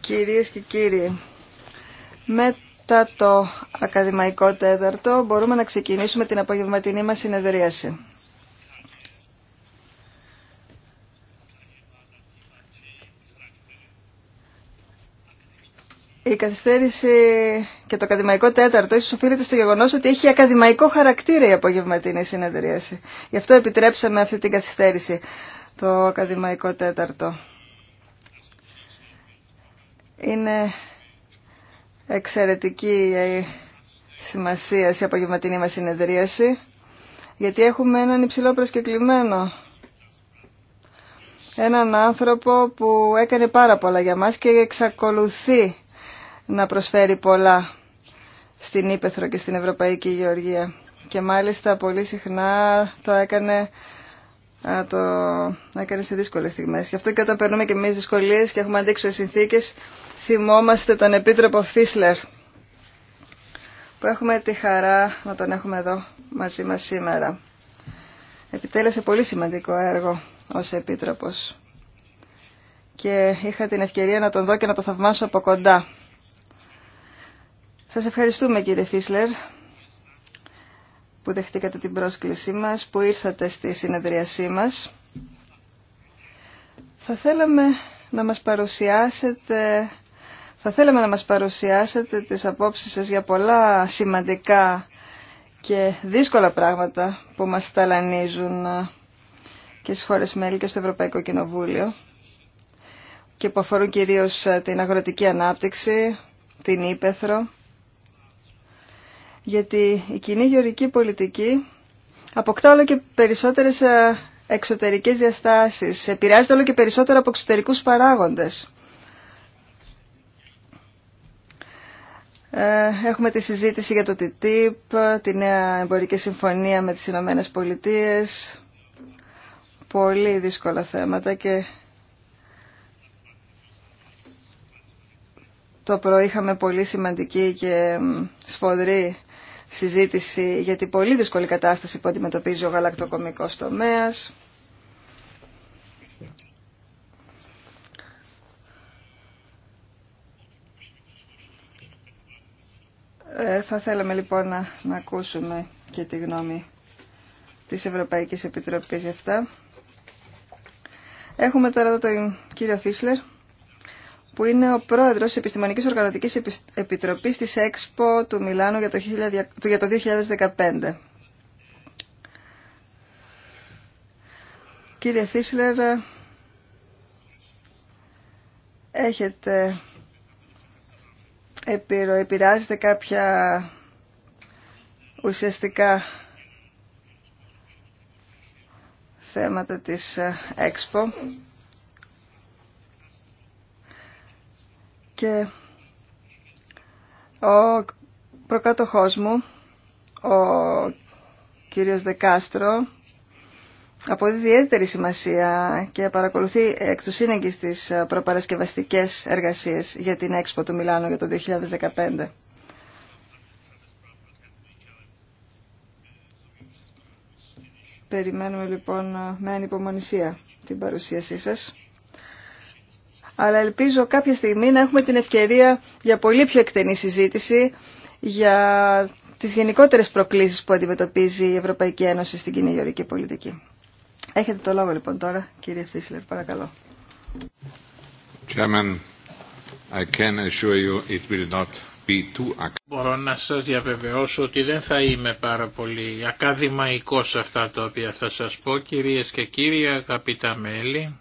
Κυρίες και κύριοι, μετά το ακαδημαϊκό τέταρτο μπορούμε να ξεκινήσουμε την απογευματινή μας συνεδρίαση. Η καθυστέρηση και το ακαδημαϊκό τέταρτο ίσως οφείλεται στο γεγονός ότι έχει ακαδημαϊκό χαρακτήρα η απογευματινή συνεδρίαση. Γι' αυτό επιτρέψαμε αυτή την καθυστέρηση το ακαδημαϊκό τέταρτο. Είναι εξαιρετική η σημασία η απογευματινή μας συνεδρίαση, γιατί έχουμε έναν υψηλό προσκεκλημένο. Έναν άνθρωπο που έκανε πάρα πολλά για μας και εξακολουθεί να προσφέρει πολλά στην Ήπεθρο και στην Ευρωπαϊκή Γεωργία. Και μάλιστα πολύ συχνά το έκανε να το να σε δύσκολες στιγμές. Γι' αυτό και όταν περνούμε και εμείς δυσκολίες και έχουμε αντίξωες συνθήκες, θυμόμαστε τον Επίτροπο Φίσλερ, που έχουμε τη χαρά να τον έχουμε εδώ μαζί μας σήμερα. Επιτέλεσε πολύ σημαντικό έργο ως Επίτροπος και είχα την ευκαιρία να τον δω και να το θαυμάσω από κοντά. Σας ευχαριστούμε κύριε Φίσλερ που δεχτήκατε την πρόσκλησή μας, που ήρθατε στη συνεδρίασή μας. Θα θέλαμε να μας παρουσιάσετε... Θα θέλαμε να μας παρουσιάσετε τις απόψεις σας για πολλά σημαντικά και δύσκολα πράγματα που μας ταλανίζουν και στις χώρες μέλη και στο Ευρωπαϊκό Κοινοβούλιο και που αφορούν κυρίως την αγροτική ανάπτυξη, την Ήπεθρο γιατί η κοινή γεωρική πολιτική αποκτά όλο και περισσότερες ε, εξωτερικές διαστάσεις, επηρεάζεται όλο και περισσότερο από εξωτερικούς παράγοντες. Ε, έχουμε τη συζήτηση για το TTIP, τη νέα εμπορική συμφωνία με τις Ηνωμένες Πολιτείες. Πολύ δύσκολα θέματα και το πρωί είχαμε πολύ σημαντική και σφοδρή συζήτηση για την πολύ δύσκολη κατάσταση που αντιμετωπίζει ο γαλακτοκομικός τομέας. Ε, θα θέλαμε λοιπόν να, να ακούσουμε και τη γνώμη της Ευρωπαϊκής Επιτροπής για αυτά. Έχουμε τώρα τον κύριο Φίσλερ που είναι ο πρόεδρο τη Επιστημονική Οργανωτική επιτροπή τη ΕΞΠΟ του Μιλάνου για το 2015. Κύριε Φίσλερ, έχετε επιρροή, επηρεάζετε κάποια ουσιαστικά θέματα της ΕΞΠΟ Και ο προκάτοχός μου, ο κύριος Δεκάστρο, αποδίδει ιδιαίτερη σημασία και παρακολουθεί εκ του σύνεγγυς τις προπαρασκευαστικές εργασίες για την έξπο του Μιλάνου για το 2015. Περιμένουμε λοιπόν με ανυπομονησία την παρουσίασή σας αλλά ελπίζω κάποια στιγμή να έχουμε την ευκαιρία για πολύ πιο εκτενή συζήτηση για τις γενικότερες προκλήσεις που αντιμετωπίζει η Ευρωπαϊκή Ένωση στην κοινή γεωρική πολιτική. Έχετε το λόγο λοιπόν τώρα, κύριε Φίσλερ, παρακαλώ. Chairman, I can assure you it will not Μπορώ να σας διαβεβαιώσω ότι δεν θα είμαι πάρα πολύ ακαδημαϊκός αυτά τα οποία θα σας πω, κυρίες και κύριοι, αγαπητά μέλη.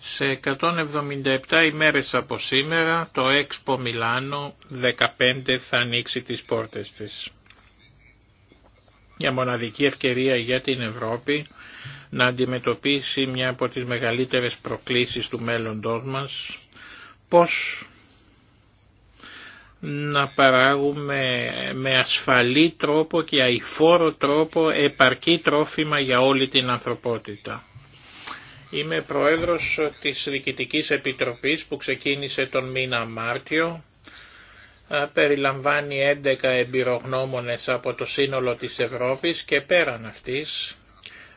Σε 177 ημέρες από σήμερα το Expo Μιλάνο 15 θα ανοίξει τις πόρτες της. Μια μοναδική ευκαιρία για την Ευρώπη να αντιμετωπίσει μια από τις μεγαλύτερες προκλήσεις του μέλλοντός μας, πώς να παράγουμε με ασφαλή τρόπο και αηφόρο τρόπο επαρκή τρόφιμα για όλη την ανθρωπότητα. Είμαι πρόεδρος της Διοικητικής Επιτροπής που ξεκίνησε τον μήνα Μάρτιο. Περιλαμβάνει 11 εμπειρογνώμονες από το σύνολο της Ευρώπης και πέραν αυτής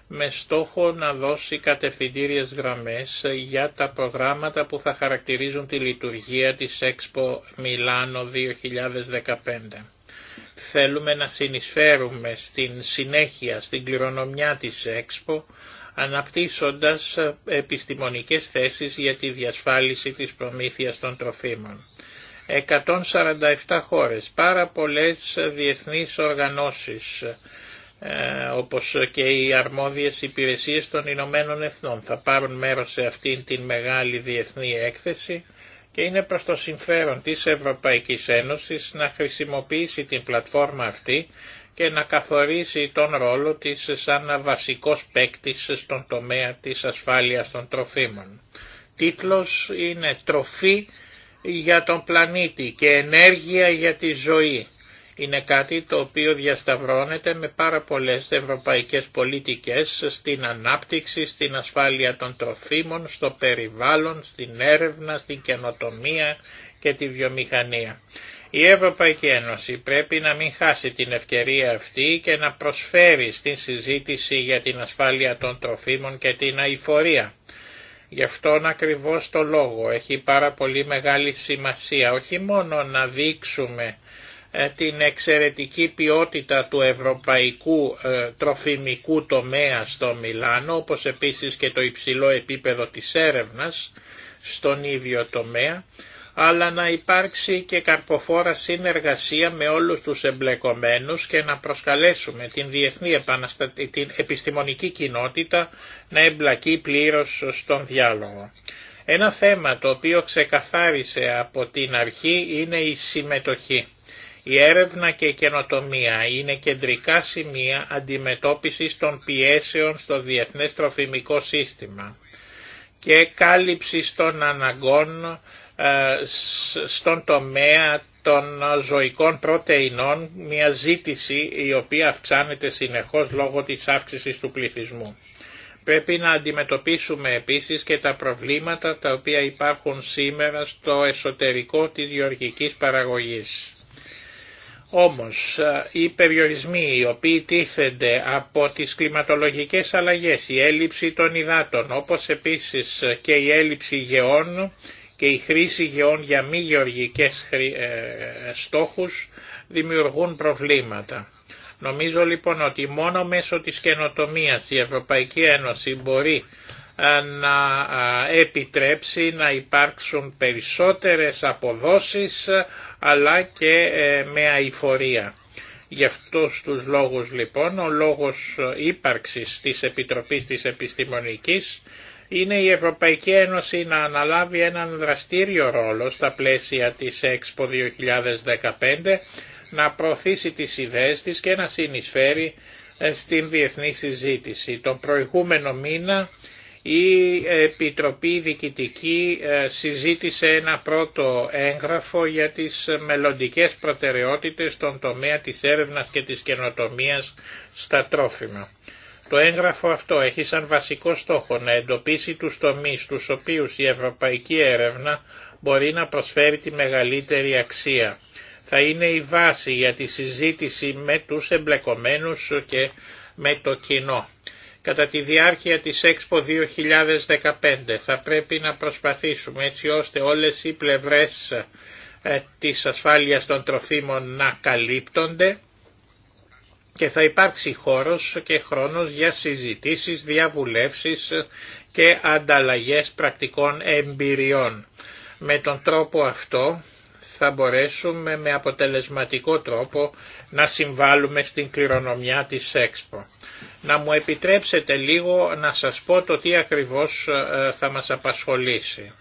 με στόχο να δώσει κατευθυντήριες γραμμές για τα προγράμματα που θα χαρακτηρίζουν τη λειτουργία της Expo Μιλάνο 2015. Θέλουμε να συνεισφέρουμε στην συνέχεια, στην κληρονομιά της Expo, αναπτύσσοντας επιστημονικές θέσεις για τη διασφάλιση της προμήθειας των τροφίμων. 147 χώρες, πάρα πολλές διεθνείς οργανώσεις, ε, όπως και οι αρμόδιες υπηρεσίες των Ηνωμένων Εθνών θα πάρουν μέρος σε αυτήν την μεγάλη διεθνή έκθεση και είναι προς το συμφέρον της Ευρωπαϊκής Ένωσης να χρησιμοποιήσει την πλατφόρμα αυτή και να καθορίσει τον ρόλο της σαν βασικός παίκτη στον τομέα της ασφάλειας των τροφίμων. Τίτλος είναι «Τροφή για τον πλανήτη και ενέργεια για τη ζωή». Είναι κάτι το οποίο διασταυρώνεται με πάρα πολλές ευρωπαϊκές πολιτικές στην ανάπτυξη, στην ασφάλεια των τροφίμων, στο περιβάλλον, στην έρευνα, στην καινοτομία και τη βιομηχανία. Η Ευρωπαϊκή Ένωση πρέπει να μην χάσει την ευκαιρία αυτή και να προσφέρει στην συζήτηση για την ασφάλεια των τροφίμων και την αηφορία. Γι' αυτόν ακριβώς το λόγο έχει πάρα πολύ μεγάλη σημασία όχι μόνο να δείξουμε ε, την εξαιρετική ποιότητα του ευρωπαϊκού ε, τροφιμικού τομέα στο Μιλάνο, όπως επίσης και το υψηλό επίπεδο της έρευνας στον ίδιο τομέα, αλλά να υπάρξει και καρποφόρα συνεργασία με όλους τους εμπλεκομένους και να προσκαλέσουμε την διεθνή την επιστημονική κοινότητα να εμπλακεί πλήρως στον διάλογο. Ένα θέμα το οποίο ξεκαθάρισε από την αρχή είναι η συμμετοχή. Η έρευνα και η καινοτομία είναι κεντρικά σημεία αντιμετώπισης των πιέσεων στο διεθνές τροφιμικό σύστημα και κάλυψης των αναγκών ε, στον τομέα των ζωικών πρωτεϊνών μια ζήτηση η οποία αυξάνεται συνεχώς λόγω της αύξησης του πληθυσμού. Πρέπει να αντιμετωπίσουμε επίσης και τα προβλήματα τα οποία υπάρχουν σήμερα στο εσωτερικό της γεωργικής παραγωγής. Όμως ε, οι περιορισμοί οι οποίοι τίθενται από τις κλιματολογικές αλλαγές, η έλλειψη των υδάτων όπως επίσης και η έλλειψη γεών και η χρήση γεών για μη γεωργικές ε, στόχους δημιουργούν προβλήματα. Νομίζω λοιπόν ότι μόνο μέσω της καινοτομίας η Ευρωπαϊκή Ένωση μπορεί ε, να ε, επιτρέψει να υπάρξουν περισσότερες αποδόσεις αλλά και με αηφορία. Γι' αυτούς τους λόγους λοιπόν ο λόγος ύπαρξης της Επιτροπής της Επιστημονικής είναι η Ευρωπαϊκή Ένωση να αναλάβει έναν δραστήριο ρόλο στα πλαίσια της ΕΞΠΟ 2015, να προωθήσει τις ιδέες της και να συνεισφέρει ε, στην διεθνή συζήτηση. Τον προηγούμενο μήνα η Επιτροπή Διοικητική ε, συζήτησε ένα πρώτο έγγραφο για τις μελλοντικές προτεραιότητες στον τομέα της έρευνας και της καινοτομίας στα τρόφιμα. Το έγγραφο αυτό έχει σαν βασικό στόχο να εντοπίσει τους τομείς στους οποίους η ευρωπαϊκή έρευνα μπορεί να προσφέρει τη μεγαλύτερη αξία. Θα είναι η βάση για τη συζήτηση με τους εμπλεκομένους και με το κοινό. Κατά τη διάρκεια της ΕΞΠΟ 2015 θα πρέπει να προσπαθήσουμε έτσι ώστε όλες οι πλευρές ε, της ασφάλειας των τροφίμων να καλύπτονται και θα υπάρξει χώρος και χρόνος για συζητήσεις, διαβουλεύσεις και ανταλλαγές πρακτικών εμπειριών. Με τον τρόπο αυτό θα μπορέσουμε με αποτελεσματικό τρόπο να συμβάλλουμε στην κληρονομιά της ΕΞΠΟ. Να μου επιτρέψετε λίγο να σας πω το τι ακριβώς ε, θα μας απασχολήσει.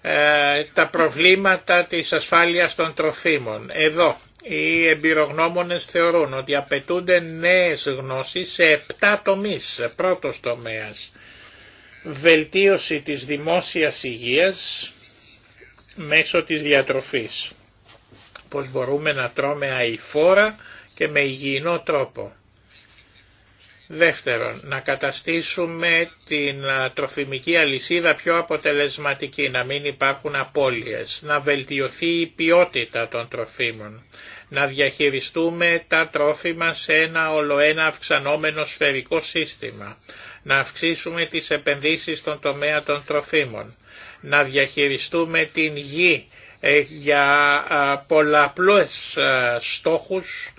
Ε, τα προβλήματα της ασφάλειας των τροφίμων. Εδώ οι εμπειρογνώμονες θεωρούν ότι απαιτούνται νέες γνώσεις σε επτά τομείς. Πρώτος τομέας, βελτίωση της δημόσιας υγείας μέσω της διατροφής. Πώς μπορούμε να τρώμε αηφόρα και με υγιεινό τρόπο. Δεύτερον, να καταστήσουμε την τροφιμική αλυσίδα πιο αποτελεσματική, να μην υπάρχουν απώλειες, να βελτιωθεί η ποιότητα των τροφίμων να διαχειριστούμε τα τρόφιμα σε ένα ολοένα αυξανόμενο σφαιρικό σύστημα, να αυξήσουμε τις επενδύσεις στον τομέα των τροφίμων, να διαχειριστούμε την γη ε, για πολλαπλούς στόχους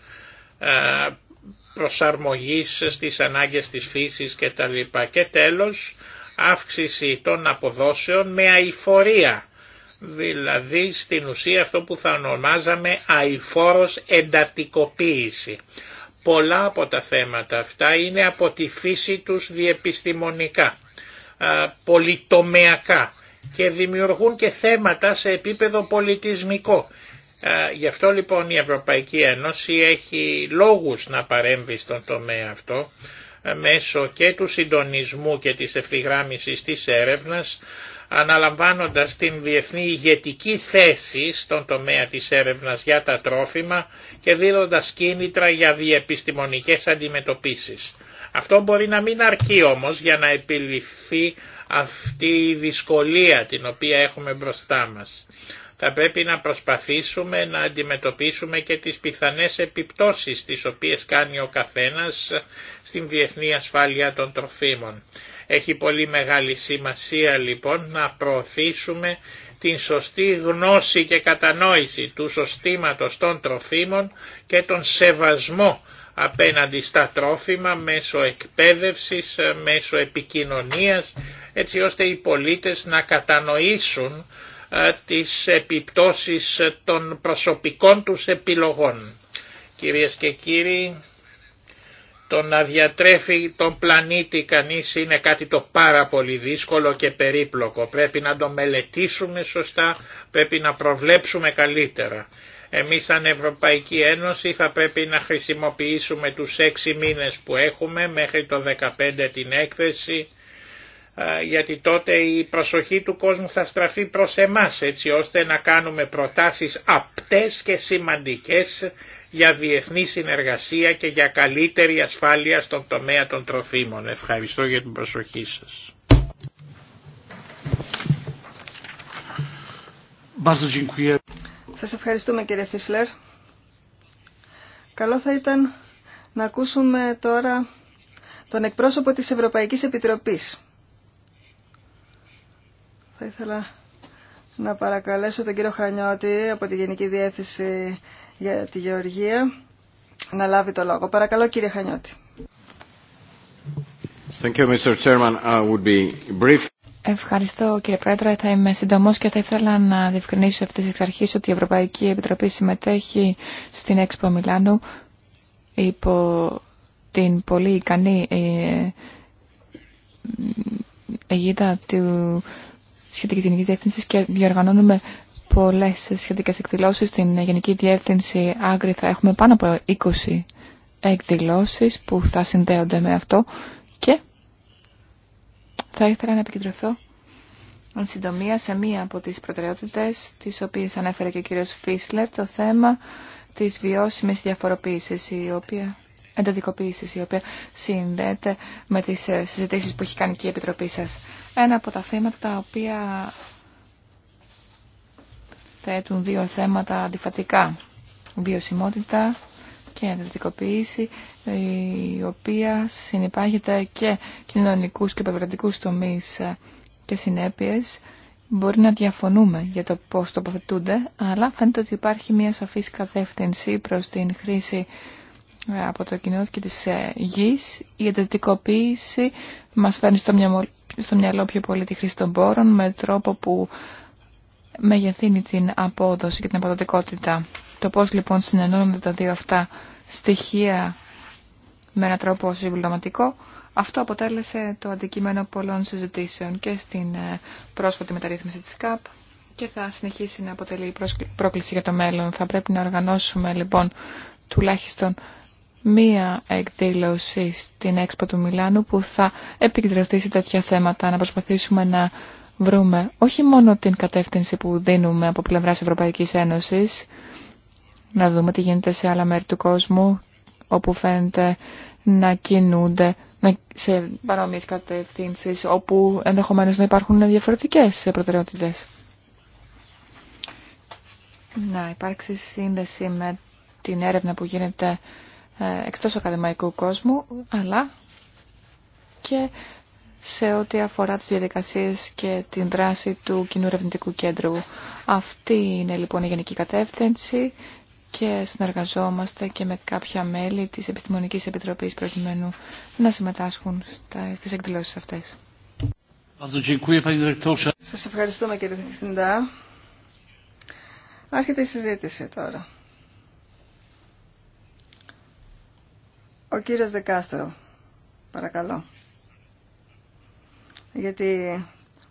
προσαρμογής στις ανάγκες της φύσης κτλ. Και τέλος, αύξηση των αποδόσεων με αηφορία δηλαδή στην ουσία αυτό που θα ονομάζαμε αηφόρος εντατικοποίηση. Πολλά από τα θέματα αυτά είναι από τη φύση τους διεπιστημονικά, πολυτομεακά και δημιουργούν και θέματα σε επίπεδο πολιτισμικό. Γι' αυτό λοιπόν η Ευρωπαϊκή Ένωση έχει λόγους να παρέμβει στον τομέα αυτό μέσω και του συντονισμού και της ευθυγράμμισης της έρευνας αναλαμβάνοντας την διεθνή ηγετική θέση στον τομέα της έρευνας για τα τρόφιμα και δίνοντας κίνητρα για διεπιστημονικές αντιμετωπίσεις. Αυτό μπορεί να μην αρκεί όμως για να επιληφθεί αυτή η δυσκολία την οποία έχουμε μπροστά μας. Θα πρέπει να προσπαθήσουμε να αντιμετωπίσουμε και τις πιθανές επιπτώσεις τις οποίες κάνει ο καθένας στην διεθνή ασφάλεια των τροφίμων. Έχει πολύ μεγάλη σημασία λοιπόν να προωθήσουμε την σωστή γνώση και κατανόηση του σωστήματος των τροφίμων και τον σεβασμό απέναντι στα τρόφιμα μέσω εκπαίδευσης, ε, μέσω επικοινωνίας, έτσι ώστε οι πολίτες να κατανοήσουν ε, τις επιπτώσεις των προσωπικών τους επιλογών. Κυρίες και κύριοι, το να διατρέφει τον πλανήτη κανείς είναι κάτι το πάρα πολύ δύσκολο και περίπλοκο. Πρέπει να το μελετήσουμε σωστά, πρέπει να προβλέψουμε καλύτερα. Εμείς σαν Ευρωπαϊκή Ένωση θα πρέπει να χρησιμοποιήσουμε τους έξι μήνες που έχουμε μέχρι το 15 την έκθεση γιατί τότε η προσοχή του κόσμου θα στραφεί προς εμάς έτσι ώστε να κάνουμε προτάσεις απτές και σημαντικές για διεθνή συνεργασία και για καλύτερη ασφάλεια στον τομέα των τροφίμων. Ευχαριστώ για την προσοχή σας. Σας ευχαριστούμε κύριε Φίσλερ. Καλό θα ήταν να ακούσουμε τώρα τον εκπρόσωπο της Ευρωπαϊκής Επιτροπής. Θα ήθελα να παρακαλέσω τον κύριο Χανιώτη από τη Γενική Διεύθυνση για τη Γεωργία να λάβει το λόγο. Παρακαλώ κύριε Χανιώτη. Thank you, Mr. Chairman. I would be brief. Ευχαριστώ κύριε Πρόεδρε. Θα είμαι συντομό και θα ήθελα να διευκρινίσω αυτή εξ αρχή ότι η Ευρωπαϊκή Επιτροπή συμμετέχει στην Expo Μιλάνου υπό την πολύ ικανή ε, αιγίδα του σχετική γενική διεύθυνση και διοργανώνουμε πολλές σχετικές εκδηλώσεις. Στην Γενική Διεύθυνση Άγκρη θα έχουμε πάνω από 20 εκδηλώσεις που θα συνδέονται με αυτό και θα ήθελα να επικεντρωθώ εν συντομία σε μία από τις προτεραιότητες τις οποίες ανέφερε και ο κύριος Φίσλερ το θέμα της βιώσιμης διαφοροποίησης η οποία η οποία συνδέεται με τις ε, συζητήσεις που έχει κάνει και η Επιτροπή σας. Ένα από τα θέματα τα οποία θέτουν δύο θέματα αντιφατικά. Βιωσιμότητα και αντιδικοποίηση, η οποία συνεπάγεται και κοινωνικούς και περιβαλλοντικούς τομείς και συνέπειες. Μπορεί να διαφωνούμε για το πώς τοποθετούνται, αλλά φαίνεται ότι υπάρχει μια σαφής κατεύθυνση προς την χρήση ε, από το κοινό και της ε, γης. Η εντατικοποίηση μας φέρνει στο μυαλό, πιο πολύ τη χρήση των πόρων με τρόπο που μεγεθύνει την απόδοση και την αποδοτικότητα. Το πώς λοιπόν συνενώνουμε τα δύο αυτά στοιχεία με έναν τρόπο συμπληρωματικό, αυτό αποτέλεσε το αντικείμενο πολλών συζητήσεων και στην ε, πρόσφατη μεταρρύθμιση της ΚΑΠ και θα συνεχίσει να αποτελεί πρόκληση για το μέλλον. Θα πρέπει να οργανώσουμε λοιπόν τουλάχιστον μία εκδήλωση στην έξπο του Μιλάνου που θα επικεντρωθεί σε τέτοια θέματα, να προσπαθήσουμε να βρούμε όχι μόνο την κατεύθυνση που δίνουμε από πλευράς Ευρωπαϊκής Ένωσης, να δούμε τι γίνεται σε άλλα μέρη του κόσμου, όπου φαίνεται να κινούνται σε παρόμοιες κατευθύνσεις, όπου ενδεχομένως να υπάρχουν διαφορετικές προτεραιότητες. Να υπάρξει σύνδεση με την έρευνα που γίνεται ε, εκτός ακαδημαϊκού κόσμου, αλλά και σε ό,τι αφορά τις διαδικασίες και την δράση του Κοινού Ρευνητικού Κέντρου. Αυτή είναι λοιπόν η γενική κατεύθυνση και συνεργαζόμαστε και με κάποια μέλη της Επιστημονικής Επιτροπής προκειμένου να συμμετάσχουν στις εκδηλώσεις αυτές. Σας ευχαριστούμε κύριε Διευθυντά. Άρχεται η συζήτηση τώρα. Ο κύριος Δεκάστρο, παρακαλώ γιατί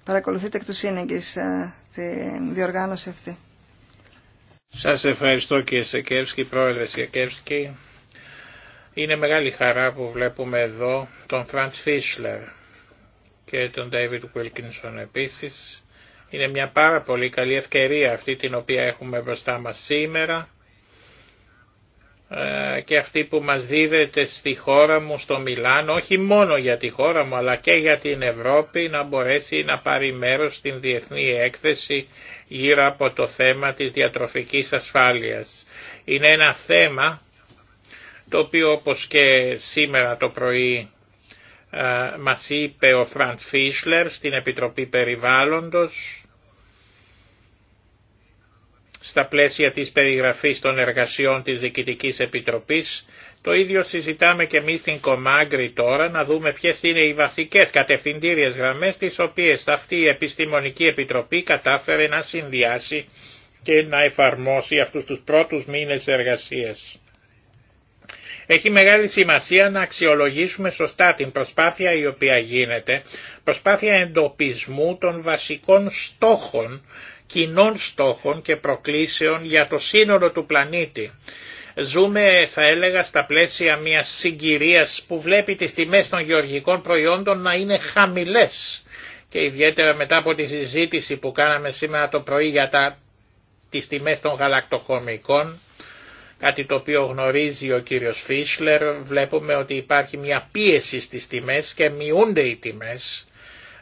παρακολουθείτε εκ του σύνεγγυς ε, τη διοργάνωση αυτή. Σας ευχαριστώ κύριε Σεκεύσκη, πρόεδρε Σεκεύσκη. Είναι μεγάλη χαρά που βλέπουμε εδώ τον Φραντς Φίσλερ και τον David Wilkinson επίσης. Είναι μια πάρα πολύ καλή ευκαιρία αυτή την οποία έχουμε μπροστά μας σήμερα ε, και αυτή που μας δίδεται στη χώρα μου, στο Μιλάνο, όχι μόνο για τη χώρα μου αλλά και για την Ευρώπη να μπορέσει να πάρει μέρος στην διεθνή έκθεση γύρω από το θέμα της διατροφικής ασφάλειας. Είναι ένα θέμα το οποίο όπως και σήμερα το πρωί ε, μας είπε ο Φραντ Φίσλερ στην Επιτροπή Περιβάλλοντος στα πλαίσια της περιγραφής των εργασιών της Διοικητικής Επιτροπής. Το ίδιο συζητάμε και εμείς στην Κομάγκρη τώρα να δούμε ποιες είναι οι βασικές κατευθυντήριες γραμμές τις οποίες αυτή η Επιστημονική Επιτροπή κατάφερε να συνδυάσει και να εφαρμόσει αυτούς τους πρώτους μήνες εργασίας. Έχει μεγάλη σημασία να αξιολογήσουμε σωστά την προσπάθεια η οποία γίνεται, προσπάθεια εντοπισμού των βασικών στόχων κοινών στόχων και προκλήσεων για το σύνολο του πλανήτη. Ζούμε θα έλεγα στα πλαίσια μιας συγκυρίας που βλέπει τις τιμές των γεωργικών προϊόντων να είναι χαμηλές και ιδιαίτερα μετά από τη συζήτηση που κάναμε σήμερα το πρωί για τα, τις τιμές των γαλακτοκομικών κάτι το οποίο γνωρίζει ο κύριος Φίσλερ, βλέπουμε ότι υπάρχει μια πίεση στις τιμές και μειούνται οι τιμές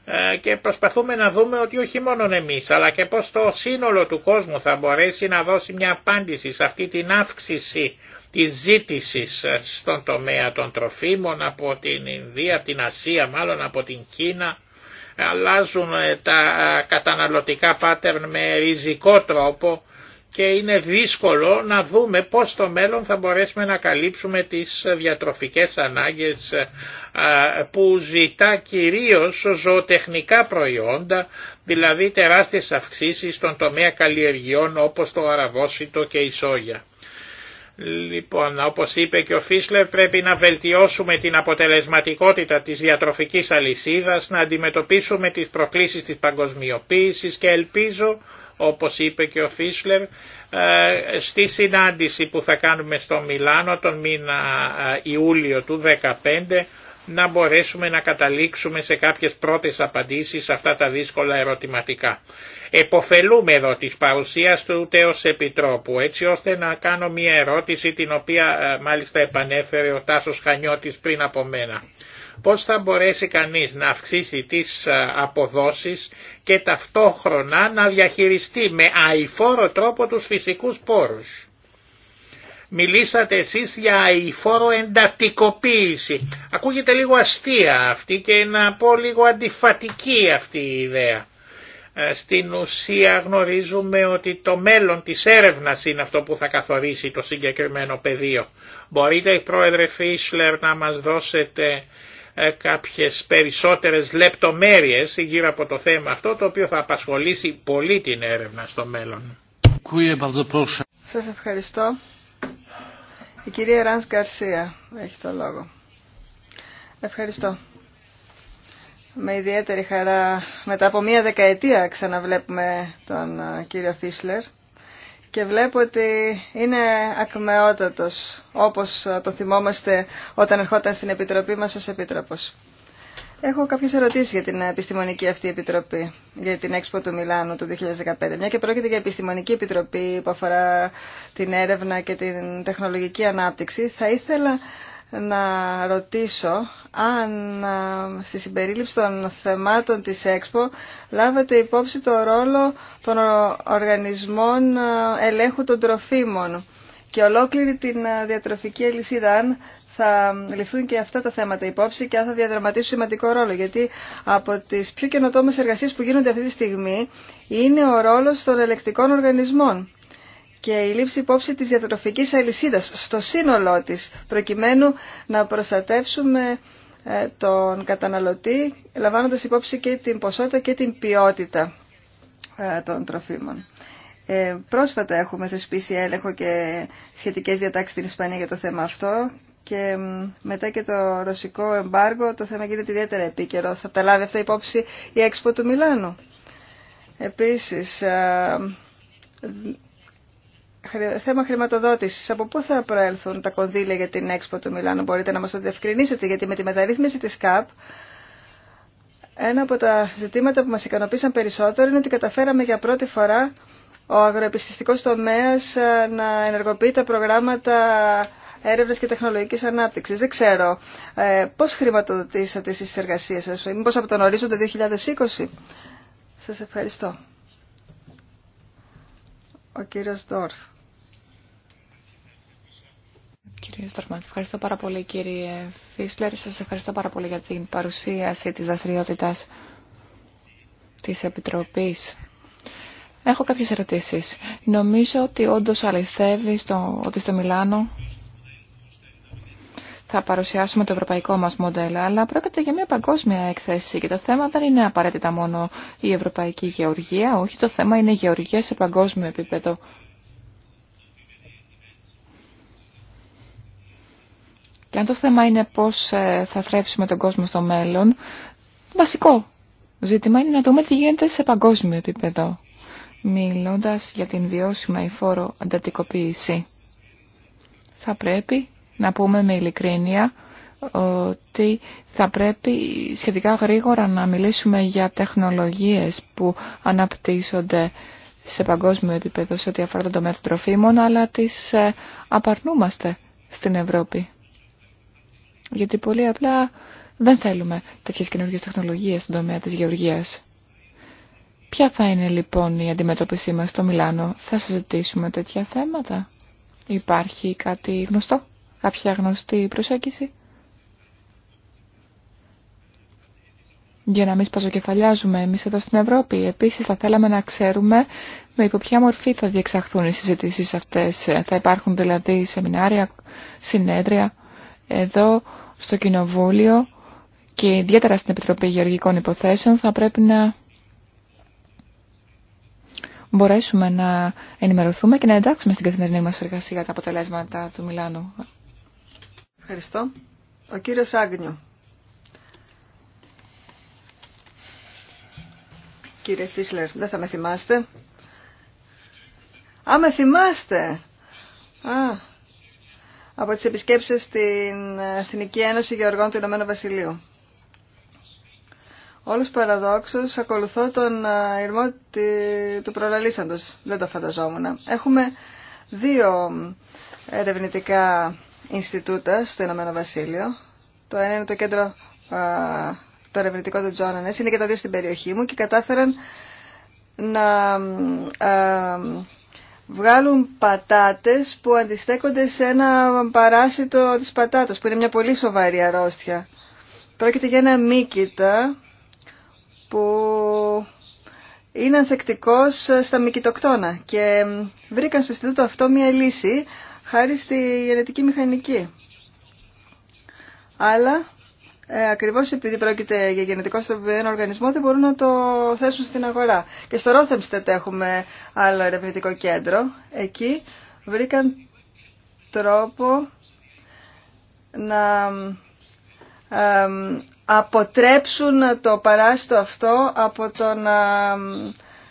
ε, και προσπαθούμε να δούμε ότι όχι μόνο εμείς αλλά και πως το σύνολο του κόσμου θα μπορέσει να δώσει μια απάντηση σε αυτή την αύξηση της ζήτησης στον τομέα των τροφίμων από την Ινδία, την Ασία μάλλον από την Κίνα αλλάζουν τα καταναλωτικά pattern με ριζικό τρόπο και είναι δύσκολο να δούμε πώς στο μέλλον θα μπορέσουμε να καλύψουμε τις διατροφικές ανάγκες ε, που ζητά κυρίως ζωοτεχνικά προϊόντα, δηλαδή τεράστιες αυξήσεις στον τομέα καλλιεργιών όπως το αραβόσιτο και η σόγια. Λοιπόν, όπως είπε και ο Φίσλερ, πρέπει να βελτιώσουμε την αποτελεσματικότητα της διατροφικής αλυσίδας, να αντιμετωπίσουμε τις προκλήσεις της παγκοσμιοποίησης και ελπίζω όπως είπε και ο Φίσλερ, ε, στη συνάντηση που θα κάνουμε στο Μιλάνο τον μήνα ε, Ιούλιο του 2015 να μπορέσουμε να καταλήξουμε σε κάποιες πρώτες απαντήσεις σε αυτά τα δύσκολα ερωτηματικά. Εποφελούμε εδώ της παρουσίας του ούτε Επιτρόπου, έτσι ώστε να κάνω μια ερώτηση την οποία ε, μάλιστα επανέφερε ο Τάσος Χανιώτης πριν από μένα. Πώς θα μπορέσει κανείς να αυξήσει τις αποδόσεις και ταυτόχρονα να διαχειριστεί με αηφόρο τρόπο τους φυσικούς πόρους. Μιλήσατε εσείς για αηφόρο εντατικοποίηση. Ακούγεται λίγο αστεία αυτή και να πω λίγο αντιφατική αυτή η ιδέα. Ε, στην ουσία γνωρίζουμε ότι το μέλλον της έρευνας είναι αυτό που θα καθορίσει το συγκεκριμένο πεδίο. Μπορείτε, Πρόεδρε Φίσλερ, να μας δώσετε ε, κάποιες περισσότερες λεπτομέρειες γύρω από το θέμα αυτό το οποίο θα απασχολήσει πολύ την έρευνα στο μέλλον. Σας ευχαριστώ. Η κυρία Ράνς Γκαρσία έχει το λόγο. Ευχαριστώ. Με ιδιαίτερη χαρά μετά από μία δεκαετία ξαναβλέπουμε τον ε, κύριο Φίσλερ και βλέπω ότι είναι ακμεότατος, όπως το θυμόμαστε όταν ερχόταν στην Επιτροπή μας ως Επίτροπος. Έχω κάποιες ερωτήσεις για την Επιστημονική αυτή Επιτροπή, για την Expo του Μιλάνου του 2015. Μια και πρόκειται για Επιστημονική Επιτροπή που αφορά την έρευνα και την τεχνολογική ανάπτυξη, θα ήθελα να ρωτήσω αν στη συμπερίληψη των θεμάτων της ΕΞΠΟ λάβατε υπόψη το ρόλο των οργανισμών ελέγχου των τροφίμων και ολόκληρη την διατροφική αλυσίδα αν θα ληφθούν και αυτά τα θέματα υπόψη και αν θα διαδραματίσουν σημαντικό ρόλο. Γιατί από τις πιο καινοτόμε εργασίες που γίνονται αυτή τη στιγμή είναι ο ρόλος των ελεκτικών οργανισμών και η λήψη υπόψη της διατροφικής αλυσίδας στο σύνολό της, προκειμένου να προστατεύσουμε ε, τον καταναλωτή, λαμβάνοντας υπόψη και την ποσότητα και την ποιότητα ε, των τροφίμων. Ε, πρόσφατα έχουμε θεσπίσει έλεγχο και σχετικές διατάξεις στην Ισπανία για το θέμα αυτό και μετά και το ρωσικό εμπάργο το θέμα γίνεται ιδιαίτερα επίκαιρο. Θα τα λάβει αυτά υπόψη η έξπο του Μιλάνου. Επίσης, ε, θέμα χρηματοδότηση. Από πού θα προέλθουν τα κονδύλια για την έξπο του Μιλάνου, μπορείτε να μα το διευκρινίσετε, γιατί με τη μεταρρύθμιση τη ΚΑΠ ένα από τα ζητήματα που μα ικανοποίησαν περισσότερο είναι ότι καταφέραμε για πρώτη φορά ο αγροεπιστηστικός τομέας ε, να ενεργοποιεί τα προγράμματα έρευνας και τεχνολογικής ανάπτυξης. Δεν ξέρω ε, πώς χρηματοδοτήσατε εσείς τις εργασίες σας, ή μήπως από τον ορίζοντα 2020. Σας ευχαριστώ. Ο κύριος Δόρφ. Κύριε Στορμαντ, ευχαριστώ πάρα πολύ κύριε Φίσλερ. Σας ευχαριστώ πάρα πολύ για την παρουσίαση της δραστηριότητα της Επιτροπής. Έχω κάποιες ερωτήσεις. Νομίζω ότι όντως αληθεύει στο, ότι στο Μιλάνο θα παρουσιάσουμε το ευρωπαϊκό μας μοντέλο, αλλά πρόκειται για μια παγκόσμια έκθεση και το θέμα δεν είναι απαραίτητα μόνο η ευρωπαϊκή γεωργία, όχι το θέμα είναι η γεωργία σε παγκόσμιο επίπεδο. Και αν το θέμα είναι πώς ε, θα θρέψουμε τον κόσμο στο μέλλον, βασικό ζήτημα είναι να δούμε τι γίνεται σε παγκόσμιο επίπεδο, μιλώντας για την βιώσιμα υφόρο αντατικοποίηση. Θα πρέπει να πούμε με ειλικρίνεια ότι θα πρέπει σχετικά γρήγορα να μιλήσουμε για τεχνολογίες που αναπτύσσονται σε παγκόσμιο επίπεδο σε ό,τι αφορά τον τομέα των τροφίμων, αλλά τις ε, απαρνούμαστε στην Ευρώπη. Γιατί πολύ απλά δεν θέλουμε τέτοιες καινούργιες τεχνολογίες στον τομέα της γεωργίας. Ποια θα είναι λοιπόν η αντιμετώπιση μας στο Μιλάνο, θα συζητήσουμε τέτοια θέματα. Υπάρχει κάτι γνωστό, κάποια γνωστή προσέγγιση. Για να μην σπαζοκεφαλιάζουμε εμείς εδώ στην Ευρώπη. Επίσης θα θέλαμε να ξέρουμε με υπό ποια μορφή θα διεξαχθούν οι συζητήσεις αυτές. Θα υπάρχουν δηλαδή σεμινάρια, συνέδρια εδώ στο Κοινοβούλιο και ιδιαίτερα στην Επιτροπή Γεωργικών Υποθέσεων θα πρέπει να μπορέσουμε να ενημερωθούμε και να εντάξουμε στην καθημερινή μας εργασία τα αποτελέσματα του Μιλάνου. Ευχαριστώ. Ο κύριος Άγνιου. Κύριε Φίσλερ, δεν θα με θυμάστε. Α, με θυμάστε. Α, από τις επισκέψεις στην Εθνική Ένωση Γεωργών του Ηνωμένου Βασιλείου. Όλος παραδόξως ακολουθώ τον ηρμό του προλαλήσαντος. Δεν το φανταζόμουν. Έχουμε δύο ερευνητικά Ινστιτούτα στο Ηνωμένο Βασίλειο. Το ένα είναι το κέντρο το ερευνητικό του Τζόνανες, είναι και τα δύο στην περιοχή μου και κατάφεραν να βγάλουν πατάτες που αντιστέκονται σε ένα παράσιτο της πατάτας, που είναι μια πολύ σοβαρή αρρώστια. Πρόκειται για ένα μύκητα που είναι ανθεκτικός στα μυκητοκτόνα και βρήκαν στο Ινστιτούτο αυτό μια λύση χάρη στη γενετική μηχανική. Αλλά ε, ακριβώς επειδή πρόκειται για γενετικό στροπημένο οργανισμό δεν μπορούν να το θέσουν στην αγορά. Και στο Ρόθεμστετ έχουμε άλλο ερευνητικό κέντρο. Εκεί βρήκαν τρόπο να αποτρέψουν το παράστο αυτό από το να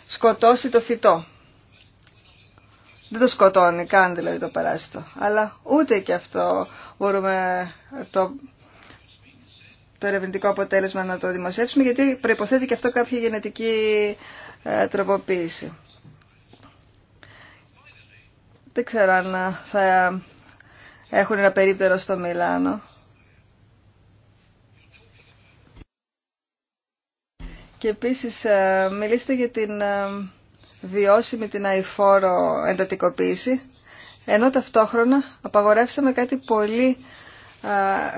σκοτώσει το φυτό. Δεν το σκοτώνει καν δηλαδή το παράστο. Αλλά ούτε και αυτό μπορούμε το το ερευνητικό αποτέλεσμα να το δημοσιεύσουμε γιατί προϋποθέτει και αυτό κάποια γενετική ε, τροποποίηση. Δεν ξέρω αν ε, θα έχουν ένα περίπτερο στο Μιλάνο. Και επίσης ε, μιλήστε για την βιώσιμη την αηφόρο εντατικοποίηση, ενώ ταυτόχρονα απαγορεύσαμε κάτι πολύ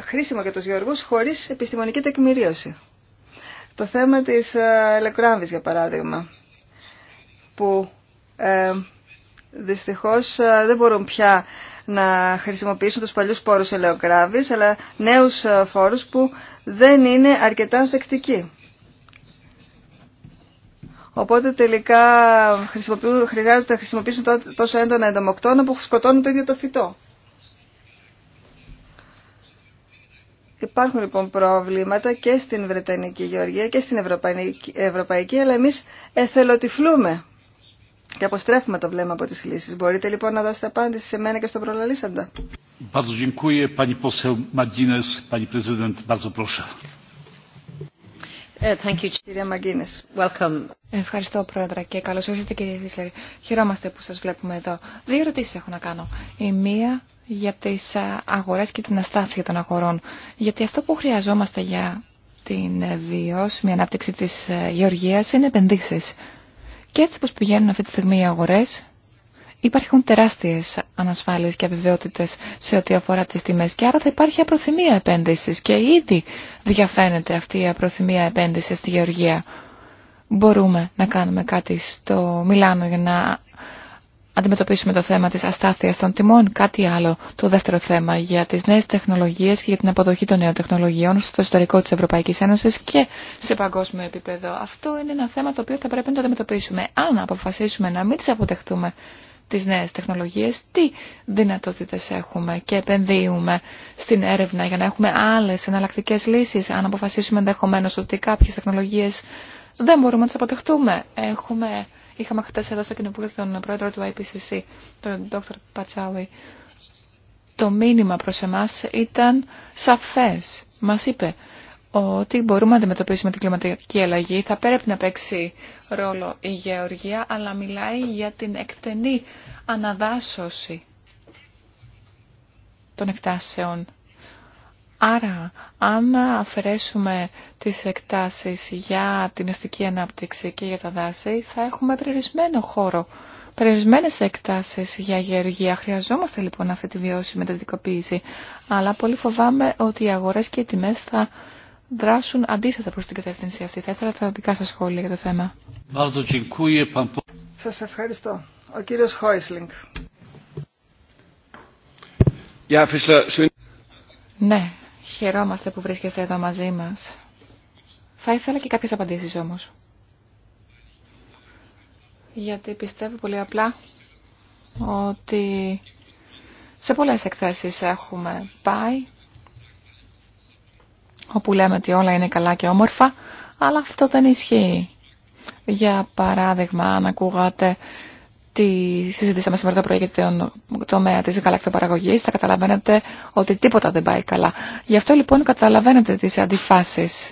χρήσιμο για τους γεωργούς χωρίς επιστημονική τεκμηρίωση. Το θέμα της ελεκράμβης, για παράδειγμα, που ε, δυστυχώς δεν μπορούν πια να χρησιμοποιήσουν τους παλιούς πόρους ελαιοκράβης, αλλά νέους φόρους που δεν είναι αρκετά ανθεκτικοί. Οπότε τελικά χρειάζεται να χρησιμοποιήσουν τόσο έντονα εντομοκτώνα που σκοτώνουν το ίδιο το φυτό. Υπάρχουν λοιπόν προβλήματα και στην Βρετανική Γεωργία και στην Ευρωπαϊκή, Ευρωπαϊκή αλλά εμείς εθελοτυφλούμε και αποστρέφουμε το βλέμμα από τις λύσεις. Μπορείτε λοιπόν να δώσετε απάντηση σε μένα και στον προλαλήσαντα. Ευχαριστώ Πρόεδρε και καλώς ήρθατε κύριε Φίσλερ. Χαιρόμαστε που σας βλέπουμε εδώ. Δύο ερωτήσεις έχω να κάνω. Η μία για τις ε, αγορές και την αστάθεια των αγορών. Γιατί αυτό που χρειαζόμαστε για την ε, βιώσιμη ανάπτυξη της ε, γεωργίας είναι επενδύσεις. Και έτσι πως πηγαίνουν αυτή τη στιγμή οι αγορές, υπάρχουν τεράστιες ανασφάλειες και αβεβαιότητες σε ό,τι αφορά τις τιμές και άρα θα υπάρχει απροθυμία επένδυσης και ήδη διαφαίνεται αυτή η απροθυμία επένδυσης στη γεωργία. Μπορούμε να κάνουμε κάτι στο Μιλάνο για να αντιμετωπίσουμε το θέμα της αστάθειας των τιμών. Κάτι άλλο, το δεύτερο θέμα για τις νέες τεχνολογίες και για την αποδοχή των νέων τεχνολογιών στο ιστορικό της Ευρωπαϊκής Ένωσης και σε παγκόσμιο επίπεδο. Αυτό είναι ένα θέμα το οποίο θα πρέπει να το αντιμετωπίσουμε. Αν αποφασίσουμε να μην τις αποτεχτούμε τις νέες τεχνολογίες, τι δυνατότητες έχουμε και επενδύουμε στην έρευνα για να έχουμε άλλες εναλλακτικές λύσεις, αν αποφασίσουμε ενδεχομένω ότι κάποιες τεχνολογίες δεν μπορούμε να τις αποτεχτούμε. Έχουμε Είχαμε χθε εδώ στο Κοινοβούλιο τον πρόεδρο του IPCC, τον Dr. Πατσάουι. Το μήνυμα προς εμάς ήταν σαφές. Μας είπε ότι μπορούμε να αντιμετωπίσουμε την κλιματική αλλαγή. Θα πρέπει να παίξει ρόλο η γεωργία, αλλά μιλάει για την εκτενή αναδάσωση των εκτάσεων Άρα, αν αφαιρέσουμε τις εκτάσεις για την αστική ανάπτυξη και για τα δάση, θα έχουμε περιορισμένο χώρο, περιορισμένες εκτάσεις για γεωργία. Χρειαζόμαστε λοιπόν αυτή τη βιώσιμη μεταδικοποίηση, αλλά πολύ φοβάμαι ότι οι αγορές και οι τιμές θα δράσουν αντίθετα προς την κατεύθυνση αυτή. Θα ήθελα τα δικά σας σχόλια για το θέμα. Σας ευχαριστώ. Ο κύριος Χόισλινγκ. Ναι, Χαιρόμαστε που βρίσκεστε εδώ μαζί μας. Θα ήθελα και κάποιες απαντήσεις όμως. Γιατί πιστεύω πολύ απλά ότι σε πολλές εκθέσεις έχουμε πάει όπου λέμε ότι όλα είναι καλά και όμορφα, αλλά αυτό δεν ισχύει. Για παράδειγμα, αν ακούγατε τη συζήτησαμε σήμερα το πρωί για το τομέα της γαλακτοπαραγωγής, θα καταλαβαίνετε ότι τίποτα δεν πάει καλά. Γι' αυτό λοιπόν καταλαβαίνετε τις αντιφάσεις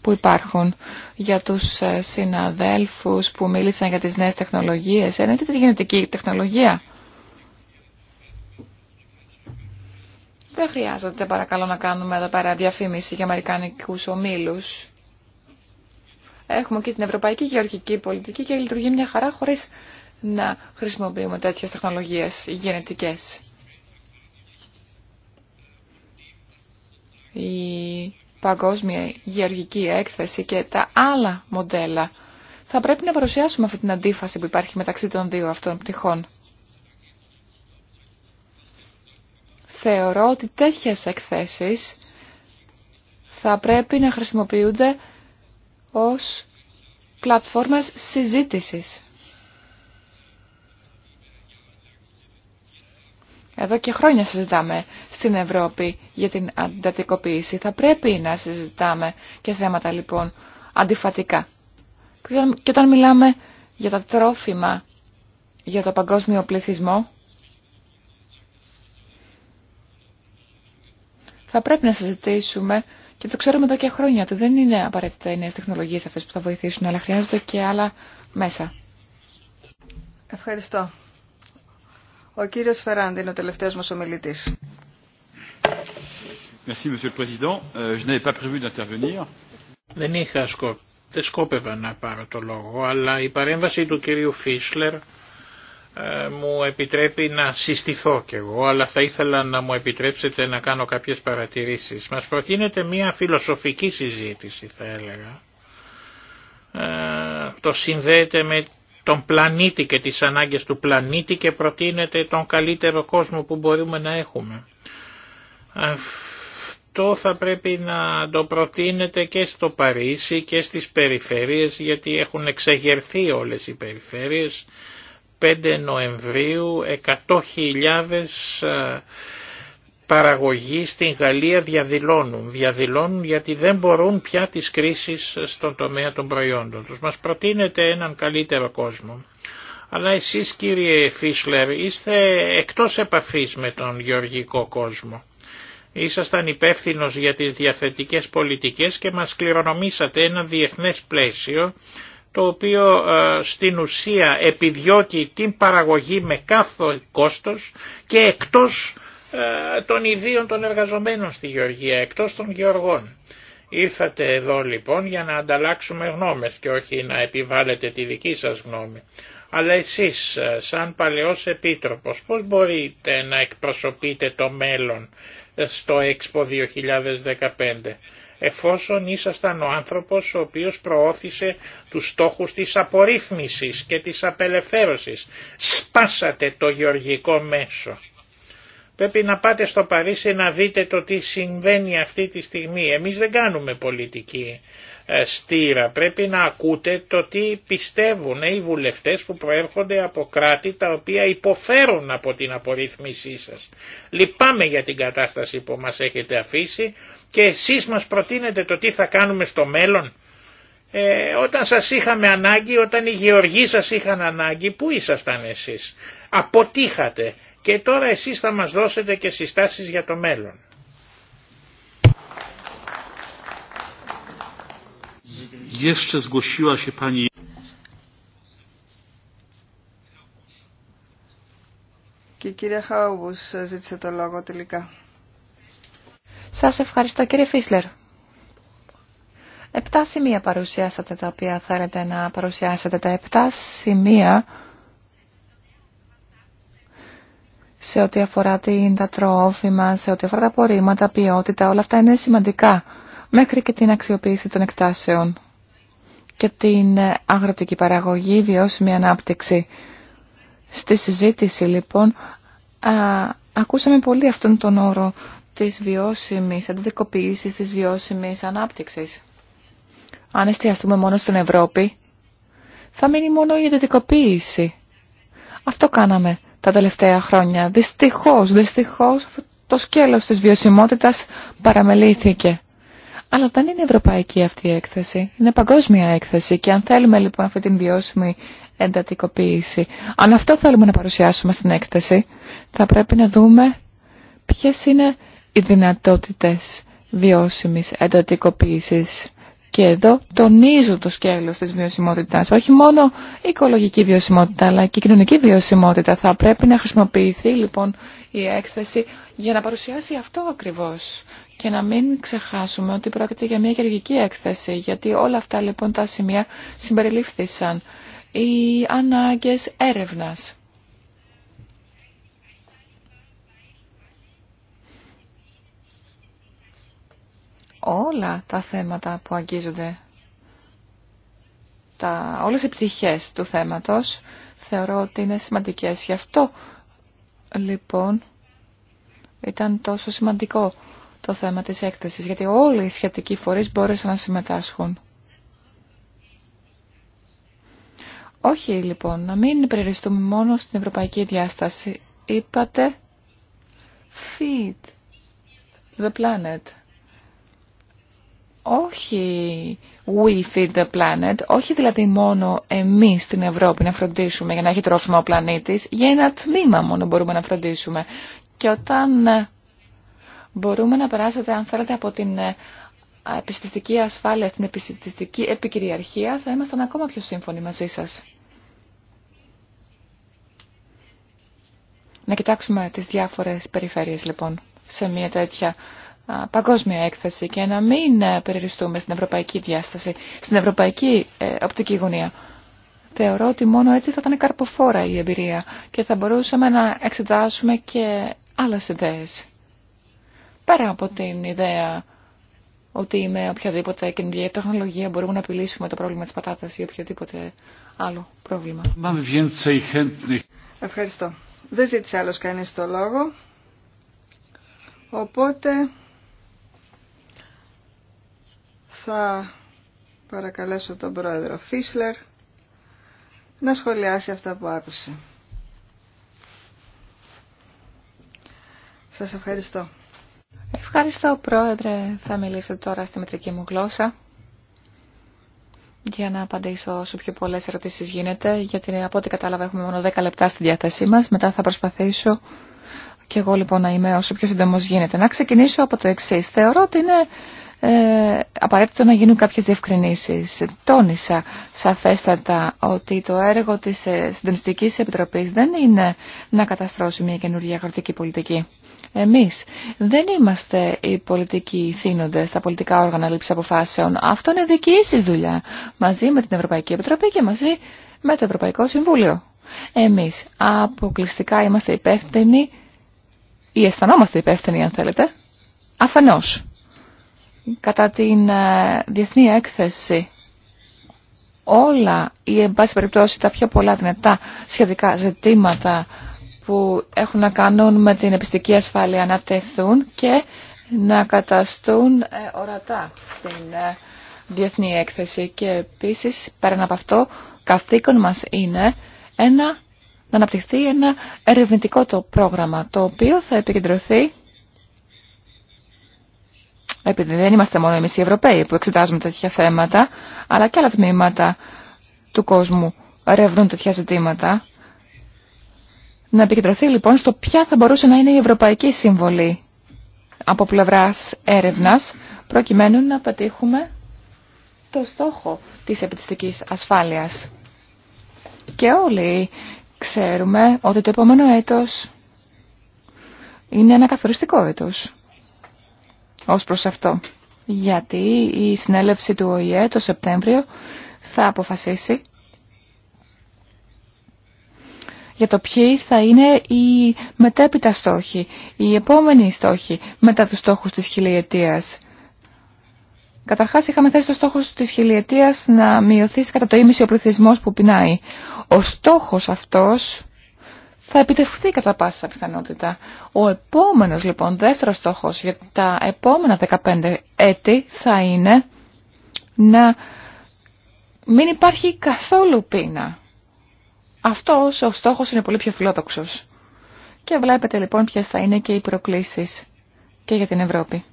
που υπάρχουν για τους ε, συναδέλφους που μίλησαν για τις νέες τεχνολογίες. Εννοείται τη γενετική τεχνολογία. Δεν χρειάζεται παρακαλώ να κάνουμε εδώ πέρα διαφήμιση για αμερικανικού ομίλους. Έχουμε και την ευρωπαϊκή γεωργική πολιτική και λειτουργεί μια χαρά χωρίς να χρησιμοποιούμε τέτοιες τεχνολογίες γενετικές. Η παγκόσμια γεωργική έκθεση και τα άλλα μοντέλα θα πρέπει να παρουσιάσουμε αυτή την αντίφαση που υπάρχει μεταξύ των δύο αυτών πτυχών. Θεωρώ ότι τέτοιες εκθέσεις θα πρέπει να χρησιμοποιούνται ως πλατφόρμες συζήτησης Εδώ και χρόνια συζητάμε στην Ευρώπη για την αντατικοποίηση. Θα πρέπει να συζητάμε και θέματα λοιπόν αντιφατικά. Και όταν μιλάμε για τα τρόφιμα, για το παγκόσμιο πληθυσμό, θα πρέπει να συζητήσουμε και το ξέρουμε εδώ και χρόνια ότι δεν είναι απαραίτητα οι νέες τεχνολογίες αυτές που θα βοηθήσουν, αλλά χρειάζονται και άλλα μέσα. Ευχαριστώ. Ο κύριος Φεράντι είναι ο τελευταίος μας ομιλητής. Euh, δεν είχα σκοπ... Δεν σκόπευα να πάρω το λόγο, αλλά η παρέμβαση του κυρίου Φίσλερ ε, μου επιτρέπει να συστηθώ κι εγώ, αλλά θα ήθελα να μου επιτρέψετε να κάνω κάποιες παρατηρήσεις. Μας προτείνεται μια φιλοσοφική συζήτηση, θα έλεγα. Ε, το συνδέεται με τον πλανήτη και τις ανάγκες του πλανήτη και προτείνεται τον καλύτερο κόσμο που μπορούμε να έχουμε. Αυτό θα πρέπει να το προτείνεται και στο Παρίσι και στις περιφέρειες γιατί έχουν εξεγερθεί όλες οι περιφέρειες. 5 Νοεμβρίου 100.000 Παραγωγή στην Γαλλία διαδηλώνουν. Διαδηλώνουν γιατί δεν μπορούν πια τις κρίσεις στον τομέα των προϊόντων τους. Μας προτείνεται έναν καλύτερο κόσμο. Αλλά εσείς κύριε Φίσλερ είστε εκτός επαφής με τον γεωργικό κόσμο. Ήσασταν υπεύθυνο για τις διαθετικές πολιτικές και μας κληρονομήσατε ένα διεθνές πλαίσιο το οποίο ε, στην ουσία επιδιώκει την παραγωγή με κάθε κόστος και εκτός ε, των ιδίων των εργαζομένων στη Γεωργία, εκτός των Γεωργών. Ήρθατε εδώ λοιπόν για να ανταλλάξουμε γνώμες και όχι να επιβάλλετε τη δική σας γνώμη. Αλλά εσείς ε, σαν παλαιός επίτροπος πώς μπορείτε να εκπροσωπείτε το μέλλον ε, στο ΕΞΠΟ 2015 εφόσον ήσασταν ο άνθρωπος ο οποίος προώθησε τους στόχους της απορρίθμισης και της απελευθέρωσης. Σπάσατε το γεωργικό μέσο. Πρέπει να πάτε στο Παρίσι να δείτε το τι συμβαίνει αυτή τη στιγμή. Εμείς δεν κάνουμε πολιτική ε, στήρα. Πρέπει να ακούτε το τι πιστεύουν οι βουλευτές που προέρχονται από κράτη τα οποία υποφέρουν από την απορρίθμισή σας. Λυπάμαι για την κατάσταση που μας έχετε αφήσει και εσείς μας προτείνετε το τι θα κάνουμε στο μέλλον. Ε, όταν σας είχαμε ανάγκη, όταν οι γεωργοί σας είχαν ανάγκη, πού ήσασταν εσείς. Αποτύχατε και τώρα εσείς θα μας δώσετε και συστάσεις για το μέλλον. Και η κυρία pani. το λόγο τελικά. Σας ευχαριστώ κύριε Φίσλερ. Επτά σημεία παρουσιάσατε τα οποία θέλετε να παρουσιάσετε. Τα επτά σημεία σε ό,τι αφορά την, τα τρόφιμα, σε ό,τι αφορά τα απορρίμματα, ποιότητα, όλα αυτά είναι σημαντικά. Μέχρι και την αξιοποίηση των εκτάσεων και την ε, αγροτική παραγωγή, βιώσιμη ανάπτυξη. Στη συζήτηση λοιπόν ακούσαμε πολύ αυτόν τον όρο της βιώσιμης αντιδικοποίησης, της βιώσιμης ανάπτυξης. Αν εστιαστούμε μόνο στην Ευρώπη, θα μείνει μόνο η αντιδικοποίηση. Αυτό κάναμε τα τελευταία χρόνια. Δυστυχώς, δυστυχώς το σκέλος της βιωσιμότητας παραμελήθηκε. Αλλά δεν είναι ευρωπαϊκή αυτή η έκθεση, είναι παγκόσμια έκθεση και αν θέλουμε λοιπόν αυτή την βιώσιμη εντατικοποίηση, αν αυτό θέλουμε να παρουσιάσουμε στην έκθεση, θα πρέπει να δούμε ποιες είναι οι δυνατότητες βιώσιμης εντατικοποίησης και εδώ τονίζω το σκέλος της βιωσιμότητας. Όχι μόνο η οικολογική βιωσιμότητα, αλλά και η κοινωνική βιωσιμότητα. Θα πρέπει να χρησιμοποιηθεί λοιπόν η έκθεση για να παρουσιάσει αυτό ακριβώς. Και να μην ξεχάσουμε ότι πρόκειται για μια κερδική έκθεση, γιατί όλα αυτά λοιπόν τα σημεία συμπεριλήφθησαν. Οι ανάγκες έρευνας όλα τα θέματα που αγγίζονται, τα, όλες οι πτυχές του θέματος, θεωρώ ότι είναι σημαντικές. Γι' αυτό, λοιπόν, ήταν τόσο σημαντικό το θέμα της έκθεσης, γιατί όλοι οι σχετικοί φορείς μπόρεσαν να συμμετάσχουν. Όχι λοιπόν, να μην περιοριστούμε μόνο στην ευρωπαϊκή διάσταση. Είπατε feed the planet όχι we feed the planet, όχι δηλαδή μόνο εμείς στην Ευρώπη να φροντίσουμε για να έχει τρόφιμο ο πλανήτης, για ένα τμήμα μόνο μπορούμε να φροντίσουμε. Και όταν ε, μπορούμε να περάσετε, αν θέλετε, από την ε, επιστηστική ασφάλεια στην επιστηστική επικυριαρχία, θα ήμασταν ακόμα πιο σύμφωνοι μαζί σας. Να κοιτάξουμε τις διάφορες περιφέρειες, λοιπόν, σε μια τέτοια παγκόσμια έκθεση και να μην ε, περιοριστούμε στην ευρωπαϊκή διάσταση, στην ευρωπαϊκή ε, οπτική γωνία. Θεωρώ ότι μόνο έτσι θα ήταν καρποφόρα η εμπειρία και θα μπορούσαμε να εξετάσουμε και άλλες ιδέες. Πέρα από την ιδέα ότι με οποιαδήποτε καινούργια τεχνολογία μπορούμε να επιλύσουμε το πρόβλημα της πατάτας ή οποιοδήποτε άλλο πρόβλημα. Ευχαριστώ. Δεν ζήτησε άλλος κανείς το λόγο. Οπότε θα παρακαλέσω τον πρόεδρο Φίσλερ να σχολιάσει αυτά που άκουσε. Σας ευχαριστώ. Ευχαριστώ πρόεδρε. Θα μιλήσω τώρα στη μετρική μου γλώσσα για να απαντήσω όσο πιο πολλές ερωτήσεις γίνεται, γιατί από ό,τι κατάλαβα έχουμε μόνο 10 λεπτά στη διάθεσή μας. Μετά θα προσπαθήσω και εγώ λοιπόν να είμαι όσο πιο σύντομος γίνεται. Να ξεκινήσω από το εξή. Θεωρώ ότι είναι ε, απαραίτητο να γίνουν κάποιες διευκρινήσεις. Τόνισα σαφέστατα ότι το έργο της ε, Συντονιστικής Επιτροπής δεν είναι να καταστρώσει μια καινούργια αγροτική πολιτική. Εμείς δεν είμαστε οι πολιτικοί θύνοντες στα πολιτικά όργανα λήψη αποφάσεων. Αυτό είναι δική σας δουλειά μαζί με την Ευρωπαϊκή Επιτροπή και μαζί με το Ευρωπαϊκό Συμβούλιο. Εμείς αποκλειστικά είμαστε υπεύθυνοι ή αισθανόμαστε υπεύθυνοι αν θέλετε, αφενός κατά την ε, διεθνή έκθεση όλα ή εν πάση περιπτώσει τα πιο πολλά δυνατά σχετικά ζητήματα που έχουν να κάνουν με την επιστική ασφάλεια να τεθούν και να καταστούν ε, ορατά στην ε, διεθνή έκθεση. Και επίσης, πέραν από αυτό, καθήκον μας είναι ένα, να αναπτυχθεί ένα ερευνητικό το πρόγραμμα, το οποίο θα επικεντρωθεί επειδή δεν είμαστε μόνο εμείς οι Ευρωπαίοι που εξετάζουμε τέτοια θέματα, αλλά και άλλα τμήματα του κόσμου ρευνούν τέτοια ζητήματα. Να επικεντρωθεί λοιπόν στο ποια θα μπορούσε να είναι η ευρωπαϊκή συμβολή από πλευράς έρευνας, προκειμένου να πετύχουμε το στόχο της επιτιστικής ασφάλειας. Και όλοι ξέρουμε ότι το επόμενο έτος είναι ένα καθοριστικό έτος ως προς αυτό. Γιατί η συνέλευση του ΟΗΕ το Σεπτέμβριο θα αποφασίσει για το ποιοι θα είναι οι μετέπειτα στόχοι, οι επόμενοι στόχοι μετά τους στόχους της χιλιετίας. Καταρχάς είχαμε θέσει το στόχο της χιλιετίας να μειωθεί κατά το ίμιση ο πληθυσμός που πεινάει. Ο στόχος αυτός θα επιτευχθεί κατά πάσα πιθανότητα. Ο επόμενος λοιπόν δεύτερος στόχος για τα επόμενα 15 έτη θα είναι να μην υπάρχει καθόλου πείνα. Αυτός ο στόχος είναι πολύ πιο φιλόδοξος. Και βλέπετε λοιπόν ποιες θα είναι και οι προκλήσεις και για την Ευρώπη.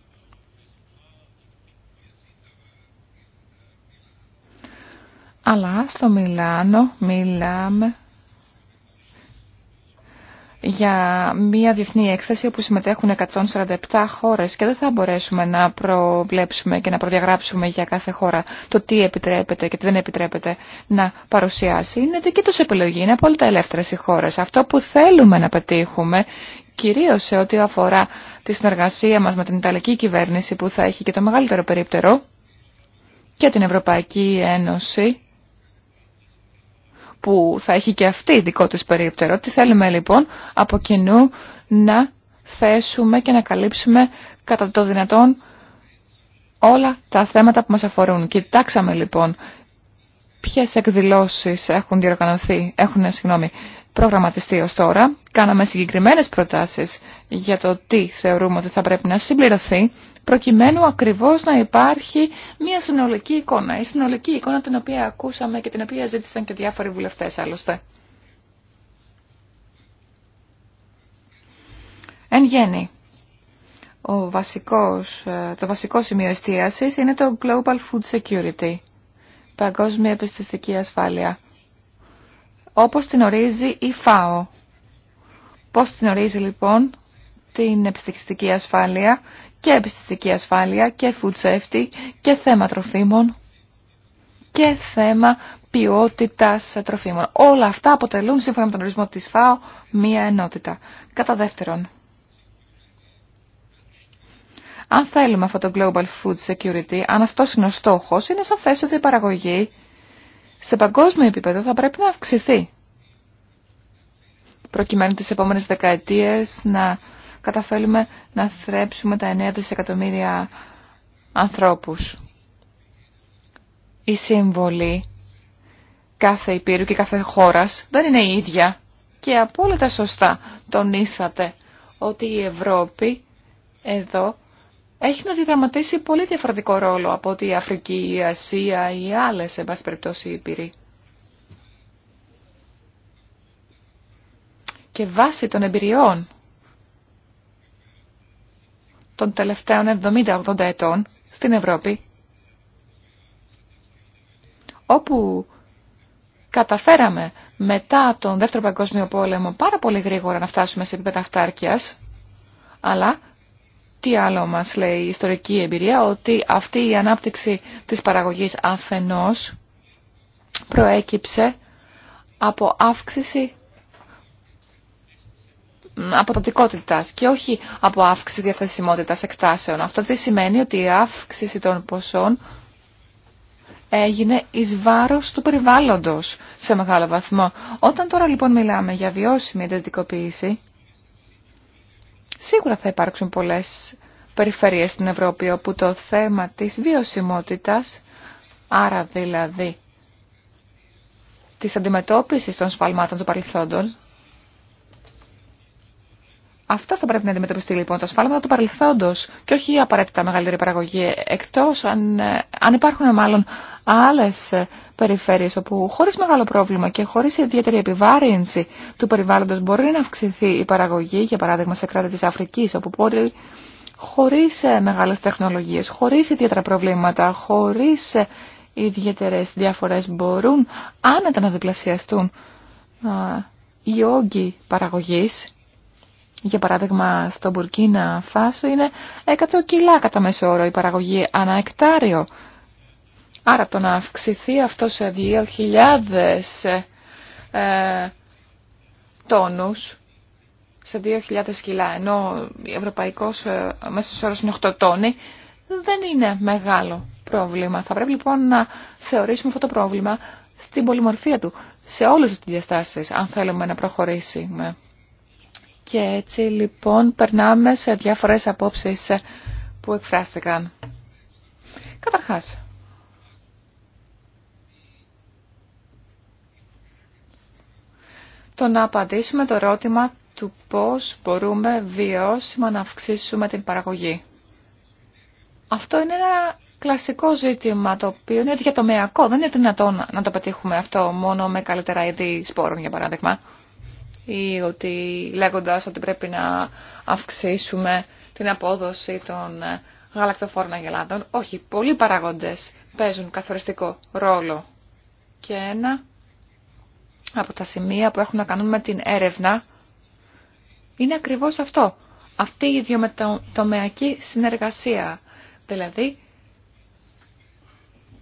Αλλά στο Μιλάνο μιλάμε για μια διεθνή έκθεση όπου συμμετέχουν 147 χώρες και δεν θα μπορέσουμε να προβλέψουμε και να προδιαγράψουμε για κάθε χώρα το τι επιτρέπεται και τι δεν επιτρέπεται να παρουσιάσει. Είναι δική τους επιλογή, είναι απόλυτα ελεύθερες οι χώρες. Αυτό που θέλουμε να πετύχουμε κυρίως σε ό,τι αφορά τη συνεργασία μας με την Ιταλική κυβέρνηση που θα έχει και το μεγαλύτερο περίπτερο και την Ευρωπαϊκή Ένωση που θα έχει και αυτή δικό της περίπτερο. Τι θέλουμε λοιπόν από κοινού να θέσουμε και να καλύψουμε κατά το δυνατόν όλα τα θέματα που μας αφορούν. Κοιτάξαμε λοιπόν ποιες εκδηλώσεις έχουν διοργανωθεί, έχουν συγγνώμη, προγραμματιστεί ως τώρα. Κάναμε συγκεκριμένες προτάσεις για το τι θεωρούμε ότι θα πρέπει να συμπληρωθεί προκειμένου ακριβώς να υπάρχει μια συνολική εικόνα. Η συνολική εικόνα την οποία ακούσαμε και την οποία ζήτησαν και διάφοροι βουλευτές άλλωστε. Εν γέννη, ο βασικός, το βασικό σημείο εστίασης είναι το Global Food Security, παγκόσμια επιστηστική ασφάλεια, όπως την ορίζει η ΦΑΟ. Πώς την ορίζει λοιπόν την επιστημιστική ασφάλεια και επιστημιστική ασφάλεια και food safety και θέμα τροφίμων και θέμα ποιότητας τροφίμων. Όλα αυτά αποτελούν σύμφωνα με τον ορισμό της ΦΑΟ μία ενότητα. Κατά δεύτερον, αν θέλουμε αυτό το Global Food Security, αν αυτό είναι ο στόχος, είναι σαφές ότι η παραγωγή σε παγκόσμιο επίπεδο θα πρέπει να αυξηθεί προκειμένου τις επόμενες δεκαετίες να καταφέρουμε να θρέψουμε τα 9 δισεκατομμύρια ανθρώπους. Η συμβολή κάθε υπήρου και κάθε χώρας δεν είναι η ίδια και απόλυτα σωστά τονίσατε ότι η Ευρώπη εδώ έχει να διδραματίσει πολύ διαφορετικό ρόλο από ότι η Αφρική, η Ασία ή άλλες, σε πάση περιπτώσει, Ήπειροι. Και βάσει των εμπειριών των τελευταίων 70-80 ετών στην Ευρώπη, όπου καταφέραμε μετά τον Δεύτερο Παγκόσμιο Πόλεμο πάρα πολύ γρήγορα να φτάσουμε σε επίπεδα αυτάρκειας, αλλά τι άλλο μας λέει η ιστορική εμπειρία, ότι αυτή η ανάπτυξη της παραγωγής αφενός προέκυψε από αύξηση και όχι από αύξηση διαθεσιμότητας εκτάσεων. Αυτό τι σημαίνει ότι η αύξηση των ποσών έγινε εις βάρος του περιβάλλοντος σε μεγάλο βαθμό. Όταν τώρα λοιπόν μιλάμε για βιώσιμη εντατικοποίηση, σίγουρα θα υπάρξουν πολλές περιφερειές στην Ευρώπη όπου το θέμα της βιωσιμότητας, άρα δηλαδή της αντιμετώπισης των σφαλμάτων του παρελθόντων, Αυτά θα πρέπει να αντιμετωπιστεί λοιπόν τα ασφάλματα του παρελθόντο και όχι η απαραίτητα μεγαλύτερη παραγωγή. Εκτό αν, ε, αν υπάρχουν μάλλον άλλε περιφέρειε όπου χωρί μεγάλο πρόβλημα και χωρί ιδιαίτερη επιβάρυνση του περιβάλλοντο μπορεί να αυξηθεί η παραγωγή, για παράδειγμα σε κράτη τη Αφρική, όπου μπορεί χωρί ε, μεγάλε τεχνολογίε, χωρί ιδιαίτερα προβλήματα, χωρί ε, ιδιαίτερε διαφορέ μπορούν άνετα να διπλασιαστούν οι όγκοι παραγωγής για παράδειγμα στο Μπουρκίνα Φάσο είναι 100 κιλά κατά μέσο όρο η παραγωγή ανά εκτάριο. Άρα το να αυξηθεί αυτό σε 2.000 ε, τόνους, σε 2.000 κιλά, ενώ ο ευρωπαϊκός ε, μέσος όρος είναι 8 τόνοι, δεν είναι μεγάλο πρόβλημα. Θα πρέπει λοιπόν να θεωρήσουμε αυτό το πρόβλημα στην πολυμορφία του, σε όλες τις διαστάσεις, αν θέλουμε να προχωρήσουμε. Και έτσι λοιπόν περνάμε σε διάφορες απόψεις που εκφράστηκαν. Καταρχάς, το να απαντήσουμε το ερώτημα του πώς μπορούμε βιώσιμα να αυξήσουμε την παραγωγή. Αυτό είναι ένα κλασικό ζήτημα το οποίο είναι διατομεακό. Δεν είναι δυνατόν να το πετύχουμε αυτό μόνο με καλύτερα είδη σπόρων, για παράδειγμα ή ότι λέγοντας ότι πρέπει να αυξήσουμε την απόδοση των ε, γαλακτοφόρων αγελάδων. Όχι, πολλοί παραγόντες παίζουν καθοριστικό ρόλο. Και ένα από τα σημεία που έχουν να κάνουν με την έρευνα είναι ακριβώς αυτό. Αυτή η ιδιομετωμεακή συνεργασία, δηλαδή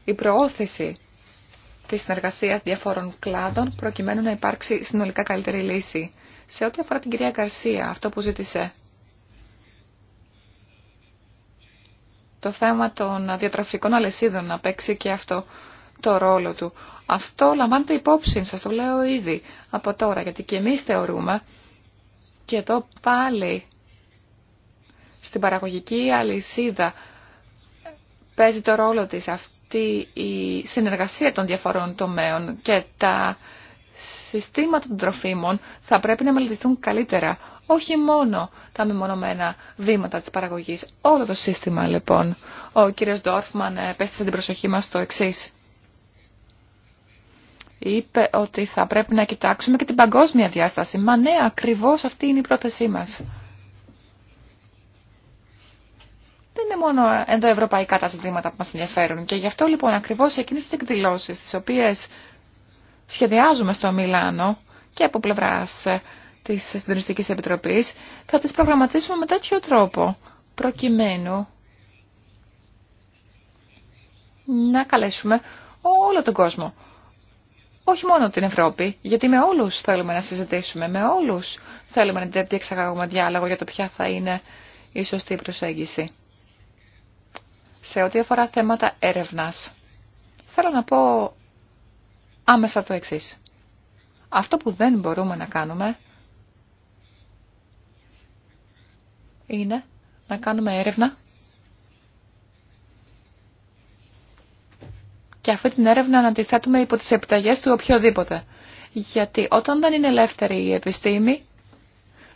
η προώθηση τη συνεργασία διαφόρων κλάδων προκειμένου να υπάρξει συνολικά καλύτερη λύση. Σε ό,τι αφορά την κυρία Καρσία, αυτό που ζήτησε, το θέμα των διατροφικών αλυσίδων να παίξει και αυτό το ρόλο του. Αυτό λαμβάνεται υπόψη, σας το λέω ήδη από τώρα, γιατί και εμείς θεωρούμε και εδώ πάλι στην παραγωγική αλυσίδα παίζει το ρόλο της αυτή ότι η συνεργασία των διαφορών τομέων και τα συστήματα των τροφίμων θα πρέπει να μελετηθούν καλύτερα. Όχι μόνο τα μεμονωμένα βήματα της παραγωγής. Όλο το σύστημα λοιπόν. Ο κύριος Ντόρφμαν επέστησε την προσοχή μας στο εξή. Είπε ότι θα πρέπει να κοιτάξουμε και την παγκόσμια διάσταση. Μα ναι, ακριβώς αυτή είναι η πρόθεσή μας. δεν είναι μόνο ενδοευρωπαϊκά τα ζητήματα που μας ενδιαφέρουν. Και γι' αυτό λοιπόν ακριβώς εκείνες τις εκδηλώσεις τις οποίες σχεδιάζουμε στο Μιλάνο και από πλευράς ε, της Συντονιστικής Επιτροπής θα τις προγραμματίσουμε με τέτοιο τρόπο προκειμένου να καλέσουμε όλο τον κόσμο. Όχι μόνο την Ευρώπη, γιατί με όλους θέλουμε να συζητήσουμε, με όλους θέλουμε να διεξαγάγουμε διάλογο για το ποια θα είναι η σωστή προσέγγιση σε ό,τι αφορά θέματα έρευνας. Θέλω να πω άμεσα το εξής. Αυτό που δεν μπορούμε να κάνουμε είναι να κάνουμε έρευνα και αυτή την έρευνα να τη θέτουμε υπό τις επιταγές του οποιοδήποτε. Γιατί όταν δεν είναι ελεύθερη η επιστήμη,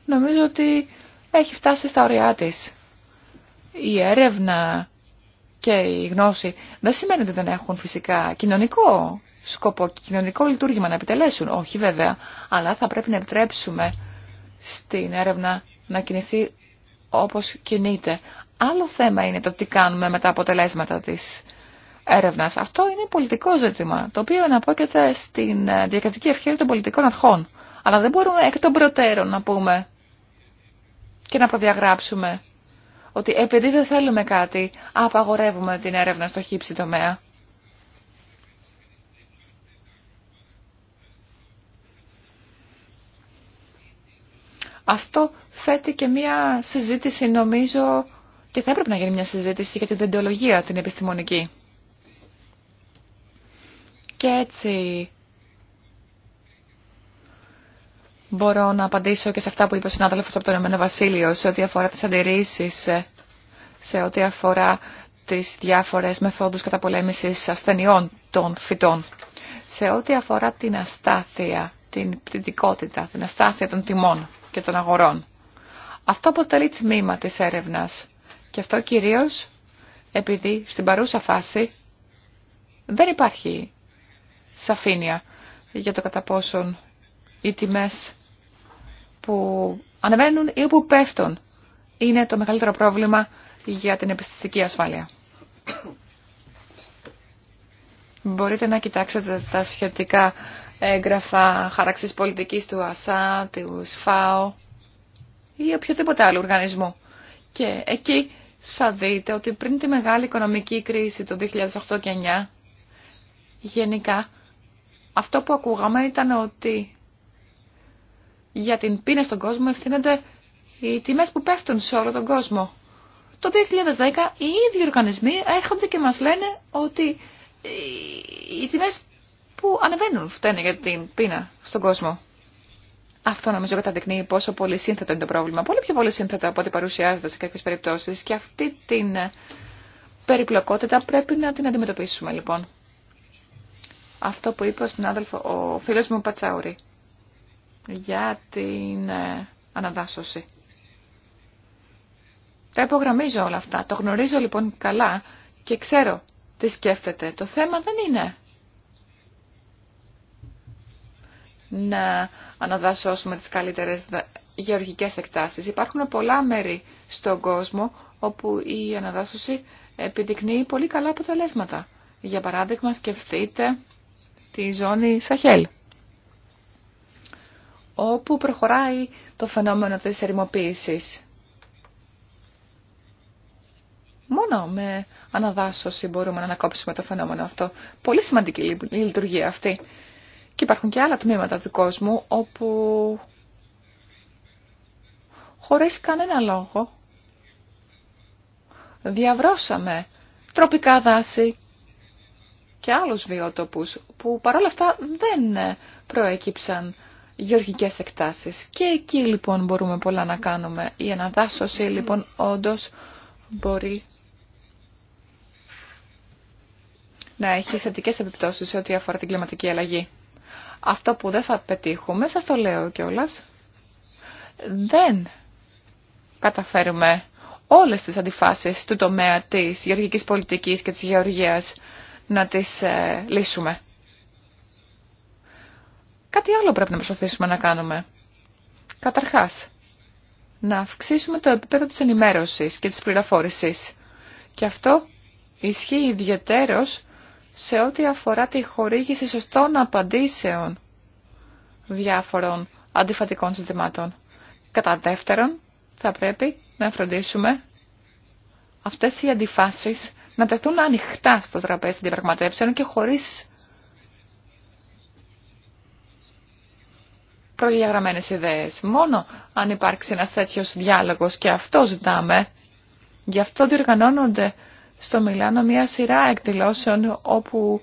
νομίζω ότι έχει φτάσει στα ωριά της. Η έρευνα και η γνώση δεν σημαίνει ότι δεν έχουν φυσικά κοινωνικό σκοπό και κοινωνικό λειτουργήμα να επιτελέσουν. Όχι βέβαια, αλλά θα πρέπει να επιτρέψουμε στην έρευνα να κινηθεί όπως κινείται. Άλλο θέμα είναι το τι κάνουμε με τα αποτελέσματα της έρευνας. Αυτό είναι πολιτικό ζήτημα, το οποίο αναπόκειται στην ε, διακριτική ευχαίρεια των πολιτικών αρχών. Αλλά δεν μπορούμε εκ των προτέρων να πούμε και να προδιαγράψουμε ότι επειδή δεν θέλουμε κάτι, απαγορεύουμε την έρευνα στο χύψη τομέα. Αυτό θέτει και μια συζήτηση, νομίζω, και θα έπρεπε να γίνει μια συζήτηση για την δεντολογία την επιστημονική. Και έτσι μπορώ να απαντήσω και σε αυτά που είπε ο συνάδελφος από το Ηνωμένο Βασίλειο σε ό,τι αφορά τις αντιρρήσεις, ε, σε ό,τι αφορά τις διάφορες μεθόδους καταπολέμησης ασθενειών των φυτών. Σε ό,τι αφορά την αστάθεια, την πτυτικότητα, την αστάθεια των τιμών και των αγορών. Αυτό αποτελεί τμήμα της έρευνας και αυτό κυρίως επειδή στην παρούσα φάση δεν υπάρχει σαφήνεια για το κατά πόσον οι τιμές που ανεβαίνουν ή που πέφτουν είναι το μεγαλύτερο πρόβλημα για την επιστημική ασφάλεια. Μπορείτε να κοιτάξετε τα σχετικά έγγραφα χαραξής πολιτικής του ΑΣΑ, του ΣΦΑΟ ή οποιοδήποτε άλλο οργανισμό. Και εκεί θα δείτε ότι πριν τη μεγάλη οικονομική κρίση το 2008 και 2009, γενικά αυτό που ακούγαμε ήταν ότι για την πείνα στον κόσμο ευθύνονται οι τιμέ που πέφτουν σε όλο τον κόσμο. Το 2010 οι ίδιοι οργανισμοί έρχονται και μας λένε ότι οι τιμές που ανεβαίνουν φταίνε για την πείνα στον κόσμο. Αυτό νομίζω καταδεικνύει πόσο πολύ σύνθετο είναι το πρόβλημα. Πολύ πιο πολύ σύνθετο από ό,τι παρουσιάζεται σε κάποιες περιπτώσεις. Και αυτή την ε, περιπλοκότητα πρέπει να την αντιμετωπίσουμε λοιπόν. Αυτό που είπε ο συνάδελφο, ο φίλος μου Πατσάουρη για την ε, αναδάσωση. Τα υπογραμμίζω όλα αυτά. Το γνωρίζω λοιπόν καλά και ξέρω τι σκέφτεται. Το θέμα δεν είναι να αναδασώσουμε τις καλύτερες γεωργικές εκτάσεις. Υπάρχουν πολλά μέρη στον κόσμο όπου η αναδάσωση επιδεικνύει πολύ καλά αποτελέσματα. Για παράδειγμα σκεφτείτε τη ζώνη Σαχέλ όπου προχωράει το φαινόμενο της ερημοποίησης. Μόνο με αναδάσωση μπορούμε να ανακόψουμε το φαινόμενο αυτό. Πολύ σημαντική η λειτουργία αυτή. Και υπάρχουν και άλλα τμήματα του κόσμου όπου χωρίς κανένα λόγο διαβρώσαμε τροπικά δάση και άλλους βιότοπους που παρόλα αυτά δεν προέκυψαν γεωργικές εκτάσεις. Και εκεί λοιπόν μπορούμε πολλά να κάνουμε. Η αναδάσωση λοιπόν όντως μπορεί να έχει θετικές επιπτώσεις σε ό,τι αφορά την κλιματική αλλαγή. Αυτό που δεν θα πετύχουμε, σας το λέω κιόλα. δεν καταφέρουμε όλες τις αντιφάσεις του τομέα της γεωργικής πολιτικής και της γεωργίας να τις ε, λύσουμε. Κάτι άλλο πρέπει να προσπαθήσουμε να κάνουμε. Καταρχάς, να αυξήσουμε το επίπεδο της ενημέρωσης και της πληροφόρησης. Και αυτό ισχύει ιδιαιτέρως σε ό,τι αφορά τη χορήγηση σωστών απαντήσεων διάφορων αντιφατικών ζητημάτων. Κατά δεύτερον, θα πρέπει να φροντίσουμε αυτές οι αντιφάσεις να τεθούν ανοιχτά στο τραπέζι των διαπραγματεύσεων και χωρίς προδιαγραμμένες ιδέες. Μόνο αν υπάρξει ένα τέτοιο διάλογος και αυτό ζητάμε, γι' αυτό διοργανώνονται στο Μιλάνο μια σειρά εκδηλώσεων όπου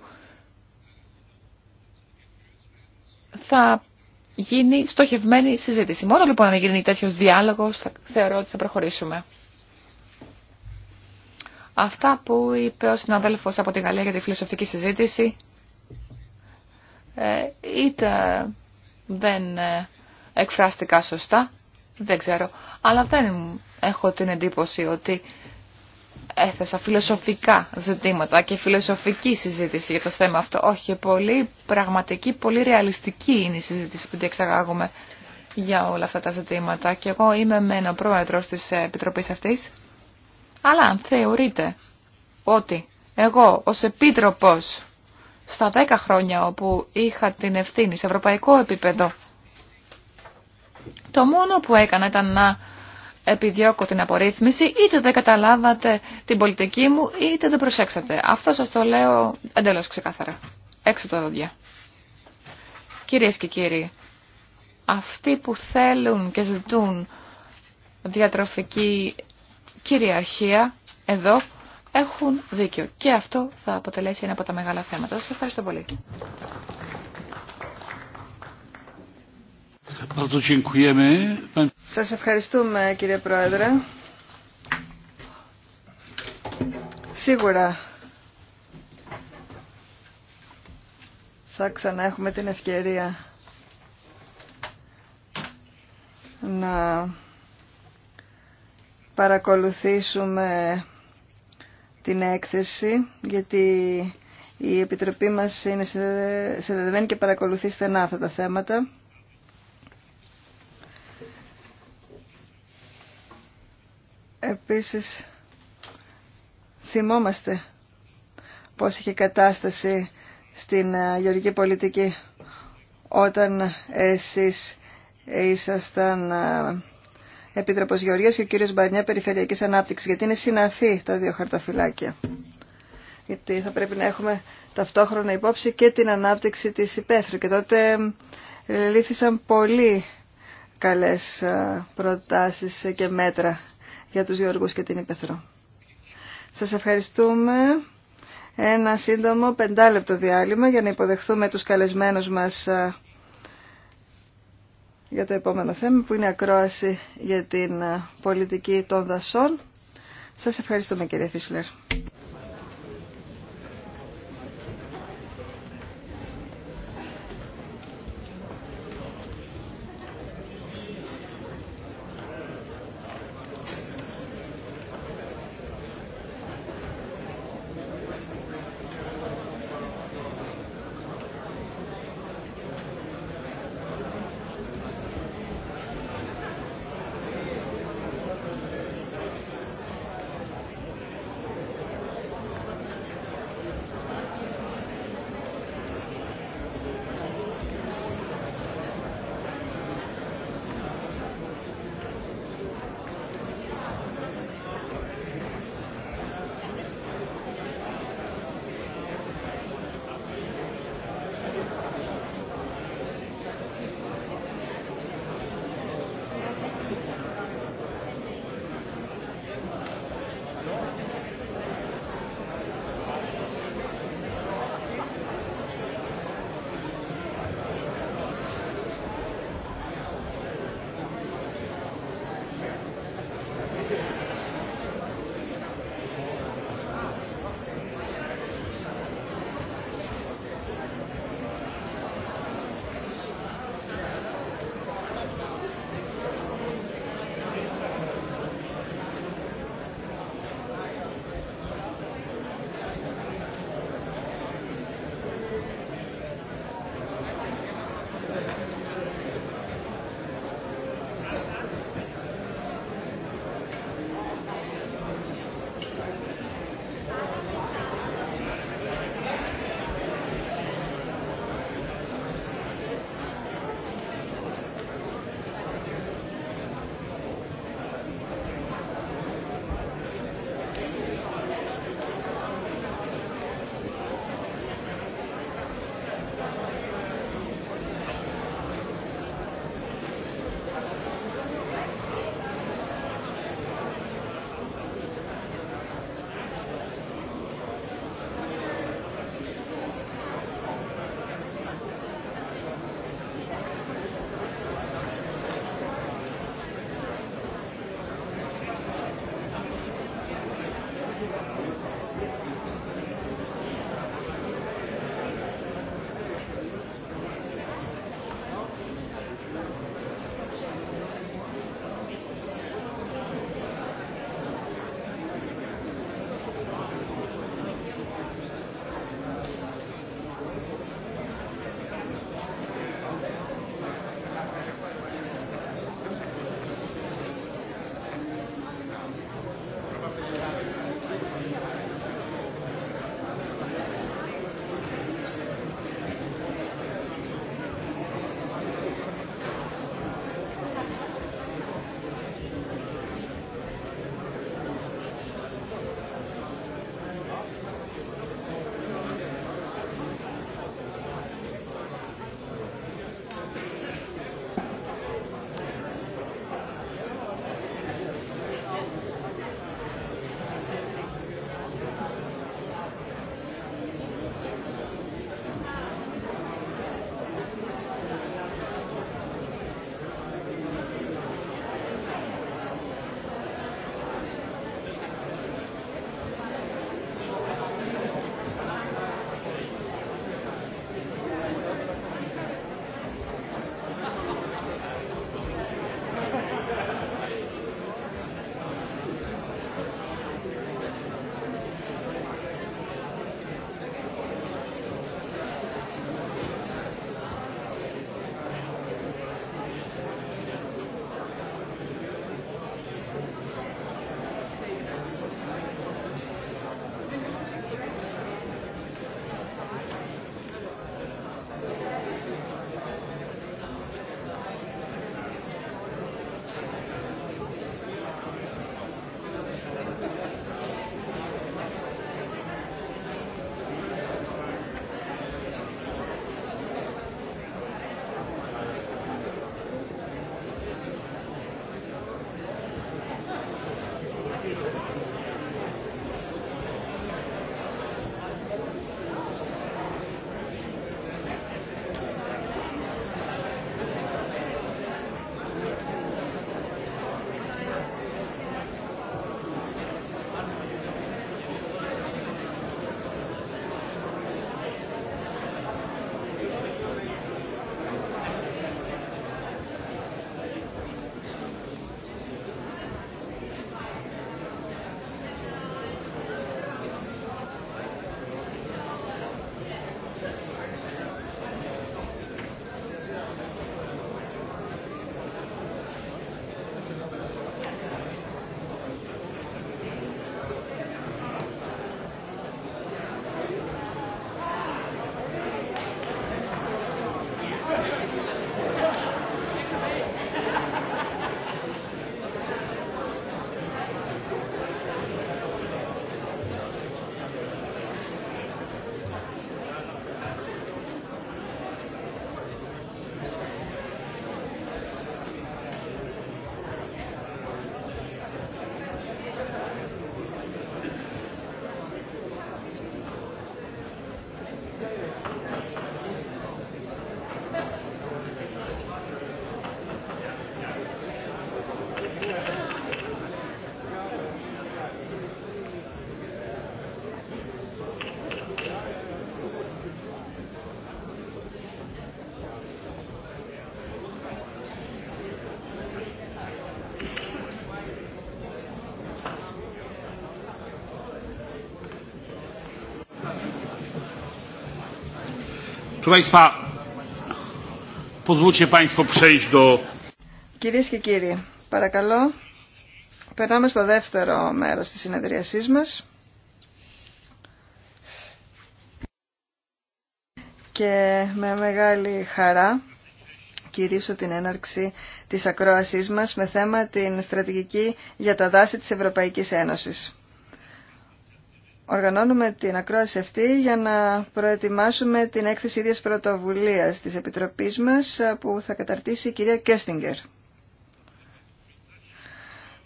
θα γίνει στοχευμένη συζήτηση. Μόνο λοιπόν αν γίνει τέτοιο διάλογο, θεωρώ ότι θα προχωρήσουμε. Αυτά που είπε ο συναδέλφο από τη Γαλλία για τη φιλοσοφική συζήτηση ε, δεν ε, εκφράστηκα σωστά, δεν ξέρω. Αλλά δεν έχω την εντύπωση ότι έθεσα φιλοσοφικά ζητήματα και φιλοσοφική συζήτηση για το θέμα αυτό. Όχι, πολύ πραγματική, πολύ ρεαλιστική είναι η συζήτηση που διεξαγάγουμε για όλα αυτά τα ζητήματα. Και εγώ είμαι μένω ο πρόεδρος της Επιτροπής αυτής. Αλλά αν θεωρείτε ότι εγώ ως Επίτροπος στα 10 χρόνια όπου είχα την ευθύνη σε ευρωπαϊκό επίπεδο. Το μόνο που έκανα ήταν να επιδιώκω την απορρίθμιση, είτε δεν καταλάβατε την πολιτική μου, είτε δεν προσέξατε. Αυτό σας το λέω εντελώς ξεκάθαρα. Έξω από τα δόντια. Κυρίες και κύριοι, αυτοί που θέλουν και ζητούν διατροφική κυριαρχία εδώ έχουν δίκιο. Και αυτό θα αποτελέσει ένα από τα μεγάλα θέματα. Σας ευχαριστώ πολύ. Σας ευχαριστούμε κύριε Πρόεδρε. Σίγουρα θα ξαναέχουμε την ευκαιρία να παρακολουθήσουμε την έκθεση, γιατί η Επιτροπή μας είναι συνδεδεμένη και παρακολουθεί στενά αυτά τα θέματα. Επίσης, θυμόμαστε πώς είχε κατάσταση στην ε, γεωργική πολιτική όταν εσείς ήσασταν ε, Επίτροπος Γεωργίας και ο κύριος Μπαρνιά, Περιφερειακής Ανάπτυξης, γιατί είναι συναφή τα δύο χαρταφυλάκια. Γιατί θα πρέπει να έχουμε ταυτόχρονα υπόψη και την ανάπτυξη της υπαίθρου. Και τότε λύθησαν πολύ καλές προτάσεις και μέτρα για τους Γεωργούς και την υπαίθρο. Σας ευχαριστούμε. Ένα σύντομο πεντάλεπτο διάλειμμα για να υποδεχθούμε τους καλεσμένους μας για το επόμενο θέμα που είναι ακρόαση για την ε, πολιτική των δασών. Σας ευχαριστούμε κύριε Φίσλερ. Κυρίες και κύριοι, παρακαλώ, περνάμε στο δεύτερο μέρος της συνεδρίασής μας. Και με μεγάλη χαρά κηρύσω την έναρξη της ακρόασής μας με θέμα την στρατηγική για τα δάση της Ευρωπαϊκής Ένωσης. Οργανώνουμε την ακρόαση αυτή για να προετοιμάσουμε την έκθεση ίδιας πρωτοβουλίας της Επιτροπής μας που θα καταρτήσει η κυρία Κέστιγκερ.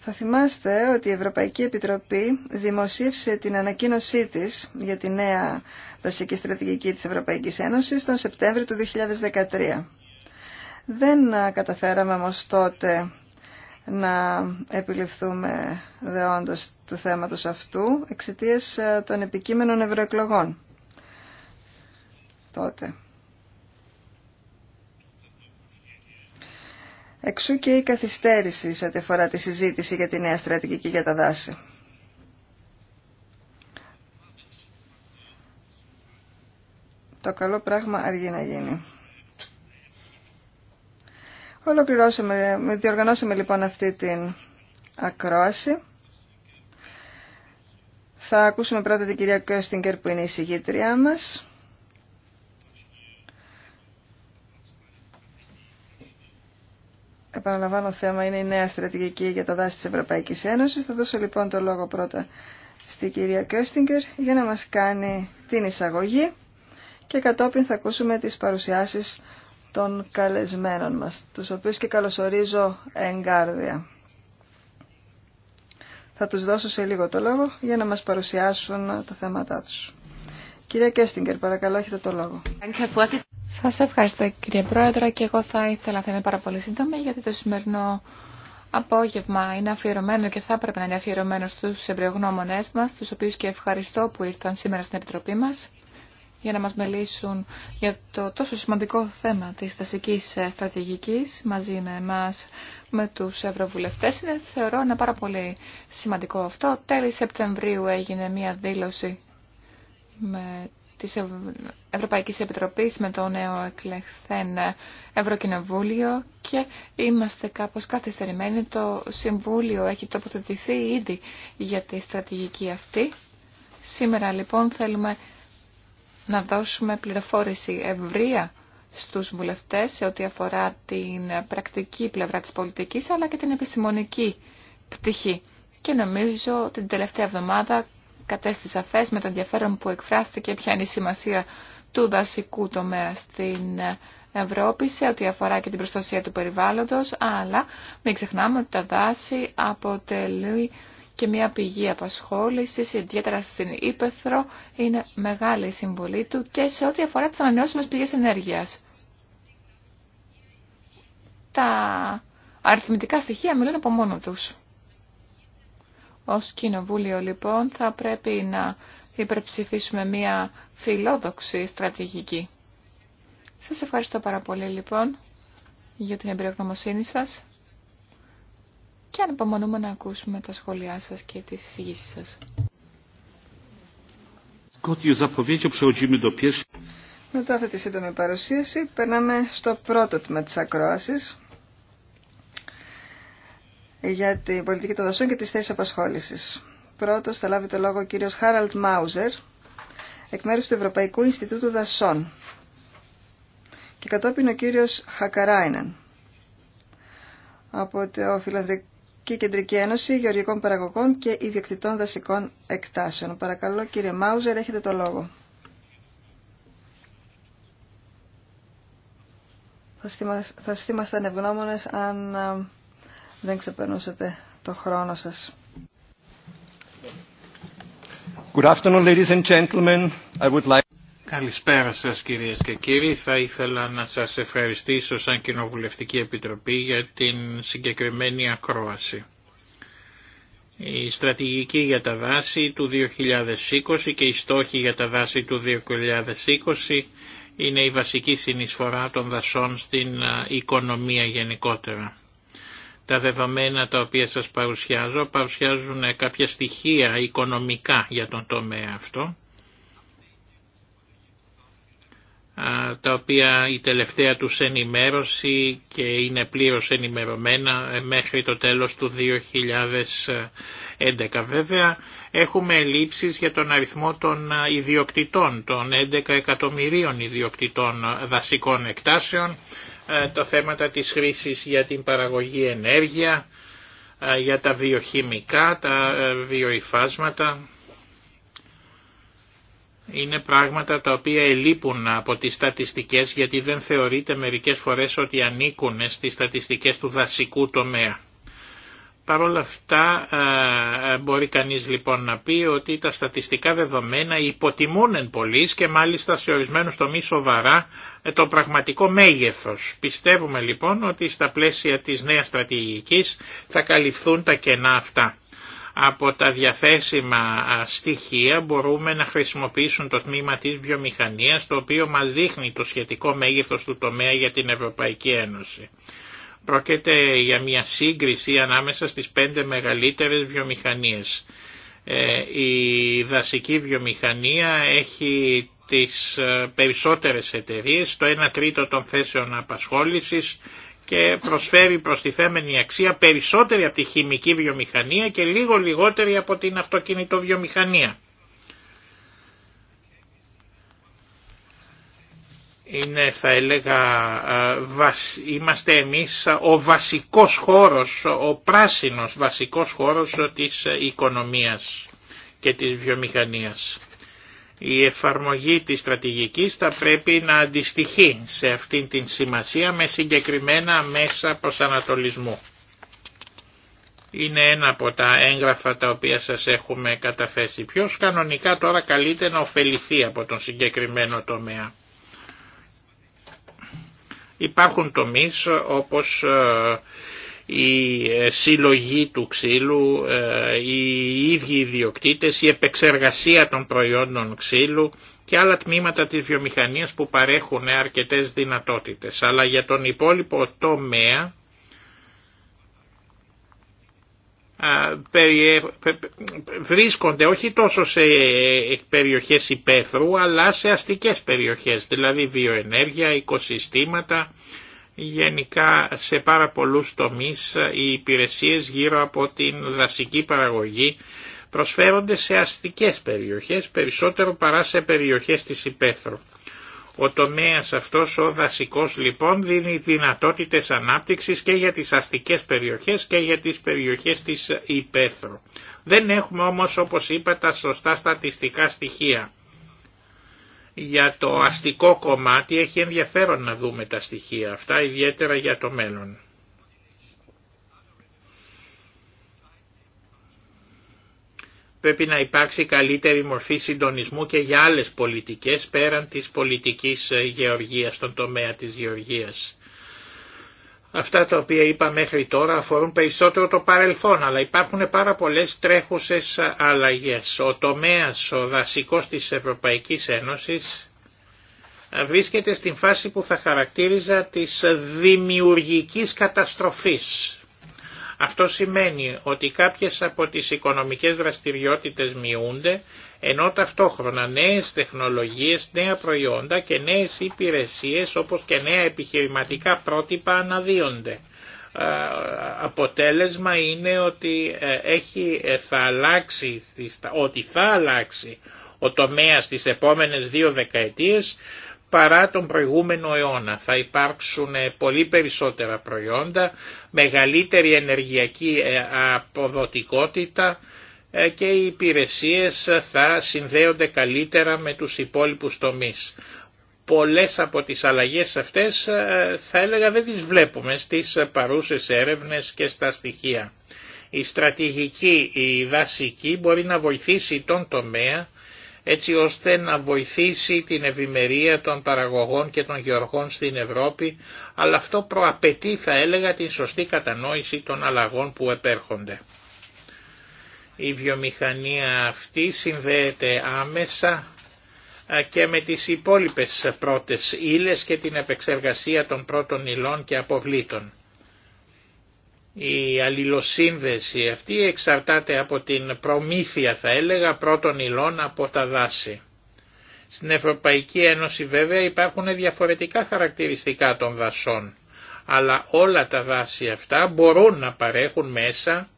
Θα θυμάστε ότι η Ευρωπαϊκή Επιτροπή δημοσίευσε την ανακοίνωσή της για τη νέα δασική στρατηγική της Ευρωπαϊκής Ένωσης τον Σεπτέμβριο του 2013. Δεν καταφέραμε όμω τότε να επιληφθούμε δεόντως του θέματος αυτού εξαιτίας ε, των επικείμενων ευρωεκλογών τότε. Εξού και η καθυστέρηση σε ό,τι αφορά τη συζήτηση για τη νέα στρατηγική για τα δάση. Το καλό πράγμα αργεί να γίνει. Ολοκληρώσαμε, διοργανώσαμε λοιπόν αυτή την ακρόαση θα ακούσουμε πρώτα την κυρία Κέστιγκερ που είναι η συγγήτριά μας. Επαναλαμβάνω θέμα, είναι η νέα στρατηγική για τα δάση της Ευρωπαϊκής Ένωσης. Θα δώσω λοιπόν το λόγο πρώτα στην κυρία Κέστιγκερ για να μας κάνει την εισαγωγή και κατόπιν θα ακούσουμε τις παρουσιάσεις των καλεσμένων μας, τους οποίους και καλωσορίζω εγκάρδια. Θα τους δώσω σε λίγο το λόγο για να μας παρουσιάσουν τα θέματά τους. Κυρία Κέστιγκερ, παρακαλώ, έχετε το λόγο. Σας ευχαριστώ κύριε Πρόεδρε και εγώ θα ήθελα να είμαι πάρα πολύ σύντομη γιατί το σημερινό απόγευμα είναι αφιερωμένο και θα έπρεπε να είναι αφιερωμένο στους εμπρεογνώμονές μας, τους οποίους και ευχαριστώ που ήρθαν σήμερα στην Επιτροπή μας για να μας μιλήσουν για το τόσο σημαντικό θέμα της δασικής στρατηγικής μαζί με εμάς, με τους ευρωβουλευτές. Είναι, θεωρώ, ένα πάρα πολύ σημαντικό αυτό. Τέλη Σεπτεμβρίου έγινε μία δήλωση με της Ευρωπαϊκής Επιτροπής με το νέο εκλεχθέν Ευρωκοινοβούλιο και είμαστε κάπως καθυστερημένοι. Το Συμβούλιο έχει τοποθετηθεί ήδη για τη στρατηγική αυτή. Σήμερα λοιπόν θέλουμε να δώσουμε πληροφόρηση ευρεία στους βουλευτές σε ό,τι αφορά την πρακτική πλευρά της πολιτικής αλλά και την επιστημονική πτυχή. Και νομίζω την τελευταία εβδομάδα κατέστησα σαφές με το ενδιαφέρον που εκφράστηκε ποια είναι η σημασία του δασικού τομέα στην Ευρώπη σε ό,τι αφορά και την προστασία του περιβάλλοντος, αλλά μην ξεχνάμε ότι τα δάση αποτελεί και μια πηγή απασχόλησης, ιδιαίτερα στην Ήπεθρο, είναι μεγάλη η συμβολή του και σε ό,τι αφορά τις ανανεώσιμες πηγές ενέργειας. Τα αριθμητικά στοιχεία μιλούν από μόνο τους. Ως Κοινοβούλιο λοιπόν θα πρέπει να υπερψηφίσουμε μια φιλόδοξη στρατηγική. Σας ευχαριστώ πάρα πολύ λοιπόν για την εμπειρογνωμοσύνη σας και αν να ακούσουμε τα σχόλιά σας και τις εισηγήσεις σας. Μετά αυτή τη σύντομη παρουσίαση περνάμε στο πρώτο τμήμα της ακρόασης για την πολιτική των δασών και τις θέσεις απασχόλησης. Πρώτος θα λάβει το λόγο ο κύριος Χάραλτ Μάουζερ εκ μέρους του Ευρωπαϊκού Ινστιτούτου Δασών και κατόπιν ο κύριος Χακαράινεν από το Φιλανδικό και η Κεντρική Ένωση Γεωργικών Παραγωγών και Ιδιοκτητών Δασικών Εκτάσεων. Παρακαλώ κύριε Μάουζερ, έχετε το λόγο. Θα στήμασταν ευγνώμονες αν δεν ξεπερνούσατε το χρόνο σας. Good afternoon, ladies and gentlemen. I would like... Καλησπέρα σας κυρίες και κύριοι. Θα ήθελα να σας ευχαριστήσω σαν Κοινοβουλευτική Επιτροπή για την συγκεκριμένη ακρόαση. Η στρατηγική για τα δάση του 2020 και οι στόχοι για τα δάση του 2020 είναι η βασική συνεισφορά των δασών στην οικονομία γενικότερα. Τα δεδομένα τα οποία σας παρουσιάζω παρουσιάζουν ε, κάποια στοιχεία οικονομικά για τον τομέα αυτό τα οποία η τελευταία τους ενημέρωση και είναι πλήρως ενημερωμένα ε, μέχρι το τέλος του 2011. Βέβαια έχουμε ελλείψεις για τον αριθμό των ιδιοκτητών, των 11 εκατομμυρίων ιδιοκτητών δασικών εκτάσεων, τα θέματα της χρήσης για την παραγωγή ενέργεια, για τα βιοχημικά, τα ε, βιοϊφάσματα είναι πράγματα τα οποία ελείπουν από τις στατιστικές γιατί δεν θεωρείται μερικές φορές ότι ανήκουν στις στατιστικές του δασικού τομέα. Παρ' όλα αυτά μπορεί κανείς λοιπόν να πει ότι τα στατιστικά δεδομένα υποτιμούν εν πολλής και μάλιστα σε ορισμένους τομείς σοβαρά ε, το πραγματικό μέγεθος. Πιστεύουμε λοιπόν ότι στα πλαίσια της νέας στρατηγικής θα καλυφθούν τα κενά αυτά από τα διαθέσιμα στοιχεία μπορούμε να χρησιμοποιήσουν το τμήμα της βιομηχανίας το οποίο μας δείχνει το σχετικό μέγεθος του τομέα για την Ευρωπαϊκή Ένωση. Πρόκειται για μια σύγκριση ανάμεσα στις πέντε μεγαλύτερες βιομηχανίες. Ε, η δασική βιομηχανία έχει τις ε, περισσότερες εταιρείες, το 1 τρίτο των θέσεων απασχόλησης, και προσφέρει προστιθέμενη αξία περισσότερη από τη χημική βιομηχανία και λίγο λιγότερη από την αυτοκινητοβιομηχανία. είναι θα έλεγα ε, είμαστε εμείς ο βασικός χώρος, ο πράσινος βασικός χώρος της οικονομίας και της βιομηχανίας. Η εφαρμογή της στρατηγικής θα πρέπει να αντιστοιχεί σε αυτήν την σημασία με συγκεκριμένα μέσα προσανατολισμού. Είναι ένα από τα έγγραφα τα οποία σας έχουμε καταφέσει. Ποιος κανονικά τώρα καλείται να ωφεληθεί από τον συγκεκριμένο τομέα. Υπάρχουν τομείς όπως ε, η ε, συλλογή του ξύλου, ε, οι ίδιοι ιδιοκτήτες, η επεξεργασία των προϊόντων ξύλου και άλλα τμήματα της βιομηχανίας που παρέχουν αρκετές δυνατότητες. Αλλά για τον υπόλοιπο τομέα ε, βρίσκονται όχι τόσο σε περιοχές υπαίθρου αλλά σε αστικές περιοχές, δηλαδή βιοενέργεια, οικοσυστήματα, Γενικά σε πάρα πολλούς τομείς οι υπηρεσίες γύρω από την δασική παραγωγή προσφέρονται σε αστικές περιοχές περισσότερο παρά σε περιοχές της υπαίθρου. Ο τομέας αυτός ο δασικός λοιπόν δίνει δυνατότητες ανάπτυξης και για τις αστικές περιοχές και για τις περιοχές της υπαίθρου. Δεν έχουμε όμως όπως είπα τα σωστά στατιστικά στοιχεία για το αστικό κομμάτι έχει ενδιαφέρον να δούμε τα στοιχεία αυτά, ιδιαίτερα για το μέλλον. Πρέπει να υπάρξει καλύτερη μορφή συντονισμού και για άλλες πολιτικές πέραν της πολιτικής ε, γεωργίας, στον τομέα της γεωργίας. Αυτά τα οποία είπα μέχρι τώρα αφορούν περισσότερο το παρελθόν, αλλά υπάρχουν πάρα πολλές τρέχουσες αλλαγές. Ο τομέας, ο δασικός της Ευρωπαϊκής Ένωσης βρίσκεται στην φάση που θα χαρακτήριζα της δημιουργικής καταστροφής. Αυτό σημαίνει ότι κάποιες από τις οικονομικές δραστηριότητες μειούνται, ενώ ταυτόχρονα νέες τεχνολογίες, νέα προϊόντα και νέες υπηρεσίες όπως και νέα επιχειρηματικά πρότυπα αναδύονται. Αποτέλεσμα είναι ότι, ε, έχει, ε, θα αλλάξει, ότι θα αλλάξει ο τομέας στις επόμενες δύο δεκαετίες παρά τον προηγούμενο αιώνα. Θα υπάρξουν ε, πολύ περισσότερα προϊόντα, μεγαλύτερη ενεργειακή ε, αποδοτικότητα ε, και οι υπηρεσίες θα συνδέονται καλύτερα με τους υπόλοιπους τομείς. Πολλές από τις αλλαγές αυτές θα έλεγα δεν τις βλέπουμε στις παρούσες έρευνες και στα στοιχεία. Η στρατηγική, η δασική μπορεί να βοηθήσει τον τομέα έτσι ώστε να βοηθήσει την ευημερία των παραγωγών και των γεωργών στην Ευρώπη, αλλά αυτό προαπαιτεί θα έλεγα την σωστή κατανόηση των αλλαγών που επέρχονται. Η βιομηχανία αυτή συνδέεται άμεσα και με τις υπόλοιπες πρώτες ύλες και την επεξεργασία των πρώτων υλών και αποβλήτων. Η αλληλοσύνδεση αυτή εξαρτάται από την προμήθεια θα έλεγα πρώτων υλών από τα δάση. Στην Ευρωπαϊκή Ένωση βέβαια υπάρχουν διαφορετικά χαρακτηριστικά των δασών, αλλά όλα τα δάση αυτά μπορούν να παρέχουν μέσα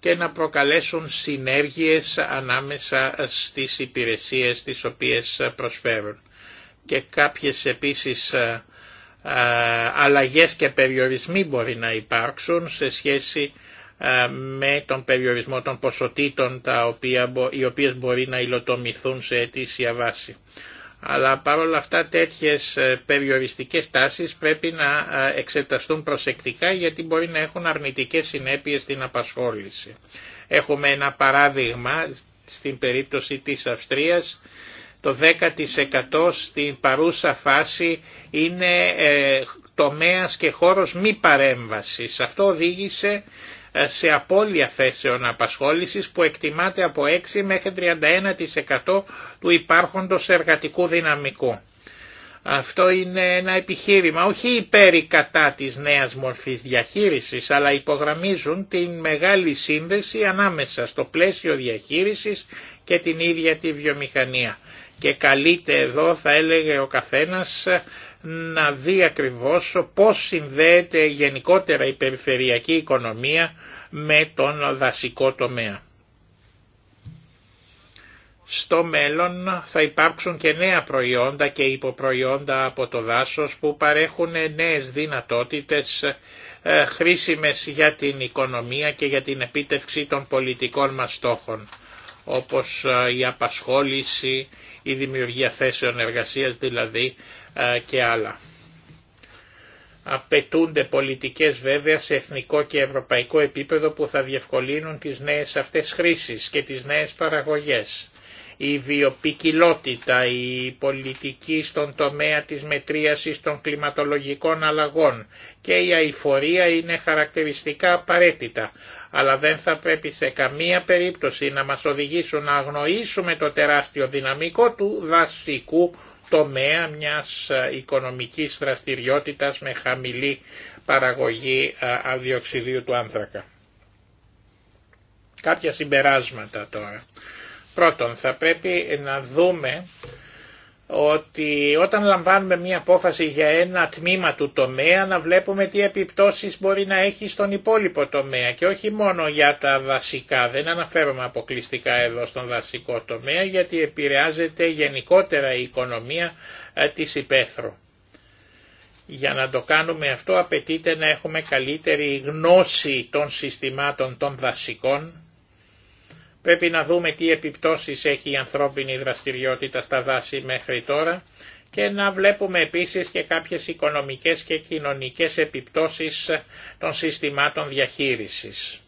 και να προκαλέσουν συνέργειες ανάμεσα στις υπηρεσίες τις οποίες προσφέρουν. Και κάποιες επίσης ε, αλλαγές και περιορισμοί μπορεί να υπάρξουν σε σχέση ε, με τον περιορισμό των ποσοτήτων τα οποία, οι οποίες μπορεί να υλοτομηθούν σε αιτήσια βάση. Αλλά παρόλα αυτά τέτοιες ε, περιοριστικές τάσεις πρέπει να εξεταστούν προσεκτικά γιατί μπορεί να έχουν αρνητικές συνέπειες στην απασχόληση. Έχουμε ένα παράδειγμα στην περίπτωση της Αυστρίας το 10% στην παρούσα φάση είναι ε, τομέας και χώρος μη παρέμβασης. Αυτό οδήγησε ε, σε απώλεια θέσεων απασχόλησης που εκτιμάται από 6 μέχρι 31% του υπάρχοντος εργατικού δυναμικού. Αυτό είναι ένα επιχείρημα όχι υπέρ κατά της νέας μορφής διαχείρισης αλλά υπογραμμίζουν την μεγάλη σύνδεση ανάμεσα στο πλαίσιο διαχείρισης και την ίδια τη βιομηχανία και καλείται εδώ θα έλεγε ο καθένας να δει ακριβώς πώς συνδέεται γενικότερα η περιφερειακή οικονομία με τον δασικό τομέα. Στο μέλλον θα υπάρξουν και νέα προϊόντα και υποπροϊόντα από το δάσος που παρέχουν νέες δυνατότητες ε, χρήσιμες για την οικονομία και για την επίτευξη των πολιτικών μας στόχων όπως ε, η απασχόληση, η δημιουργία θέσεων εργασίας δηλαδή και άλλα. Απαιτούνται πολιτικές βέβαια σε εθνικό και ευρωπαϊκό επίπεδο που θα διευκολύνουν τις νέες αυτές χρήσεις και τις νέες παραγωγές η βιοπικιλότητα, η πολιτική στον τομέα της μετρίασης των κλιματολογικών αλλαγών και η αηφορία είναι χαρακτηριστικά απαραίτητα, αλλά δεν θα πρέπει σε καμία περίπτωση να μας οδηγήσουν να αγνοήσουμε το τεράστιο δυναμικό του δασικού τομέα μιας ε, οικονομικής δραστηριότητας με χαμηλή παραγωγή ε, αδιοξιδίου του άνθρακα. Κάποια συμπεράσματα τώρα. Πρώτον, θα πρέπει να δούμε ότι όταν λαμβάνουμε μία απόφαση για ένα τμήμα του τομέα να βλέπουμε τι επιπτώσεις μπορεί να έχει στον υπόλοιπο τομέα και όχι μόνο για τα δασικά, δεν αναφέρομαι αποκλειστικά εδώ στον δασικό τομέα γιατί επηρεάζεται γενικότερα η οικονομία ε, της υπαίθρου. Για να το κάνουμε αυτό απαιτείται να έχουμε καλύτερη γνώση των συστημάτων των δασικών Πρέπει να δούμε τι επιπτώσεις έχει η ανθρώπινη δραστηριότητα στα δάση μέχρι τώρα και να βλέπουμε επίσης και κάποιες οικονομικές και κοινωνικές επιπτώσεις των συστημάτων διαχείρισης.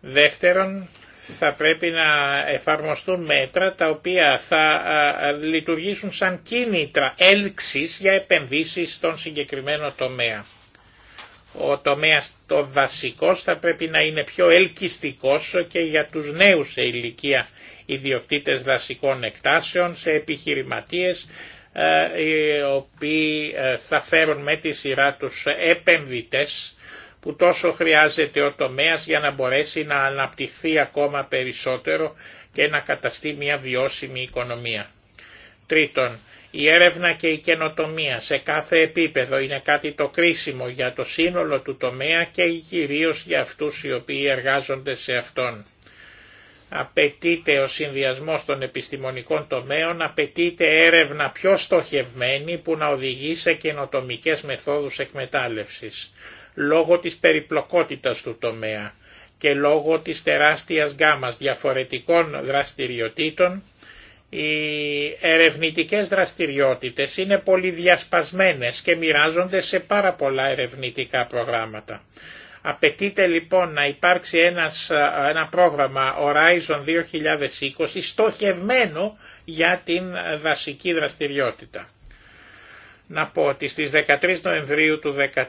Δεύτερον, θα πρέπει να εφαρμοστούν μέτρα τα οποία θα λειτουργήσουν σαν κίνητρα έλξης για επενδύσεις στον συγκεκριμένο τομέα ο τομέας το δασικός θα πρέπει να είναι πιο ελκυστικός και για τους νέους σε ηλικία ιδιοκτήτες δασικών εκτάσεων, σε επιχειρηματίες ε, οι οποίοι ε, θα φέρουν με τη σειρά τους επενδυτές που τόσο χρειάζεται ο τομέας για να μπορέσει να αναπτυχθεί ακόμα περισσότερο και να καταστεί μια βιώσιμη οικονομία. Τρίτον, η έρευνα και η καινοτομία σε κάθε επίπεδο είναι κάτι το κρίσιμο για το σύνολο του τομέα και κυρίω για αυτούς οι οποίοι εργάζονται σε αυτόν. Απαιτείται ο συνδυασμός των επιστημονικών τομέων, απαιτείται έρευνα πιο στοχευμένη που να οδηγεί σε καινοτομικές μεθόδους εκμετάλλευσης, λόγω της περιπλοκότητας του τομέα και λόγω της τεράστιας γκάμας διαφορετικών δραστηριοτήτων οι ερευνητικές δραστηριότητες είναι πολύ διασπασμένες και μοιράζονται σε πάρα πολλά ερευνητικά προγράμματα. Απαιτείται λοιπόν να υπάρξει ένας, ένα πρόγραμμα Horizon 2020 στοχευμένο για την δασική δραστηριότητα να πω ότι στις 13 Νοεμβρίου του 2014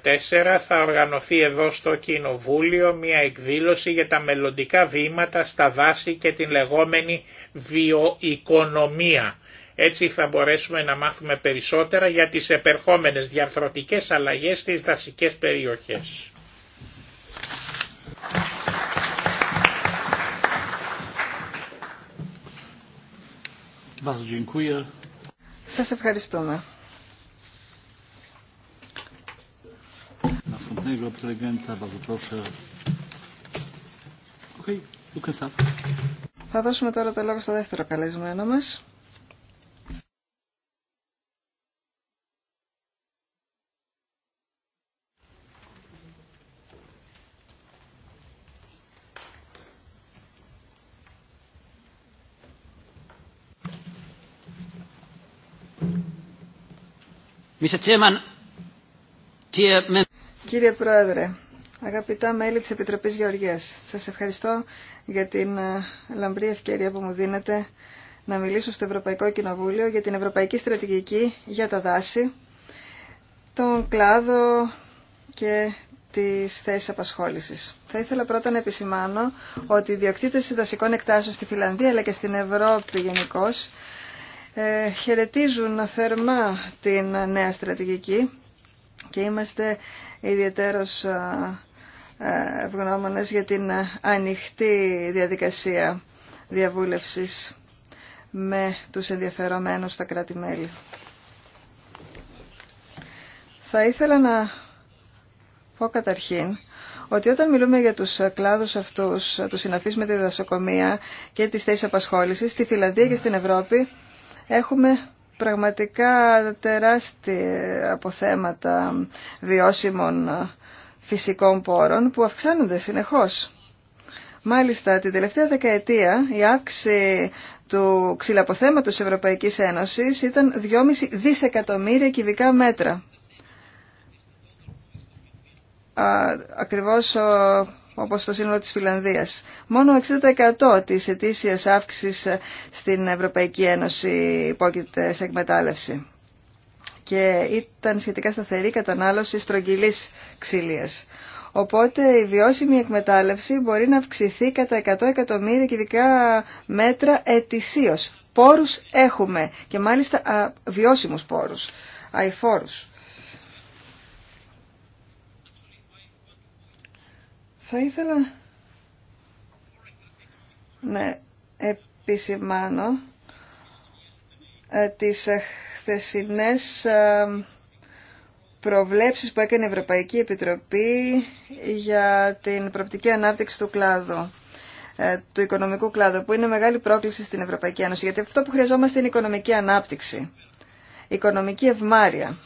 θα οργανωθεί εδώ στο Κοινοβούλιο μια εκδήλωση για τα μελλοντικά βήματα στα δάση και την λεγόμενη βιοοικονομία. Έτσι θα μπορέσουμε να μάθουμε περισσότερα για τις επερχόμενες διαρθρωτικές αλλαγές στις δασικές περιοχές. Σας ευχαριστούμε. prelegenta. Bardzo Θα δώσουμε τώρα το λόγο στο δεύτερο καλεσμένο μας. Κύριε Πρόεδρε, αγαπητά μέλη της Επιτροπής Γεωργίας, σας ευχαριστώ για την ε, λαμπρή ευκαιρία που μου δίνετε να μιλήσω στο Ευρωπαϊκό Κοινοβούλιο για την Ευρωπαϊκή Στρατηγική για τα δάση, τον κλάδο και τις θέσεις απασχόλησης. Θα ήθελα πρώτα να επισημάνω ότι οι διοκτήτες δασικών εκτάσεων στη Φιλανδία αλλά και στην Ευρώπη γενικώ ε, χαιρετίζουν θερμά την νέα στρατηγική και είμαστε ιδιαίτερος ευγνώμονες για την ανοιχτή διαδικασία διαβούλευσης με τους ενδιαφερομένους στα κράτη-μέλη. Θα ήθελα να πω καταρχήν ότι όταν μιλούμε για τους κλάδους αυτούς, του συναφείς με τη δασοκομεία και τις θέσεις απασχόλησης, στη Φιλανδία και στην Ευρώπη έχουμε πραγματικά τεράστια αποθέματα βιώσιμων ε, φυσικών πόρων που αυξάνονται συνεχώς. Μάλιστα, την τελευταία δεκαετία η αύξηση του ξυλαποθέματος Ευρωπαϊκής Ένωσης ήταν 2,5 δισεκατομμύρια κυβικά μέτρα. Ακριβώς όπως το σύνολο της Φιλανδίας. Μόνο 60% της ετήσιας αύξησης στην Ευρωπαϊκή Ένωση υπόκειται σε εκμετάλλευση. Και ήταν σχετικά σταθερή κατανάλωση στρογγυλής ξυλίας. Οπότε η βιώσιμη εκμετάλλευση μπορεί να αυξηθεί κατά 100 εκατομμύρια κυβικά μέτρα ετησίως. Πόρους έχουμε και μάλιστα α, βιώσιμους πόρους, αϊφόρους. Θα ήθελα να επισημάνω ε, τις χθεσινές ε, προβλέψεις που έκανε η Ευρωπαϊκή Επιτροπή για την προπτική ανάπτυξη του κλάδου ε, του οικονομικού κλάδου, που είναι μεγάλη πρόκληση στην Ευρωπαϊκή Ένωση, γιατί αυτό που χρειαζόμαστε είναι οικονομική ανάπτυξη, οικονομική ευμάρεια.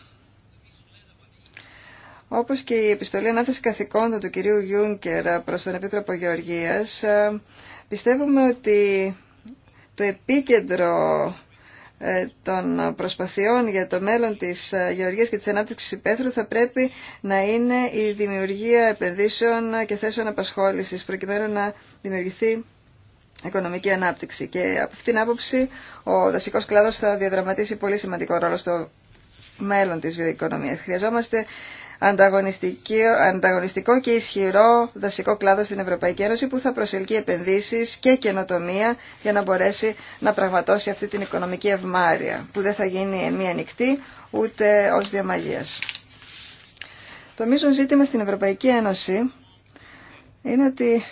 Όπως και η επιστολή ανάθεση καθηκόντων του κυρίου Γιούνκερ προς τον Επίτροπο Γεωργίας, ε, πιστεύουμε ότι το επίκεντρο ε, των προσπαθειών για το μέλλον της ε, γεωργίας και της ανάπτυξης υπαίθρου θα πρέπει να είναι η δημιουργία επενδύσεων και θέσεων απασχόλησης προκειμένου να δημιουργηθεί οικονομική ανάπτυξη. Και από αυτήν την άποψη ο δασικός κλάδος θα διαδραματίσει πολύ σημαντικό ρόλο στο μέλλον της βιοοικονομίας. Χρειαζόμαστε ανταγωνιστικό και ισχυρό δασικό κλάδο στην Ευρωπαϊκή Ένωση που θα προσελκύει επενδύσεις και καινοτομία για να μπορέσει να πραγματώσει αυτή την οικονομική ευμάρεια που δεν θα γίνει μία νυχτή ούτε ως διαμαγεία. Το μείζον ζήτημα στην Ευρωπαϊκή Ένωση είναι ότι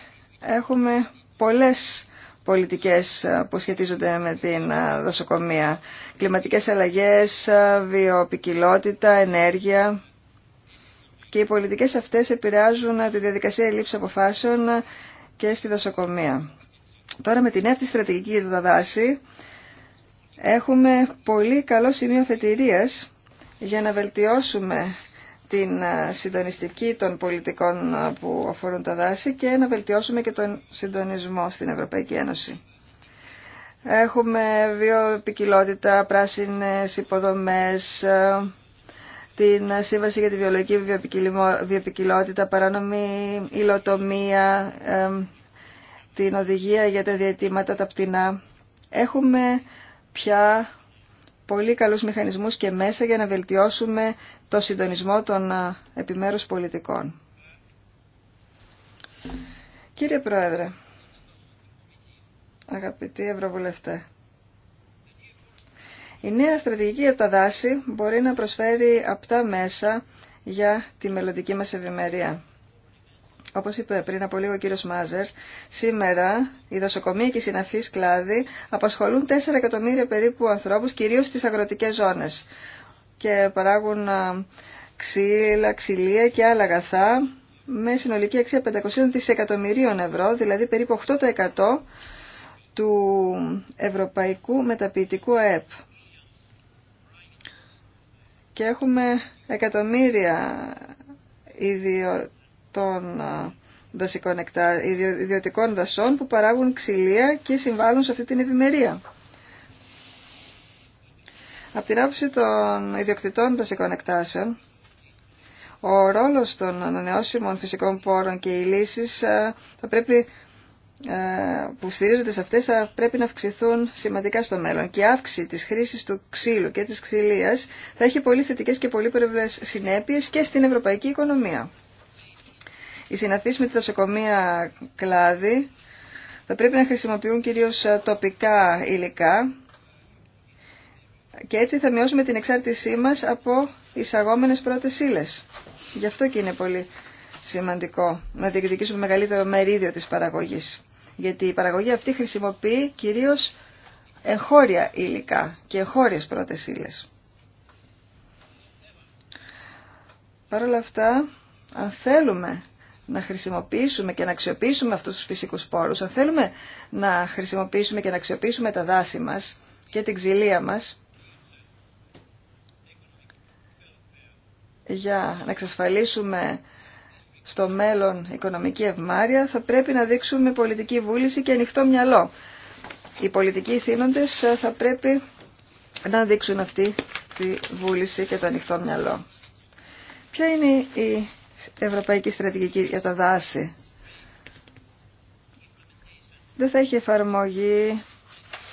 έχουμε πολλές πολιτικές ε, που σχετίζονται με την ε, δασοκομεία. Κλιματικές αλλαγές, ε, βιοπικιλότητα, ενέργεια και οι πολιτικές αυτές επηρεάζουν τη διαδικασία λήψη αποφάσεων και στη δασοκομεία. Τώρα με την έυτη στρατηγική για έχουμε πολύ καλό σημείο αφετηρίας για να βελτιώσουμε την συντονιστική των πολιτικών που αφορούν τα δάση και να βελτιώσουμε και τον συντονισμό στην Ευρωπαϊκή Ένωση. Έχουμε βιοπικιλότητα, πράσινες υποδομές, την Σύμβαση για τη Βιολογική Βιοπικιλότητα, παράνομη υλοτομία, την οδηγία για τα διαιτήματα τα πτηνά. Έχουμε πια πολύ καλούς μηχανισμούς και μέσα για να βελτιώσουμε το συντονισμό των επιμέρους πολιτικών. Κύριε Πρόεδρε, αγαπητοί Ευρωβουλευτέ, η νέα στρατηγική για τα δάση μπορεί να προσφέρει απτά μέσα για τη μελλοντική μας ευημερία. Όπως είπε πριν από λίγο ο κύριος Μάζερ, σήμερα η δασοκομεία και οι συναφείς κλάδοι απασχολούν 4 εκατομμύρια περίπου ανθρώπους, κυρίως στις αγροτικές ζώνες και παράγουν ξύλα, ξυλία και άλλα αγαθά με συνολική αξία 500 δισεκατομμυρίων ευρώ, δηλαδή περίπου 8% του ευρωπαϊκού μεταποιητικού ΑΕΠ και έχουμε εκατομμύρια ιδιωτών δασικών ιδιωτικών δασών που παράγουν ξυλία και συμβάλλουν σε αυτή την ευημερία. Από την άποψη των ιδιοκτητών δασικών εκτάσεων, ο ρόλος των ανανεώσιμων φυσικών πόρων και οι λύσεις θα πρέπει ε, που στηρίζονται σε αυτές θα πρέπει να αυξηθούν σημαντικά στο μέλλον και η αύξηση της χρήσης του ξύλου και της ξυλίας θα έχει πολύ θετικές και πολύπλευρες συνέπειες και στην ευρωπαϊκή οικονομία. Οι συναφείς με τη δασοκομεία κλάδη θα πρέπει να χρησιμοποιούν κυρίως ε, τοπικά υλικά και έτσι θα μειώσουμε την εξάρτησή μας από εισαγόμενες πρώτες ύλες. Γι' αυτό και είναι πολύ σημαντικό να διεκδικήσουμε μεγαλύτερο μερίδιο της παραγωγής γιατί η παραγωγή αυτή χρησιμοποιεί κυρίως εγχώρια υλικά και εγχώριες πρώτες ύλες. Παρ' όλα αυτά, αν θέλουμε να χρησιμοποιήσουμε και να αξιοποιήσουμε αυτούς τους φυσικούς πόρους, αν θέλουμε να χρησιμοποιήσουμε και να αξιοποιήσουμε τα δάση μας και την ξυλία μας, για να εξασφαλίσουμε στο μέλλον οικονομική ευμάρεια θα πρέπει να δείξουμε πολιτική βούληση και ανοιχτό μυαλό. Οι πολιτικοί θύνοντες ε, θα πρέπει να δείξουν αυτή τη βούληση και το ανοιχτό μυαλό. Ποια είναι η ευρωπαϊκή στρατηγική για τα δάση. Δεν θα έχει εφαρμογή.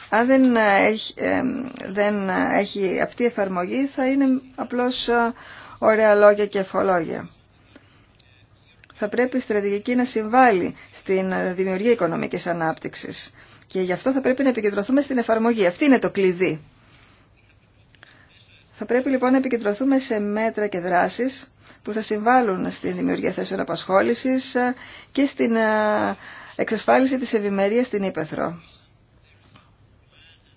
Αν δεν έχει, ε, δεν έχει αυτή η εφαρμογή θα είναι απλώς ε, ωραία λόγια και ευχολόγια θα πρέπει η στρατηγική να συμβάλλει στην ε, δημιουργία οικονομικής ανάπτυξης. Και γι' αυτό θα πρέπει να επικεντρωθούμε στην εφαρμογή. Αυτή είναι το κλειδί. Θα πρέπει λοιπόν να επικεντρωθούμε σε μέτρα και δράσεις που θα συμβάλλουν στην δημιουργία θέσεων απασχόλησης ε, και στην ε, εξασφάλιση της ευημερίας στην Ήπεθρο.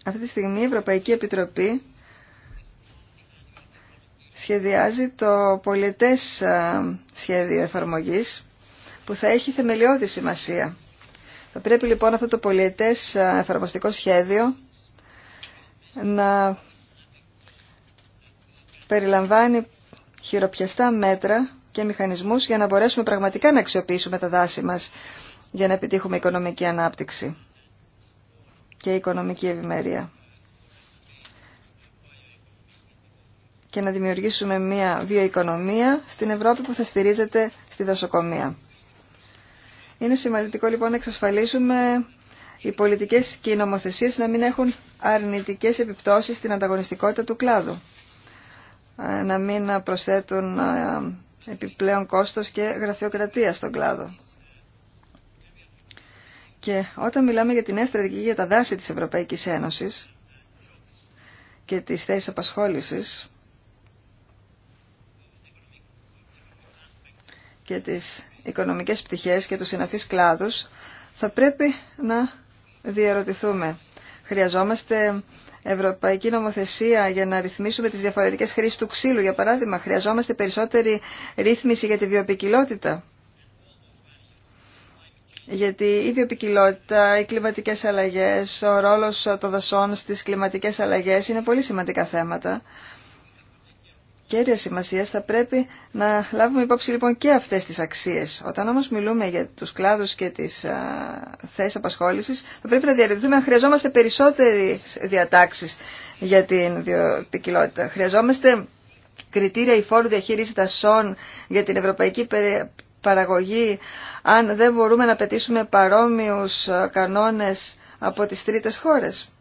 Αυτή τη στιγμή η Ευρωπαϊκή Επιτροπή σχεδιάζει το πολιτές σχέδιο εφαρμογής που θα έχει θεμελιώδη σημασία. Θα πρέπει λοιπόν αυτό το πολιτές εφαρμοστικό σχέδιο να περιλαμβάνει χειροπιαστά μέτρα και μηχανισμούς για να μπορέσουμε πραγματικά να αξιοποιήσουμε τα δάση μας για να επιτύχουμε οικονομική ανάπτυξη και οικονομική ευημερία. και να δημιουργήσουμε μια βιοοικονομία στην Ευρώπη που θα στηρίζεται στη δασοκομεία. Είναι σημαντικό λοιπόν να εξασφαλίσουμε οι πολιτικές και οι νομοθεσίες να μην έχουν αρνητικές επιπτώσεις στην ανταγωνιστικότητα του κλάδου. Ε, να μην προσθέτουν ε, επιπλέον κόστος και γραφειοκρατία στον κλάδο. Και όταν μιλάμε για την νέα για τα δάση της Ευρωπαϊκής Ένωσης και τις θέσεις απασχόλησης, και τις οικονομικές πτυχές και τους συναφείς κλάδους, θα πρέπει να διαρωτηθούμε. Χρειαζόμαστε ευρωπαϊκή νομοθεσία για να ρυθμίσουμε τις διαφορετικές χρήσεις του ξύλου. Για παράδειγμα, χρειαζόμαστε περισσότερη ρύθμιση για τη βιοπικιλότητα. Γιατί η βιοπικιλότητα, οι κλιματικές αλλαγές, ο ρόλος των δασών στις κλιματικές αλλαγές είναι πολύ σημαντικά θέματα κέρια σημασία θα πρέπει να λάβουμε υπόψη λοιπόν και αυτές τις αξίες. Όταν όμως μιλούμε για τους κλάδους και τις α, θέσεις απασχόλησης θα πρέπει να διαρρευθούμε αν χρειαζόμαστε περισσότερες διατάξεις για την βιοπικιλότητα. Χρειαζόμαστε κριτήρια υφόρου διαχείριση δασών για την ευρωπαϊκή παραγωγή αν δεν μπορούμε να πετήσουμε παρόμοιους κανόνες από τις τρίτες χώρες.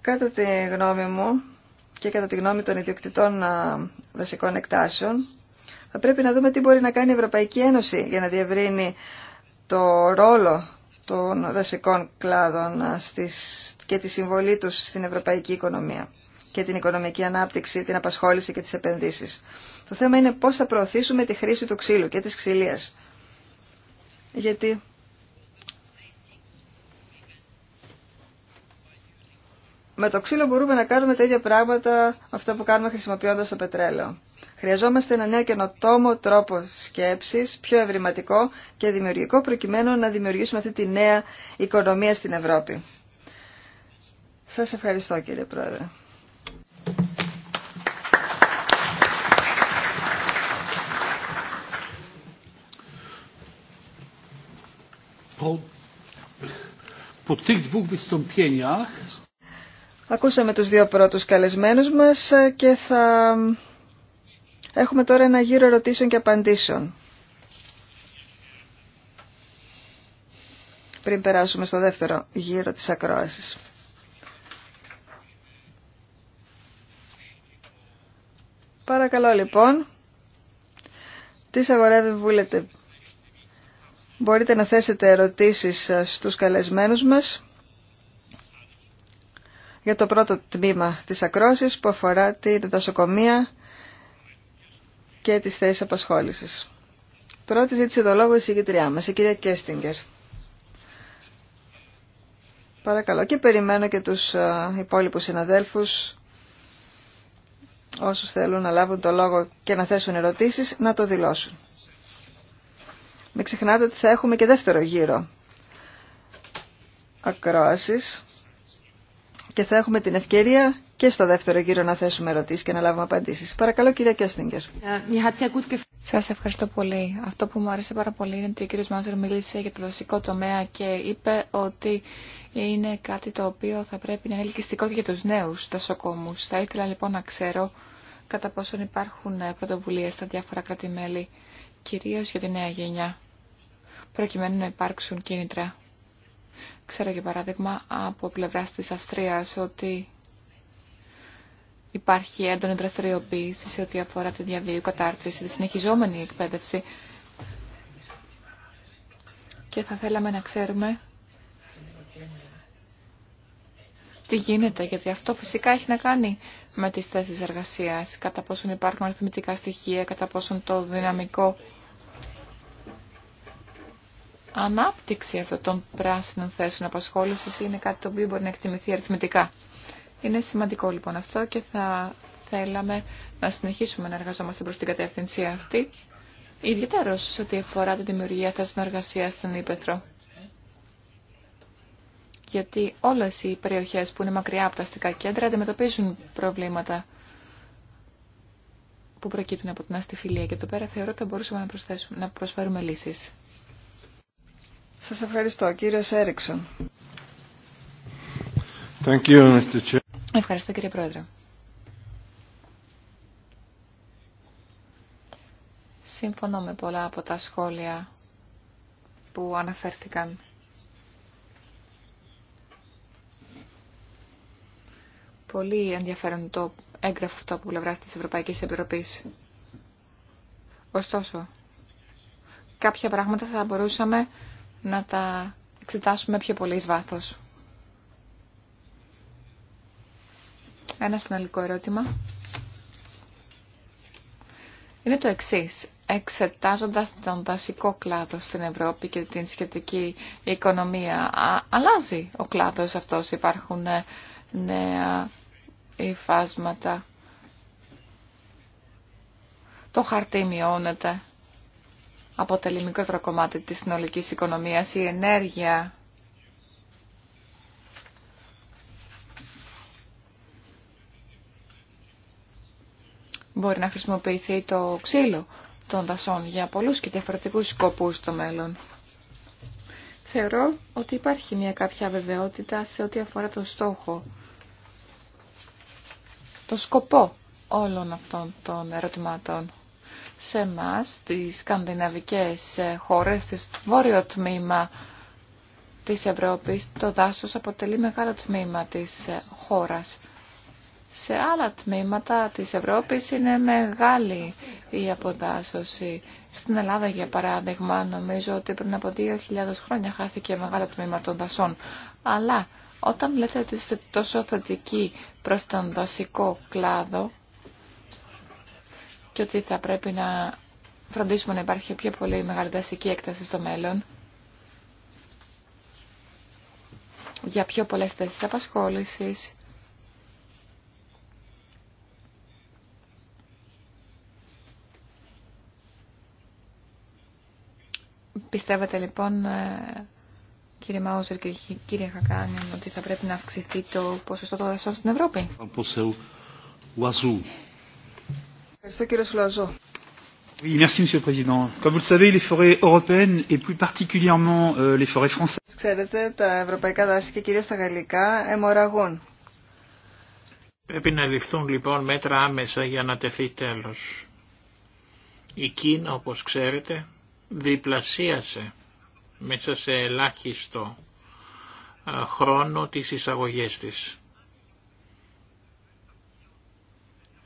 Κατά τη γνώμη μου, και κατά τη γνώμη των ιδιοκτητών δασικών εκτάσεων, θα πρέπει να δούμε τι μπορεί να κάνει η Ευρωπαϊκή Ένωση για να διευρύνει το ρόλο των δασικών κλάδων και τη συμβολή τους στην ευρωπαϊκή οικονομία και την οικονομική ανάπτυξη, την απασχόληση και τις επενδύσεις. Το θέμα είναι πώς θα προωθήσουμε τη χρήση του ξύλου και της ξυλίας. Γιατί με το ξύλο μπορούμε να κάνουμε τα ίδια πράγματα αυτά που κάνουμε χρησιμοποιώντας το πετρέλαιο. Χρειαζόμαστε ένα νέο καινοτόμο τρόπο σκέψης, πιο ευρηματικό και δημιουργικό, προκειμένου να δημιουργήσουμε αυτή τη νέα οικονομία στην Ευρώπη. Σας ευχαριστώ κύριε Πρόεδρε. Po, tych dwóch Ακούσαμε τους δύο πρώτους καλεσμένους μας και θα έχουμε τώρα ένα γύρο ερωτήσεων και απαντήσεων. Πριν περάσουμε στο δεύτερο γύρο της ακρόασης. Παρακαλώ λοιπόν, τι αγορεύει βούλετε. Μπορείτε να θέσετε ερωτήσεις ε, στους καλεσμένους μας για το πρώτο τμήμα της ακρόσης που αφορά την δασοκομεία και τις θέσεις απασχόλησης. Πρώτη ζήτηση το λόγο η συγκεκριά μας, η κυρία Κέστιγκερ. Παρακαλώ και περιμένω και τους υπόλοιπους συναδέλφους όσους θέλουν να λάβουν το λόγο και να θέσουν ερωτήσεις να το δηλώσουν. Μην ξεχνάτε ότι θα έχουμε και δεύτερο γύρο ακρόασης και θα έχουμε την ευκαιρία και στο δεύτερο γύρο να θέσουμε ερωτήσεις και να λάβουμε απαντήσεις. Παρακαλώ κυρία Κέστιγκερ. Ε, Σας ευχαριστώ πολύ. Αυτό που μου άρεσε πάρα πολύ είναι ότι ο κύριος Μάζερ μίλησε για το δασικό τομέα και είπε ότι είναι κάτι το οποίο θα πρέπει να είναι ελκυστικό και για τους νέους δασοκόμους. Θα ήθελα λοιπόν να ξέρω κατά πόσον υπάρχουν ε, πρωτοβουλίε στα διάφορα κράτη-μέλη, κυρίως για τη νέα γενιά, προκειμένου να υπάρξουν κίνητρα Ξέρω για παράδειγμα από πλευρά της Αυστρία ότι υπάρχει έντονη δραστηριοποίηση σε ό,τι αφορά τη διαβίου κατάρτιση, τη συνεχιζόμενη εκπαίδευση. Και θα θέλαμε να ξέρουμε τι γίνεται, γιατί αυτό φυσικά έχει να κάνει με τις θέσεις εργασίας, κατά πόσον υπάρχουν αριθμητικά στοιχεία, κατά πόσον το δυναμικό ανάπτυξη αυτών των πράσινων θέσεων απασχόληση είναι κάτι το οποίο μπορεί να εκτιμηθεί αριθμητικά. Είναι σημαντικό λοιπόν αυτό και θα θέλαμε να συνεχίσουμε να εργαζόμαστε προ την κατεύθυνση αυτή, ιδιαίτερως σε ό,τι αφορά τη δημιουργία θέσεων εργασία στην Ήπεθρο. Γιατί όλε οι περιοχέ που είναι μακριά από τα αστικά κέντρα αντιμετωπίζουν προβλήματα που προκύπτουν από την αστιφιλία και εδώ πέρα θεωρώ ότι θα μπορούσαμε να, να προσφέρουμε λύσεις. Σας ευχαριστώ. Κύριος Έριξον. Ευχαριστώ κύριε Πρόεδρε. Συμφωνώ με πολλά από τα σχόλια που αναφέρθηκαν. Πολύ ενδιαφέρον το έγγραφο αυτό που πλευρά τη Ευρωπαϊκή Επιτροπής. Ωστόσο, κάποια πράγματα θα μπορούσαμε να τα εξετάσουμε πιο πολύ εις βάθος. Ένα συναλλικό ερώτημα. Είναι το εξής. Εξετάζοντας τον δασικό κλάδο στην Ευρώπη και την σχετική οικονομία, αλλάζει ο κλάδος αυτός. Υπάρχουν ε, νέα υφάσματα. Το χαρτί μειώνεται αποτελεί μικρότερο κομμάτι της συνολικής οικονομίας. Η ενέργεια μπορεί να χρησιμοποιηθεί το ξύλο των δασών για πολλούς και διαφορετικούς σκοπούς στο μέλλον. Θεωρώ ότι υπάρχει μια κάποια βεβαιότητα σε ό,τι αφορά το στόχο, το σκοπό όλων αυτών των ερωτημάτων σε εμά τις σκανδιναβικές ε, χώρες, στο βόρειο τμήμα της Ευρώπης, το δάσος αποτελεί μεγάλο τμήμα της ε, χώρας. Σε άλλα τμήματα της Ευρώπης είναι μεγάλη η αποδάσωση. Στην Ελλάδα, για παράδειγμα, νομίζω ότι πριν από 2.000 χρόνια χάθηκε μεγάλο τμήμα των δασών. Αλλά όταν λέτε ότι είστε τόσο θετικοί προς τον δασικό κλάδο, και ότι θα πρέπει να φροντίσουμε να υπάρχει πιο πολύ μεγάλη δασική έκταση στο μέλλον για πιο πολλές θέσεις απασχόλησης Πιστεύετε λοιπόν, ε, κύριε Μάουζερ και κύριε Χακάνιν, ότι θα πρέπει να αυξηθεί το ποσοστό των δασών στην Ευρώπη. Ευχαριστώ κύριε Σουλαζό. Ξέρετε, τα ευρωπαϊκά δάση και κυρίως τα γαλλικά αιμορραγούν. Πρέπει να ληφθούν λοιπόν μέτρα άμεσα για να τεθεί Η Κίνα, όπως ξέρετε, διπλασίασε μέσα σε ελάχιστο ε, χρόνο τις εισαγωγές της.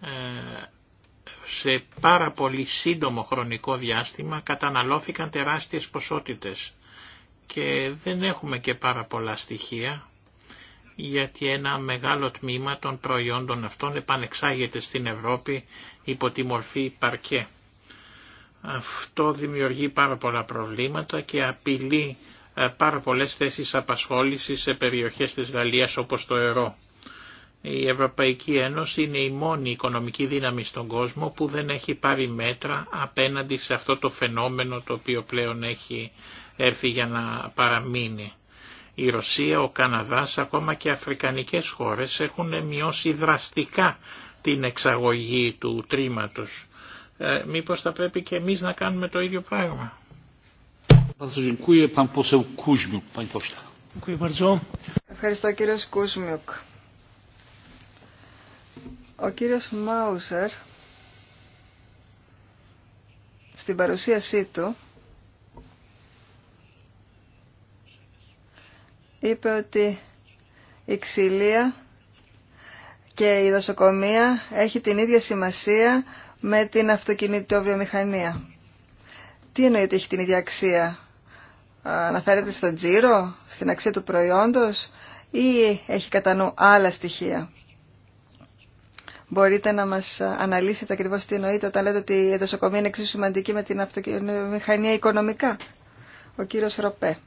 Ε, σε πάρα πολύ σύντομο χρονικό διάστημα καταναλώθηκαν τεράστιες ποσότητες και δεν έχουμε και πάρα πολλά στοιχεία γιατί ένα μεγάλο τμήμα των προϊόντων αυτών επανεξάγεται στην Ευρώπη υπό τη μορφή παρκέ. Αυτό δημιουργεί πάρα πολλά προβλήματα και απειλεί ε, πάρα πολλές θέσεις απασχόλησης σε περιοχές της Γαλλίας όπως το Ερώ. Η Ευρωπαϊκή Ένωση είναι η μόνη οικονομική δύναμη στον κόσμο που δεν έχει πάρει μέτρα απέναντι σε αυτό το φαινόμενο το οποίο πλέον έχει έρθει για να παραμείνει. Η Ρωσία, ο Καναδάς, ακόμα και αφρικανικές χώρες έχουν μειώσει δραστικά την εξαγωγή του τρίματος. Ε, μήπως θα πρέπει και εμείς να κάνουμε το ίδιο πράγμα. Ευχαριστώ κύριε Κούσμιουκ. Ο κύριος Μάουσερ στην παρουσίασή του είπε ότι η ξυλία και η δασοκομεία έχει την ίδια σημασία με την αυτοκινητοβιομηχανία. Τι εννοεί ότι έχει την ίδια αξία. Αναφέρεται στον τζίρο, στην αξία του προϊόντος ή έχει κατά νου άλλα στοιχεία μπορείτε να μας αναλύσετε ακριβώς τι εννοείτε όταν λέτε ότι η εντασοκομεία είναι εξίσου σημαντική με την αυτοκινητομηχανία οικονομικά. Ο κύριος Ροπέ.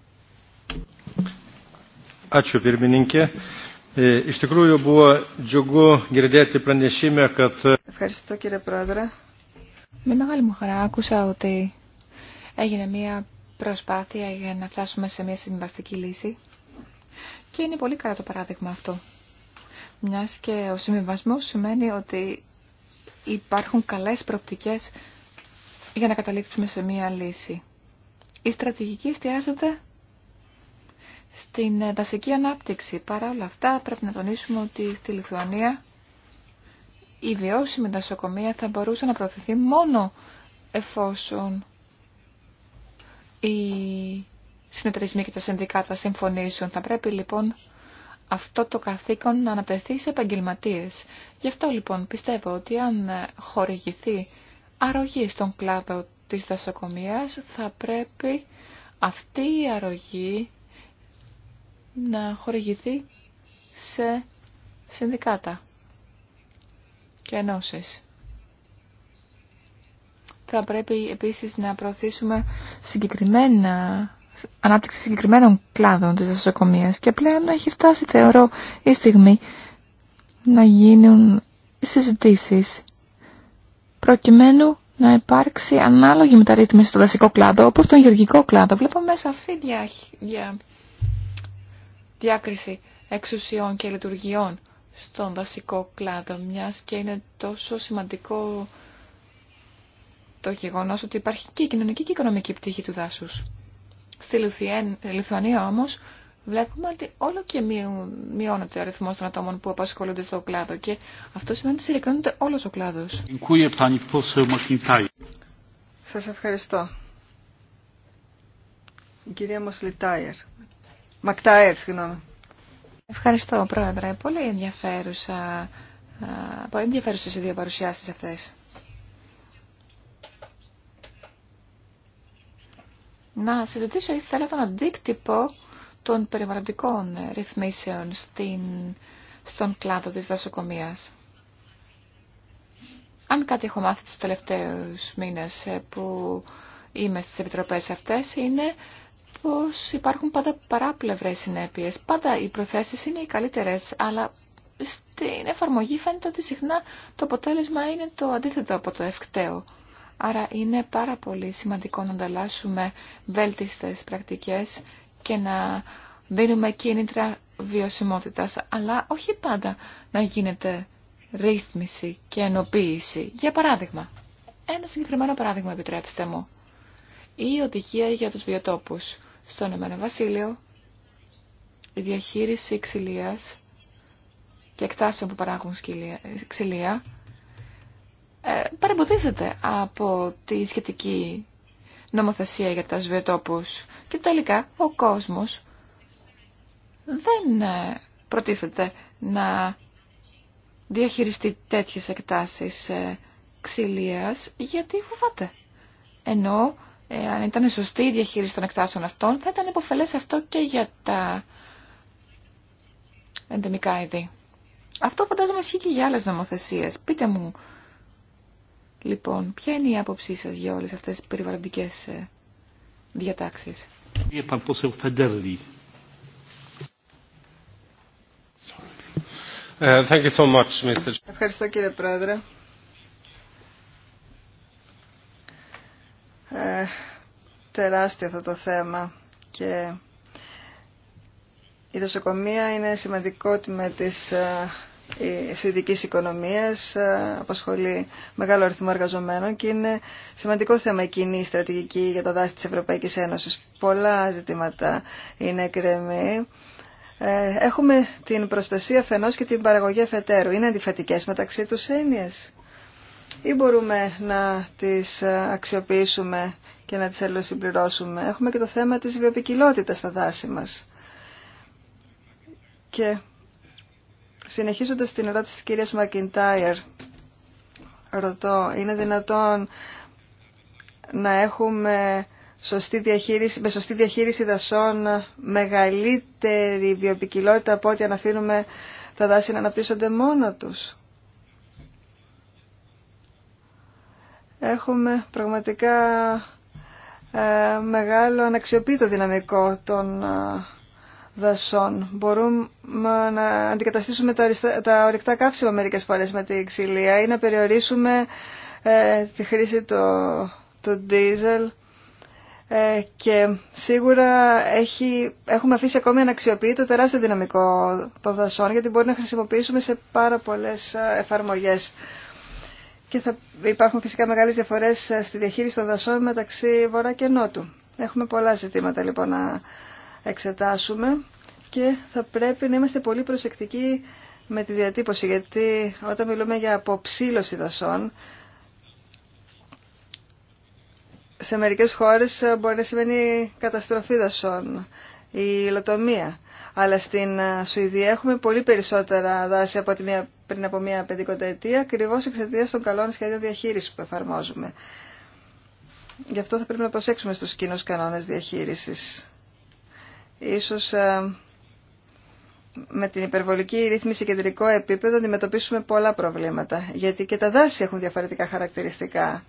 Ε, Ευχαριστώ κύριε Πρόεδρε. Με μεγάλη μου χαρά άκουσα ότι έγινε μια προσπάθεια για να φτάσουμε σε μια συμβαστική λύση και είναι πολύ καλά το παράδειγμα αυτό μιας και ο συμβιβασμός σημαίνει ότι υπάρχουν καλές προπτικές για να καταλήξουμε σε μία λύση. Η στρατηγική εστιάζεται στην δασική ανάπτυξη. Παρά όλα αυτά πρέπει να τονίσουμε ότι στη Λιθουανία η βιώσιμη δασοκομεία θα μπορούσε να προωθηθεί μόνο εφόσον οι συνεταιρισμοί και τα συνδικάτα συμφωνήσουν. Θα πρέπει λοιπόν αυτό το καθήκον να ανατεθεί σε επαγγελματίε. Γι' αυτό λοιπόν πιστεύω ότι αν χορηγηθεί αρρωγή στον κλάδο της δασοκομείας θα πρέπει αυτή η αρρωγή να χορηγηθεί σε συνδικάτα και ενώσεις. Θα πρέπει επίσης να προωθήσουμε συγκεκριμένα ανάπτυξη συγκεκριμένων κλάδων της δασοκομείας και πλέον έχει φτάσει θεωρώ η στιγμή να γίνουν συζητήσεις προκειμένου να υπάρξει ανάλογη μεταρρύθμιση στο δασικό κλάδο όπως τον γεωργικό κλάδο. Βλέπουμε σαφή δια... διάκριση εξουσιών και λειτουργιών στον δασικό κλάδο μιας και είναι τόσο σημαντικό το γεγονός ότι υπάρχει και η κοινωνική και η οικονομική πτύχη του δάσους. Στη Λιθουανία όμως βλέπουμε ότι όλο και μειώνεται ο αριθμός των ατόμων που απασχολούνται στο κλάδο και αυτό σημαίνει ότι συρρυκνώνεται όλος ο κλάδος. Σα ευχαριστώ. κυρία Μοσλιτάιερ. Μακτάιερ, συγγνώμη. Ευχαριστώ, Πρόεδρε. Πολύ ενδιαφέρουσα. Πολύ ενδιαφέρουσες οι δύο παρουσιάσεις αυτές. να συζητήσω ήθελα τον αντίκτυπο των περιβαλλοντικών ρυθμίσεων στην, στον κλάδο της δασοκομείας. Αν κάτι έχω μάθει τους τελευταίους μήνες ε, που είμαι στις επιτροπές αυτές είναι πως υπάρχουν πάντα παράπλευρες συνέπειες. Πάντα οι προθέσεις είναι οι καλύτερες, αλλά στην εφαρμογή φαίνεται ότι συχνά το αποτέλεσμα είναι το αντίθετο από το ευκταίο. Άρα είναι πάρα πολύ σημαντικό να ανταλλάσσουμε βέλτιστες πρακτικές και να δίνουμε κίνητρα βιωσιμότητας, αλλά όχι πάντα να γίνεται ρύθμιση και ενοποίηση. Για παράδειγμα, ένα συγκεκριμένο παράδειγμα επιτρέψτε μου. Η οδηγία για τους βιοτόπους. Στον Εμένα Βασίλειο, η διαχείριση ξυλίας και εκτάσεων που παράγουν ξυλία ε, παρεμποδίζεται από τη σχετική νομοθεσία για τα σβιωτόπους και τελικά ο κόσμος δεν ε, προτίθεται να διαχειριστεί τέτοιες εκτάσεις ε, ξυλίας γιατί φοβάται. Ενώ αν ήταν σωστή η διαχείριση των εκτάσεων αυτών θα ήταν υποφελές αυτό και για τα ενδεμικά είδη. Αυτό φαντάζομαι ισχύει και για άλλες νομοθεσίες. Πείτε μου Λοιπόν, ποια είναι η άποψή σας για όλες αυτές τις περιβαλλοντικές ε, διατάξεις. Ε, Ευχαριστώ κύριε Πρόεδρε. Ε, τεράστιο αυτό το θέμα και η δοσοκομεία είναι σημαντικό με της ε, Σουηδική οικονομίας, ε, απασχολεί μεγάλο αριθμό εργαζομένων και είναι σημαντικό θέμα η κοινή στρατηγική για τα δάση της Ευρωπαϊκής Ένωσης. Πολλά ζητήματα είναι κρεμή. Ε, έχουμε την προστασία φαινός και την παραγωγή φετερού. Είναι αντιφατικές μεταξύ τους έννοιες ή μπορούμε να τις ε, αξιοποιήσουμε και να τις αλληλοσυμπληρώσουμε. Έχουμε και το θέμα της βιοπικιλότητας στα δάση μας. Και Συνεχίζοντα την ερώτηση τη κύρια Μακιντάιερ, ρωτώ, είναι δυνατόν να έχουμε σωστή διαχείριση, με σωστή διαχείριση δασών μεγαλύτερη βιοπικιλότητα από ό,τι αν τα δάση να αναπτύσσονται μόνα τους. Έχουμε πραγματικά ε, μεγάλο αναξιοποιητό δυναμικό των ε, δασών. Μπορούμε να αντικαταστήσουμε τα, τα ορυκτά καύσιμα μερικές φορές με τη ξυλία ή να περιορίσουμε ε, τη χρήση του το ε, και σίγουρα έχει, έχουμε αφήσει ακόμη αναξιοποιεί το τεράστιο δυναμικό των δασών γιατί μπορεί να χρησιμοποιήσουμε σε πάρα πολλές ε, εφαρμογές. Και θα υπάρχουν φυσικά μεγάλες διαφορές ε, στη διαχείριση των δασών μεταξύ βορρά και νότου. Έχουμε πολλά ζητήματα λοιπόν να εξετάσουμε και θα πρέπει να είμαστε πολύ προσεκτικοί με τη διατύπωση, γιατί όταν μιλούμε για αποψήλωση δασών, σε μερικές χώρες μπορεί να σημαίνει καταστροφή δασών, η υλοτομία. Αλλά στην Σουηδία έχουμε πολύ περισσότερα δάση από μία, πριν από μία πεντηκονταετία, ακριβώ εξαιτία των καλών σχεδίων διαχείριση που εφαρμόζουμε. Γι' αυτό θα πρέπει να προσέξουμε στους κοινούς κανόνες διαχείρισης ίσως ε, με την υπερβολική ρύθμιση κεντρικό επίπεδο αντιμετωπίσουμε πολλά προβλήματα. Γιατί και τα δάση έχουν διαφορετικά χαρακτηριστικά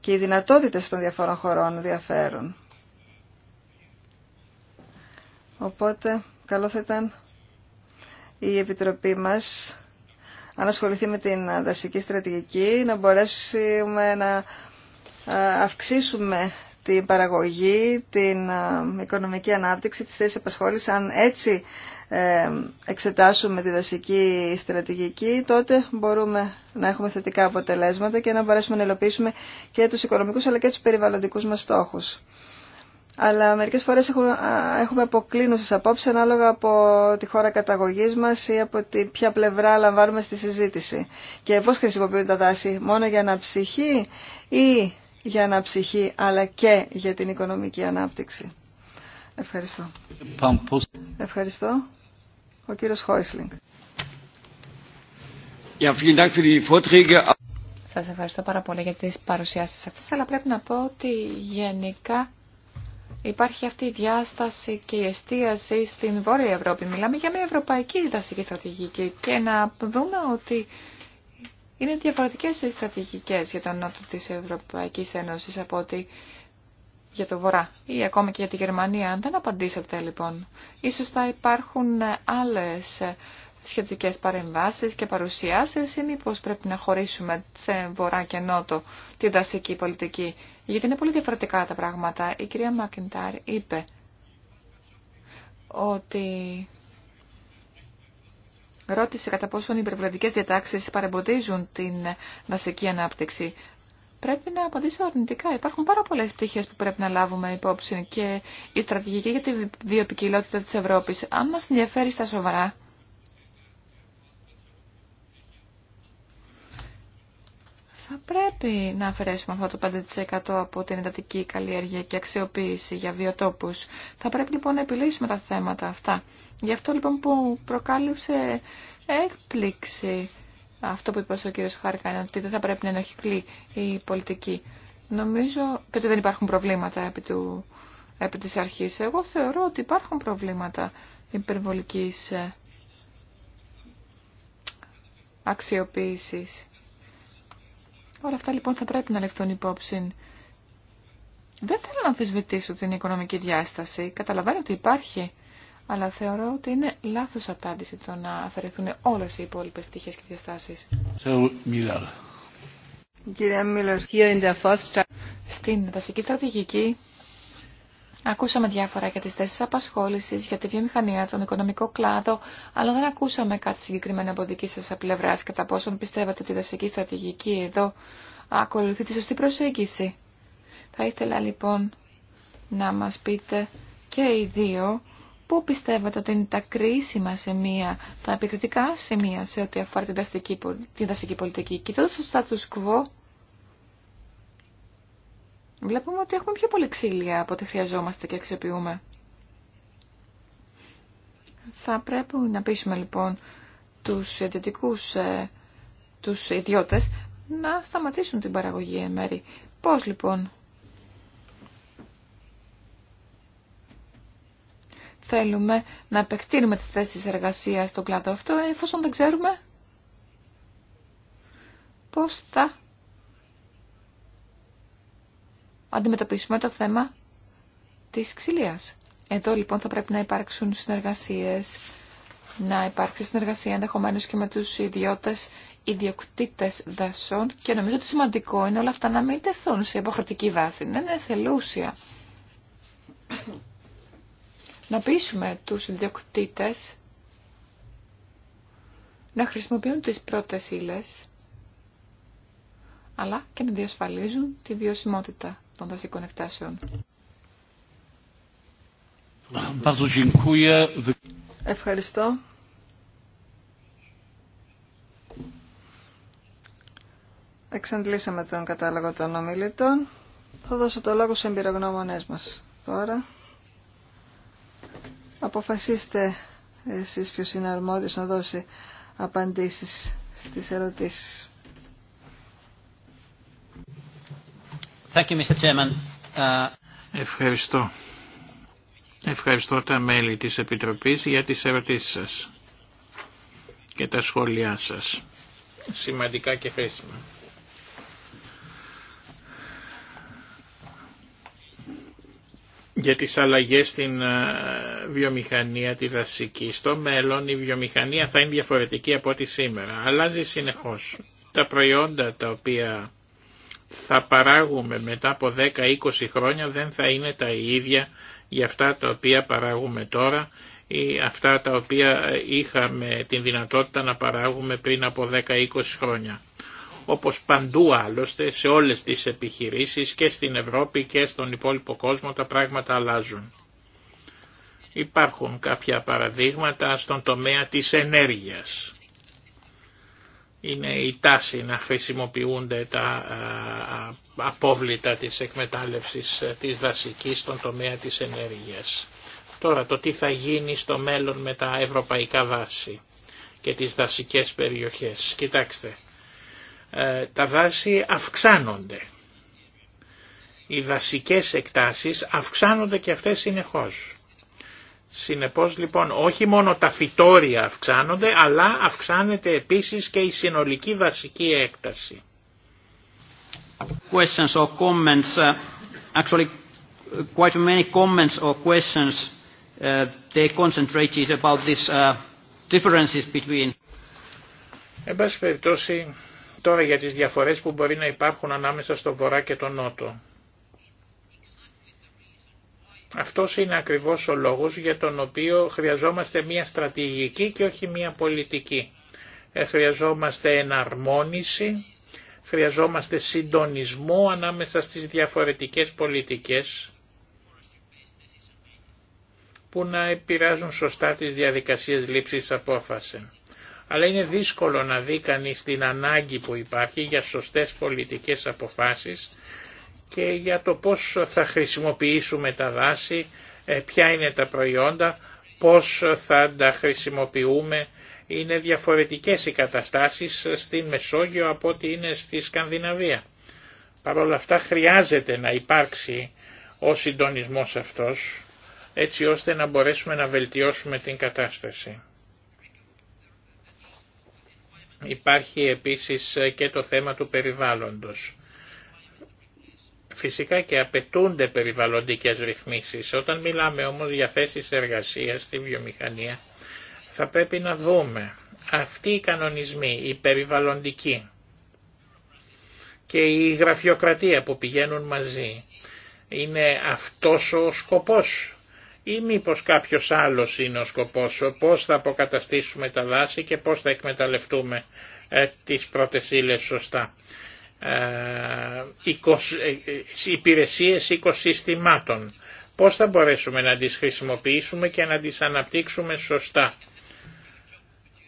και οι δυνατότητες των διαφορών χωρών διαφέρουν. Οπότε, καλό θα ήταν η Επιτροπή μας αν ασχοληθεί με την δασική στρατηγική να μπορέσουμε να ε, αυξήσουμε την παραγωγή, την ε, οικονομική ανάπτυξη, τις θέσεις απασχόλησης. Αν έτσι ε, εξετάσουμε τη δασική στρατηγική, τότε μπορούμε να έχουμε θετικά αποτελέσματα και να μπορέσουμε να υλοποιήσουμε και τους οικονομικούς αλλά και τους περιβαλλοντικούς μας στόχους. Αλλά μερικές φορές έχουμε αποκλίνουσες απόψεις ανάλογα από τη χώρα καταγωγής μας ή από τη ποια πλευρά λαμβάνουμε στη συζήτηση. Και πώς χρησιμοποιούν τα δάση, μόνο για αναψυχή ή για αναψυχή αλλά και για την οικονομική ανάπτυξη. Ευχαριστώ. Ευχαριστώ. Ο κύριος Χόισλινγκ. Σας ευχαριστώ πάρα πολύ για τις παρουσιάσεις αυτές, αλλά πρέπει να πω ότι γενικά υπάρχει αυτή η διάσταση και η εστίαση στην Βόρεια Ευρώπη. Μιλάμε για μια ευρωπαϊκή δασική στρατηγική και να δούμε ότι είναι διαφορετικές οι στρατηγικές για τον νότο της Ευρωπαϊκής Ένωσης από ότι για το Βορρά ή ακόμα και για τη Γερμανία. Αν δεν απαντήσατε λοιπόν, ίσως θα υπάρχουν άλλες σχετικές παρεμβάσεις και παρουσιάσεις ή μήπως πρέπει να χωρίσουμε σε Βορρά και Νότο την δασική πολιτική. Γιατί είναι πολύ διαφορετικά τα πράγματα. Η μηπω πρεπει να χωρισουμε σε βορρα Μακεντάρ είπε ότι ρώτησε κατά πόσον οι περιβαλλοντικές διατάξεις παρεμποδίζουν την δασική ανάπτυξη. Πρέπει να απαντήσω αρνητικά. Υπάρχουν πάρα πολλέ πτυχέ που πρέπει να λάβουμε υπόψη και η στρατηγική για τη βιοπικιλότητα τη Ευρώπη. Αν μα ενδιαφέρει στα σοβαρά, θα πρέπει να αφαιρέσουμε αυτό το 5% από την εντατική καλλιέργεια και αξιοποίηση για βιοτόπους. Θα πρέπει λοιπόν να επιλύσουμε τα θέματα αυτά. Γι' αυτό λοιπόν που προκάλυψε έκπληξη αυτό που είπε ο κύριος Χάρκαν, ότι δεν θα πρέπει να ενοχικλεί η πολιτική. Νομίζω και ότι δεν υπάρχουν προβλήματα επί, του, επί της αρχής. Εγώ θεωρώ ότι υπάρχουν προβλήματα υπερβολικής ε, αξιοποίησης Όλα αυτά λοιπόν θα πρέπει να λεφθούν υπόψη. Δεν θέλω να αμφισβητήσω την οικονομική διάσταση. Καταλαβαίνω ότι υπάρχει. Αλλά θεωρώ ότι είναι λάθος απάντηση το να αφαιρεθούν όλες οι υπόλοιπες πτυχές και διαστάσεις. Στην βασική στρατηγική Ακούσαμε διάφορα για τις θέσεις απασχόλησης, για τη βιομηχανία, τον οικονομικό κλάδο, αλλά δεν ακούσαμε κάτι συγκεκριμένο από δική σας πλευρά κατά πόσον πιστεύετε ότι η δασική στρατηγική εδώ ακολουθεί τη σωστή προσέγγιση. Θα ήθελα λοιπόν να μας πείτε και οι δύο πού πιστεύετε ότι είναι τα κρίσιμα σημεία, τα επικριτικά σημεία σε ό,τι αφορά την δασική, πολιτική. Κοιτώντας το status quo, βλέπουμε ότι έχουμε πιο πολύ ξύλια από ό,τι χρειαζόμαστε και αξιοποιούμε. Θα πρέπει να πείσουμε λοιπόν τους ιδιωτικούς, ε, τους ιδιώτες να σταματήσουν την παραγωγή εν μέρη. Πώς λοιπόν θέλουμε να επεκτείνουμε τις θέσεις εργασίας στον κλάδο αυτό εφόσον δεν ξέρουμε πώς θα αντιμετωπίσουμε το θέμα της ξυλίας. Εδώ λοιπόν θα πρέπει να υπάρξουν συνεργασίες, να υπάρξει συνεργασία ενδεχομένως και με τους ιδιώτες ιδιοκτήτες δασών και νομίζω ότι σημαντικό είναι όλα αυτά να μην τεθούν σε υποχρεωτική βάση, να είναι ναι, θελούσια. να πείσουμε τους ιδιοκτήτες να χρησιμοποιούν τις πρώτες ύλες αλλά και να διασφαλίζουν τη βιωσιμότητα των δασικών εκτάσεων. Ευχαριστώ. Εξαντλήσαμε τον κατάλογο των ομιλητών. Θα δώσω το λόγο σε εμπειρογνώμονές μας τώρα. Αποφασίστε εσείς ποιος είναι αρμόδιος να δώσει απαντήσεις στις ερωτήσεις. Uh, Ευχαριστώ. Ευχαριστώ τα μέλη της Επιτροπής για τις ερωτήσεις σας και τα σχόλιά σας. Σημαντικά και χρήσιμα. για τις αλλαγές στην ε, βιομηχανία τη δασική. Στο μέλλον η βιομηχανία θα είναι διαφορετική από ό,τι σήμερα. Αλλάζει συνεχώς. Τα προϊόντα τα οποία θα παράγουμε μετά από 10-20 χρόνια δεν θα είναι τα ίδια για αυτά τα οποία παράγουμε τώρα ή αυτά τα οποία είχαμε την δυνατότητα να παράγουμε πριν από 10-20 χρόνια. Όπως παντού άλλωστε σε όλες τις επιχειρήσεις και στην Ευρώπη και στον υπόλοιπο κόσμο τα πράγματα αλλάζουν. Υπάρχουν κάποια παραδείγματα στον τομέα της ενέργειας είναι η τάση να χρησιμοποιούνται τα ε, απόβλητα της εκμετάλλευσης ε, της δασικής στον τομέα της ενέργειας. Τώρα το τι θα γίνει στο μέλλον με τα ευρωπαϊκά δάση και τις δασικές περιοχές. Κοιτάξτε, ε, τα δάση αυξάνονται. Οι δασικές εκτάσεις αυξάνονται και αυτές συνεχώς. Συνεπώς λοιπόν όχι μόνο τα φυτόρια αυξάνονται αλλά αυξάνεται επίσης και η συνολική βασική έκταση. Questions or comments, uh, actually uh, quite many comments or questions uh, they concentrated about differences between. Εν πάση περιπτώσει τώρα για τις διαφορές που μπορεί να υπάρχουν ανάμεσα στο βορρά και τον νότο. Αυτός είναι ακριβώς ο λόγος για τον οποίο χρειαζόμαστε μια στρατηγική και όχι μια πολιτική. Ε, χρειαζόμαστε εναρμόνιση, χρειαζόμαστε συντονισμό ανάμεσα στις διαφορετικές πολιτικές που να επηρεάζουν σωστά τις διαδικασίες λήψης απόφαση. Αλλά είναι δύσκολο να δει κανεί την ανάγκη που υπάρχει για σωστές πολιτικές αποφάσεις και για το πώς θα χρησιμοποιήσουμε τα δάση, ε, ποια είναι τα προϊόντα, πώς θα τα χρησιμοποιούμε. Είναι διαφορετικές οι καταστάσεις στην Μεσόγειο από ό,τι είναι στη Σκανδιναβία. Παρ' όλα αυτά χρειάζεται να υπάρξει ο συντονισμός αυτός έτσι ώστε να μπορέσουμε να βελτιώσουμε την κατάσταση. Υπάρχει επίσης και το θέμα του περιβάλλοντος φυσικά και απαιτούνται περιβαλλοντικές ρυθμίσεις. Όταν μιλάμε όμως για θέσεις εργασίας στη βιομηχανία θα πρέπει να δούμε αυτοί οι κανονισμοί, οι περιβαλλοντικοί και η γραφειοκρατία που πηγαίνουν μαζί είναι αυτός ο σκοπός ή μήπως κάποιος άλλος είναι ο σκοπός, πώς θα αποκαταστήσουμε τα δάση και πώς θα εκμεταλλευτούμε ε, τις πρώτες ύλες σωστά. Ε, ε, υπηρεσίες οικοσυστημάτων. Πώς θα μπορέσουμε να τις χρησιμοποιήσουμε και να τις αναπτύξουμε σωστά.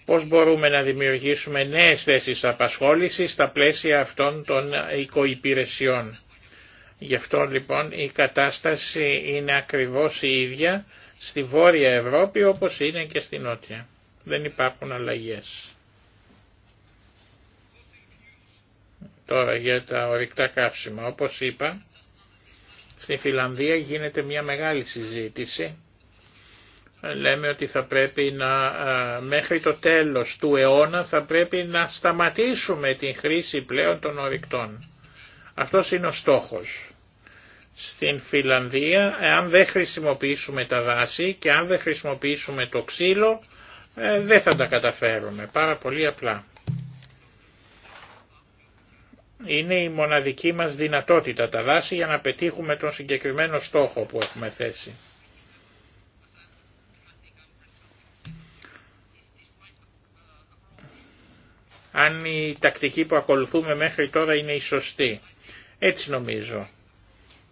Πώς μπορούμε να δημιουργήσουμε νέες θέσεις απασχόλησης στα πλαίσια αυτών των οικοϊπηρεσιών. Γι' αυτό λοιπόν η κατάσταση είναι ακριβώς η ίδια στη Βόρεια Ευρώπη όπως είναι και στη Νότια. Δεν υπάρχουν αλλαγές. Τώρα για τα ορυκτά καύσιμα. Όπως είπα, στη Φιλανδία γίνεται μια μεγάλη συζήτηση. Λέμε ότι θα πρέπει να, μέχρι το τέλος του αιώνα θα πρέπει να σταματήσουμε την χρήση πλέον των ορυκτών. Αυτός είναι ο στόχος. Στην Φιλανδία, αν δεν χρησιμοποιήσουμε τα δάση και αν δεν χρησιμοποιήσουμε το ξύλο, ε, δεν θα τα καταφέρουμε. Πάρα πολύ απλά είναι η μοναδική μας δυνατότητα τα δάση για να πετύχουμε τον συγκεκριμένο στόχο που έχουμε θέσει. Αν η τακτική που ακολουθούμε μέχρι τώρα είναι η σωστή. Έτσι νομίζω.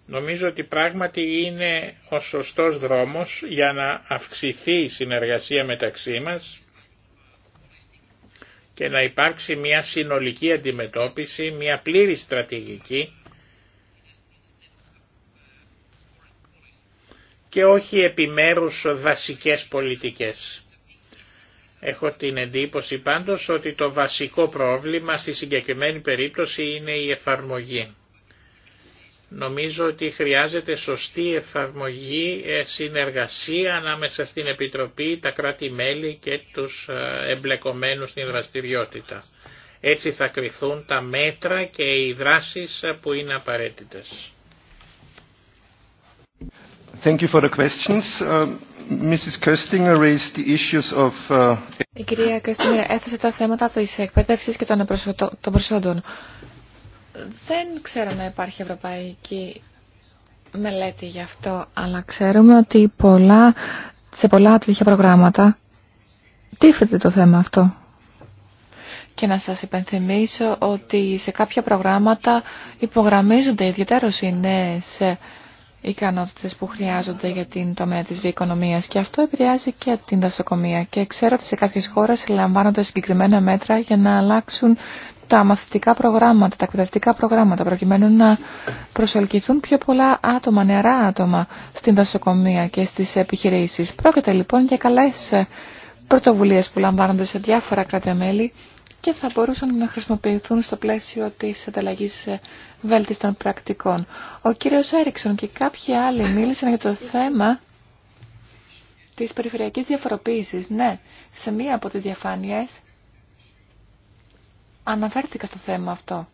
Νομίζω ότι πράγματι είναι ο σωστός δρόμος για να αυξηθεί η συνεργασία μεταξύ μας και να υπάρξει μια συνολική αντιμετώπιση, μια πλήρη στρατηγική και όχι επιμέρους δασικές πολιτικές. Έχω την εντύπωση πάντως ότι το βασικό πρόβλημα στη συγκεκριμένη περίπτωση είναι η εφαρμογή. Νομίζω ότι χρειάζεται σωστή εφαρμογή, ε, συνεργασία ανάμεσα στην Επιτροπή, τα κράτη-μέλη και τους ε, εμπλεκομένους στην δραστηριότητα. Έτσι θα κρυθούν τα μέτρα και οι δράσεις ε, που είναι απαραίτητες. Thank you for the questions. Uh, Mrs. Köstinger raised the issues of... Uh, Η κυρία Köstinger έθεσε τα θέματα της εκπαίδευσης και των προσόντων. Δεν να υπάρχει ευρωπαϊκή μελέτη γι' αυτό, αλλά ξέρουμε ότι πολλά, σε πολλά τέτοια προγράμματα τίθεται το θέμα αυτό. Και να σας υπενθυμίσω ότι σε κάποια προγράμματα υπογραμμίζονται ιδιαίτερως οι νέες ικανότητες που χρειάζονται για την τομέα της βιοοικονομίας και αυτό επηρεάζει και την δασοκομεία και ξέρω ότι σε κάποιες χώρες λαμβάνονται συγκεκριμένα μέτρα για να αλλάξουν τα μαθητικά προγράμματα, τα εκπαιδευτικά προγράμματα, προκειμένου να προσελκυθούν πιο πολλά άτομα, νεαρά άτομα στην δασοκομεία και στις επιχειρήσεις. Πρόκειται λοιπόν για καλές πρωτοβουλίες που λαμβάνονται σε διάφορα κράτη-μέλη και θα μπορούσαν να χρησιμοποιηθούν στο πλαίσιο της ανταλλαγής βέλτιστων πρακτικών. Ο κύριος Έριξον και κάποιοι άλλοι μίλησαν για το θέμα της περιφερειακής διαφοροποίησης. Ναι, σε μία από τι αναφέρθηκα στο θέμα αυτό.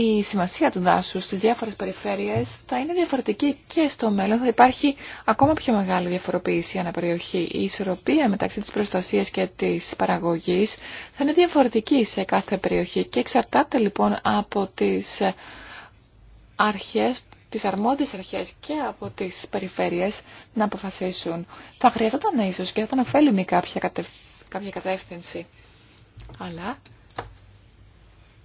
η σημασία του δάσους στις διάφορες περιφέρειες θα είναι διαφορετική και στο μέλλον θα υπάρχει ακόμα πιο μεγάλη διαφοροποίηση αναπεριοχή. Η ισορροπία μεταξύ της προστασίας και της παραγωγής θα είναι διαφορετική σε κάθε περιοχή και εξαρτάται λοιπόν από τις αρχές τις αρμόδιες αρχές και από τις περιφέρειες να αποφασίσουν. Θα χρειαζόταν ίσως και θα ήταν ωφέλιμη κάποια, κατεύθυνση. Αλλά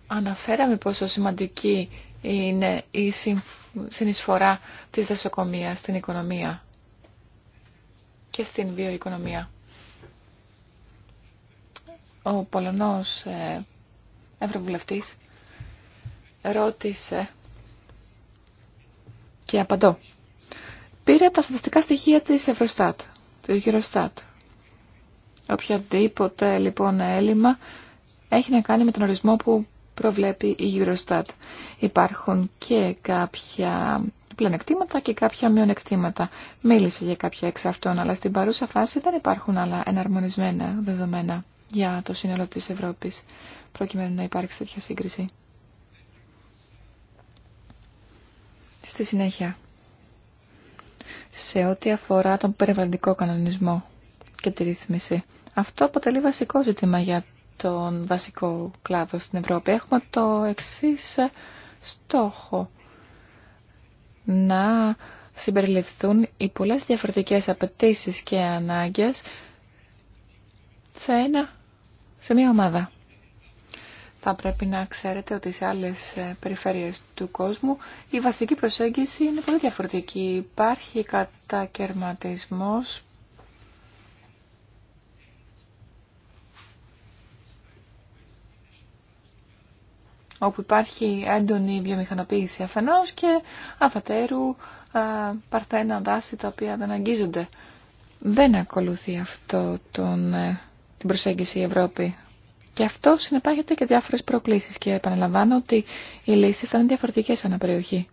αναφέραμε πόσο σημαντική είναι η συνεισφορά της δασοκομείας στην οικονομία και στην βιοοικονομία. Ο Πολωνός ε, Ευρωβουλευτής ρώτησε και απαντώ. Πήρα τα στατιστικά στοιχεία της Ευρωστάτ, του Eurostat. Οποιαδήποτε λοιπόν έλλειμμα έχει να κάνει με τον ορισμό που προβλέπει η Eurostat. Υπάρχουν και κάποια πλανεκτήματα και κάποια μειονεκτήματα. Μίλησε για κάποια εξ αυτών, αλλά στην παρούσα φάση δεν υπάρχουν άλλα εναρμονισμένα δεδομένα για το σύνολο της Ευρώπης, προκειμένου να υπάρξει τέτοια σύγκριση. στη συνέχεια σε ό,τι αφορά τον περιβαλλοντικό κανονισμό και τη ρύθμιση. Αυτό αποτελεί βασικό ζήτημα για τον βασικό κλάδο στην Ευρώπη. Έχουμε το εξής στόχο. Να συμπεριληφθούν οι πολλές διαφορετικές απαιτήσεις και ανάγκες σε, ένα, σε μια ομάδα θα πρέπει να ξέρετε ότι σε άλλες ε, περιφέρειες του κόσμου η βασική προσέγγιση είναι πολύ διαφορετική. Υπάρχει κατακαιρματισμός όπου υπάρχει έντονη βιομηχανοποίηση αφενός και αφατέρου παρθένα δάση τα οποία δεν αγγίζονται. Δεν ακολουθεί αυτό τον, ε, την προσέγγιση η Ευρώπη. Και αυτό συνεπάγεται και διάφορες προκλήσεις και επαναλαμβάνω ότι οι λύσει θα είναι διαφορετικές ανά περιοχή.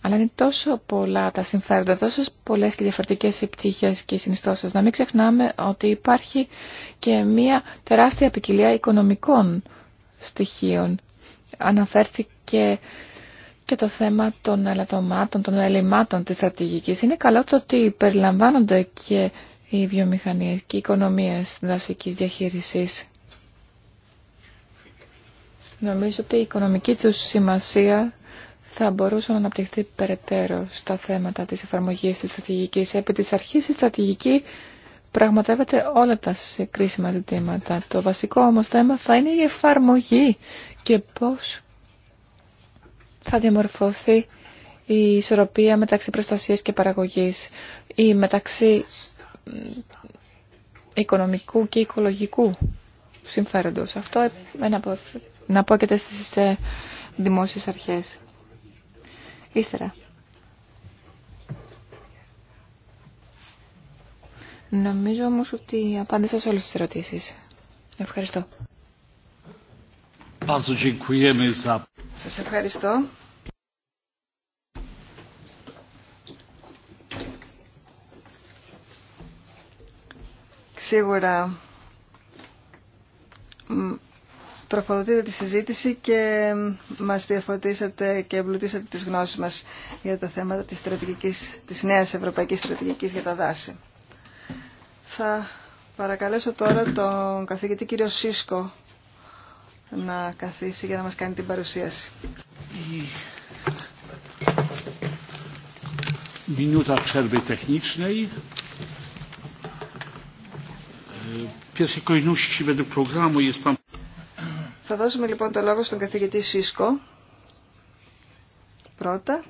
Αλλά είναι τόσο πολλά τα συμφέροντα, τόσε πολλές και διαφορετικές οι πτυχέ και οι συνιστώσει. Να μην ξεχνάμε ότι υπάρχει και μια τεράστια ποικιλία οικονομικών στοιχείων. Αναφέρθηκε και το θέμα των ελαττωμάτων, των ελλημάτων της στρατηγικής. Είναι καλό το ότι περιλαμβάνονται και η βιομηχανική και οι οικονομίες δασικής διαχείρισης. Νομίζω ότι η οικονομική του σημασία θα μπορούσε να αναπτυχθεί περαιτέρω στα θέματα της εφαρμογής της στρατηγικής. Επί της αρχής η στρατηγική πραγματεύεται όλα τα κρίσιμα ζητήματα. Το βασικό όμως θέμα θα είναι η εφαρμογή και πώς θα διαμορφωθεί η ισορροπία μεταξύ προστασίας και παραγωγής ή μεταξύ οικονομικού και οικολογικού συμφέροντος. Αυτό ε, να απόκειται στις δημόσιες αρχές. Ύστερα. Νομίζω όμως ότι απάντησα σε όλες τις ερωτήσεις. Ευχαριστώ. Σας ευχαριστώ. σίγουρα τροφοδοτείτε τη συζήτηση και μας διαφωτίσατε και εμπλουτίσατε τις γνώσεις μας για τα θέματα της, στρατηγικής, της νέας ευρωπαϊκής στρατηγικής για τα δάση. Θα παρακαλέσω τώρα τον καθηγητή κύριο Σίσκο να καθίσει για να μας κάνει την παρουσίαση. Minuta przerwy technicznej. Θα δώσουμε λοιπόν το λόγο στον καθηγητή Σίσκο πρώτα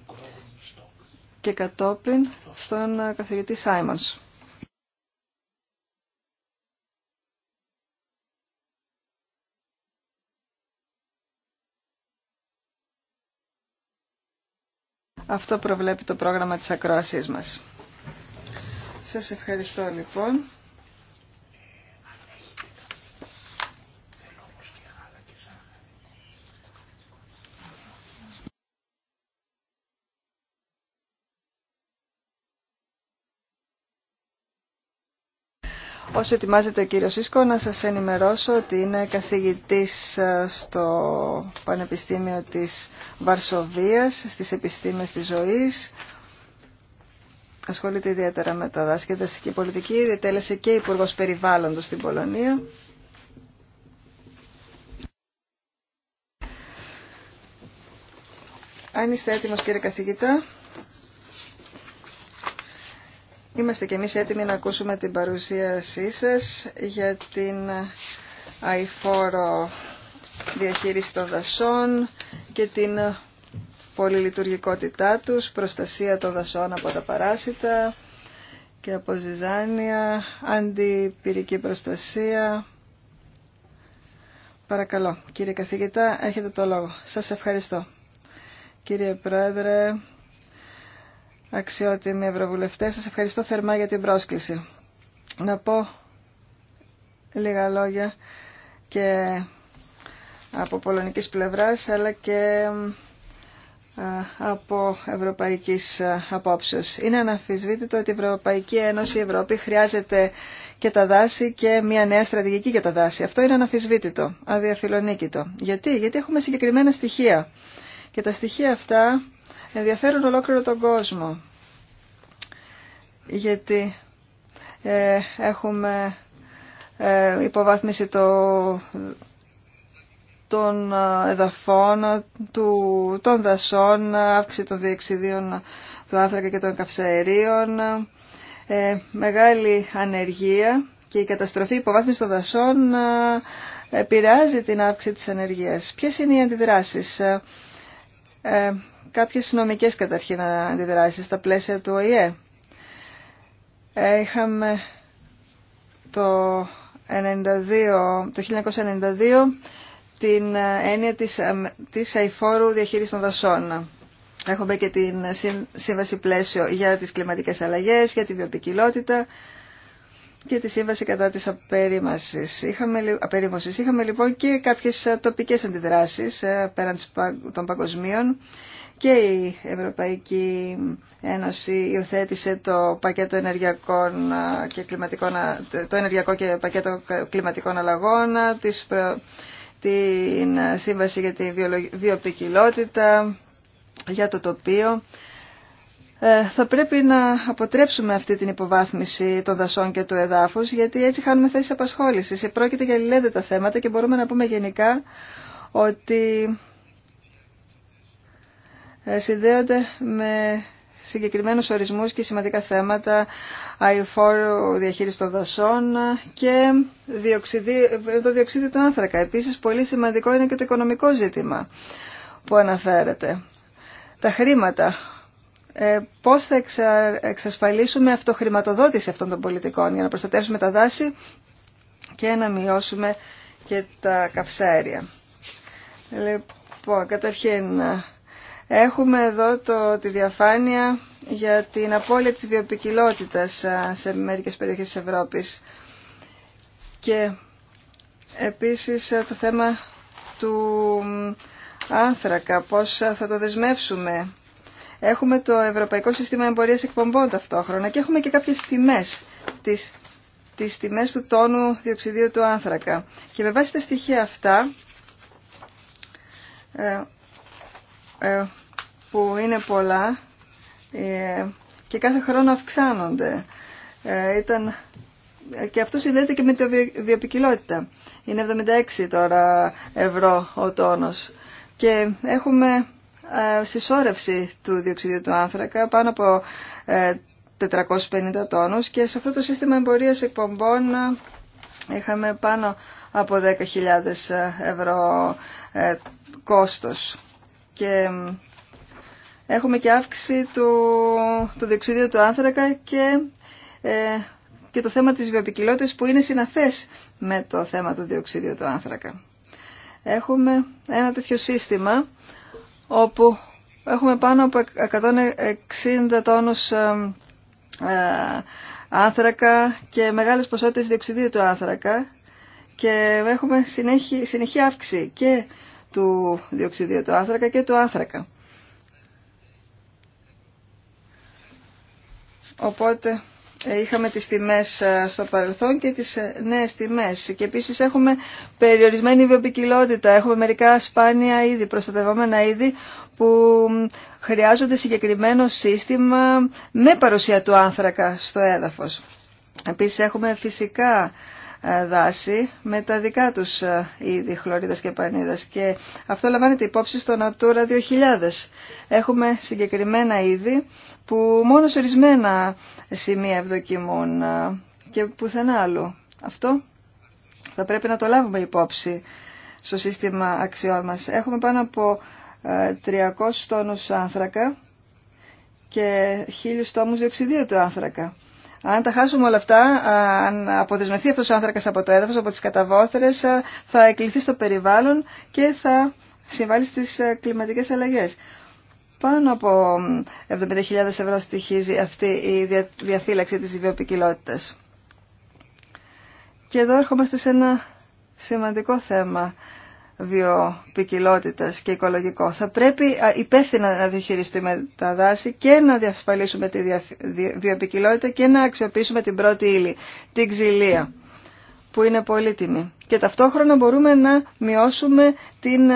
και κατόπιν στον καθηγητή Σάιμονς. Αυτό προβλέπει το πρόγραμμα της ακρόασής μας. Σας ευχαριστώ λοιπόν. Όσο ετοιμάζεται ο κύριος Σίσκο, να σας ενημερώσω ότι είναι καθηγητής ε, στο Πανεπιστήμιο της Βαρσοβίας, στις επιστήμες της ζωής. Ασχολείται ιδιαίτερα με τα δάσκεδαση και πολιτική, διετέλεσε και υπουργό Περιβάλλοντος στην Πολωνία. Αν είστε έτοιμος κύριε καθηγητά, Είμαστε και εμείς έτοιμοι να ακούσουμε την παρουσίασή σας για την αηφόρο διαχείριση των δασών και την πολυλειτουργικότητά τους, προστασία των δασών από τα παράσιτα και από ζυζάνια, αντιπυρική προστασία. Παρακαλώ, κύριε καθηγητά, έχετε το λόγο. Σας ευχαριστώ. Κύριε Πρόεδρε, αξιότιμοι ευρωβουλευτές. Σας ευχαριστώ θερμά για την πρόσκληση. Να πω λίγα λόγια και από πολωνικής πλευράς αλλά και από ευρωπαϊκής απόψεως. Είναι αναφυσβήτητο ότι η Ευρωπαϊκή Ένωση, η Ευρώπη χρειάζεται και τα δάση και μια νέα στρατηγική για τα δάση. Αυτό είναι αναφυσβήτητο, αδιαφιλονίκητο. Γιατί, Γιατί έχουμε συγκεκριμένα στοιχεία. Και τα στοιχεία αυτά ενδιαφέρουν ολόκληρο τον κόσμο. Γιατί ε, έχουμε ε, υποβάθμιση το, των εδαφών, του, των δασών, αύξηση των διεξιδίων του άνθρακα και των καυσαερίων, ε, μεγάλη ανεργία και η καταστροφή υποβάθμιση των δασών ε, επηρεάζει την αύξηση της ανεργίας. Ποιες είναι οι αντιδράσεις. Ε, ε κάποιες νομικές καταρχήν αντιδράσεις στα πλαίσια του ΟΗΕ. Ε, είχαμε το, το 1992 την ε, έννοια της, ε, της αηφόρου διαχείρισης των δασών. Έχουμε και την σύμβαση πλαίσιο για τις κλιματικές αλλαγές, για τη βιοπικιλότητα και τη σύμβαση κατά της απέριμασης. Είχαμε, απερίμωσης. Είχαμε λοιπόν και κάποιες τοπικές αντιδράσεις πέραν των παγκοσμίων και η Ευρωπαϊκή Ένωση υιοθέτησε το πακέτο ενεργειακών και κλιματικών, το ενεργειακό και πακέτο κλιματικών αλλαγών, της, την σύμβαση για τη βιοπικιλότητα, για το τοπίο. Ε, θα πρέπει να αποτρέψουμε αυτή την υποβάθμιση των δασών και του εδάφους, γιατί έτσι χάνουμε θέσεις απασχόλησης. Πρόκειται για λιλέντε τα θέματα και μπορούμε να πούμε γενικά ότι ε, συνδέονται με συγκεκριμένους ορισμούς και σημαντικά θέματα αιφόρου διαχείριση των δασών και ε, το διοξίδιο του άνθρακα. Επίσης πολύ σημαντικό είναι και το οικονομικό ζήτημα που αναφέρεται. Τα χρήματα. Ε, πώς θα εξασφαλίσουμε αυτοχρηματοδότηση αυτών των πολιτικών για να προστατεύσουμε τα δάση και να μειώσουμε και τα καυσαέρια. Λοιπόν, καταρχήν Έχουμε εδώ το, τη διαφάνεια για την απώλεια της βιοπικιλότητας σε μερικές περιοχές της Ευρώπης. Και επίσης το θέμα του άνθρακα, πώς θα το δεσμεύσουμε. Έχουμε το Ευρωπαϊκό Σύστημα Εμπορίας Εκπομπών ταυτόχρονα και έχουμε και κάποιες τιμές, τις, τις τιμές του τόνου διοξιδίου του άνθρακα. Και με βάση τα στοιχεία αυτά ε, ε, που είναι πολλά ε, και κάθε χρόνο αυξάνονται. Ε, ήταν... Ε, και αυτό συνδέεται και με τη βιοπικιλότητα. Είναι 76 τώρα ευρώ ο τόνος. Και έχουμε συσσόρευση του διοξιδίου του άνθρακα πάνω από 450 τόνους και σε αυτό το σύστημα εμπορίας εκπομπών είχαμε πάνω από 10.000 ευρώ κόστος. Και έχουμε και αύξηση του, του διοξιδίου του άνθρακα και, ε, και το θέμα της βιοπικιλότητας που είναι συναφές με το θέμα του διοξιδίου του άνθρακα. Έχουμε ένα τέτοιο σύστημα όπου έχουμε πάνω από 160 τόνους ε, ε, άνθρακα και μεγάλες ποσότητες διοξιδίου του άνθρακα και έχουμε συνεχή, αύξηση και του διοξιδίου του άνθρακα και του άνθρακα. Οπότε ε, είχαμε τις τιμές ε, στο παρελθόν και τις ε, νέες τιμές. Και επίσης έχουμε περιορισμένη βιοπικιλότητα, έχουμε μερικά σπάνια είδη, προστατευόμενα είδη που χρειάζονται συγκεκριμένο σύστημα με παρουσία του άνθρακα στο έδαφος. Επίσης έχουμε φυσικά ε, δάση με τα δικά τους ε, είδη χλωρίδας και πανίδας και αυτό λαμβάνεται υπόψη στο Natura 2000. Έχουμε συγκεκριμένα είδη που μόνο σε ορισμένα σημεία ευδοκιμούν ε, και πουθενά άλλου. Αυτό θα πρέπει να το λάβουμε υπόψη στο σύστημα αξιών μας. Έχουμε πάνω από 300 τόνους άνθρακα και 1000 τόμους διοξιδίου του άνθρακα. Αν τα χάσουμε όλα αυτά, αν αποδεσμευτεί αυτός ο άνθρακας από το έδαφος, από τις καταβόθρες, θα εκλειθεί στο περιβάλλον και θα συμβάλλει στις ε, κλιματικές αλλαγές. Πάνω από 70.000 ευρώ στοιχίζει αυτή η διαφύλαξη της βιοποικιλότητας. Και εδώ έρχομαστε σε ένα σημαντικό θέμα βιοπικιλότητα και οικολογικό. Θα πρέπει υπεύθυνα να με τα δάση και να διασφαλίσουμε τη βιοπικιλότητα και να αξιοποιήσουμε την πρώτη ύλη, την ξυλία, που είναι πολύτιμη. Και ταυτόχρονα μπορούμε να μειώσουμε την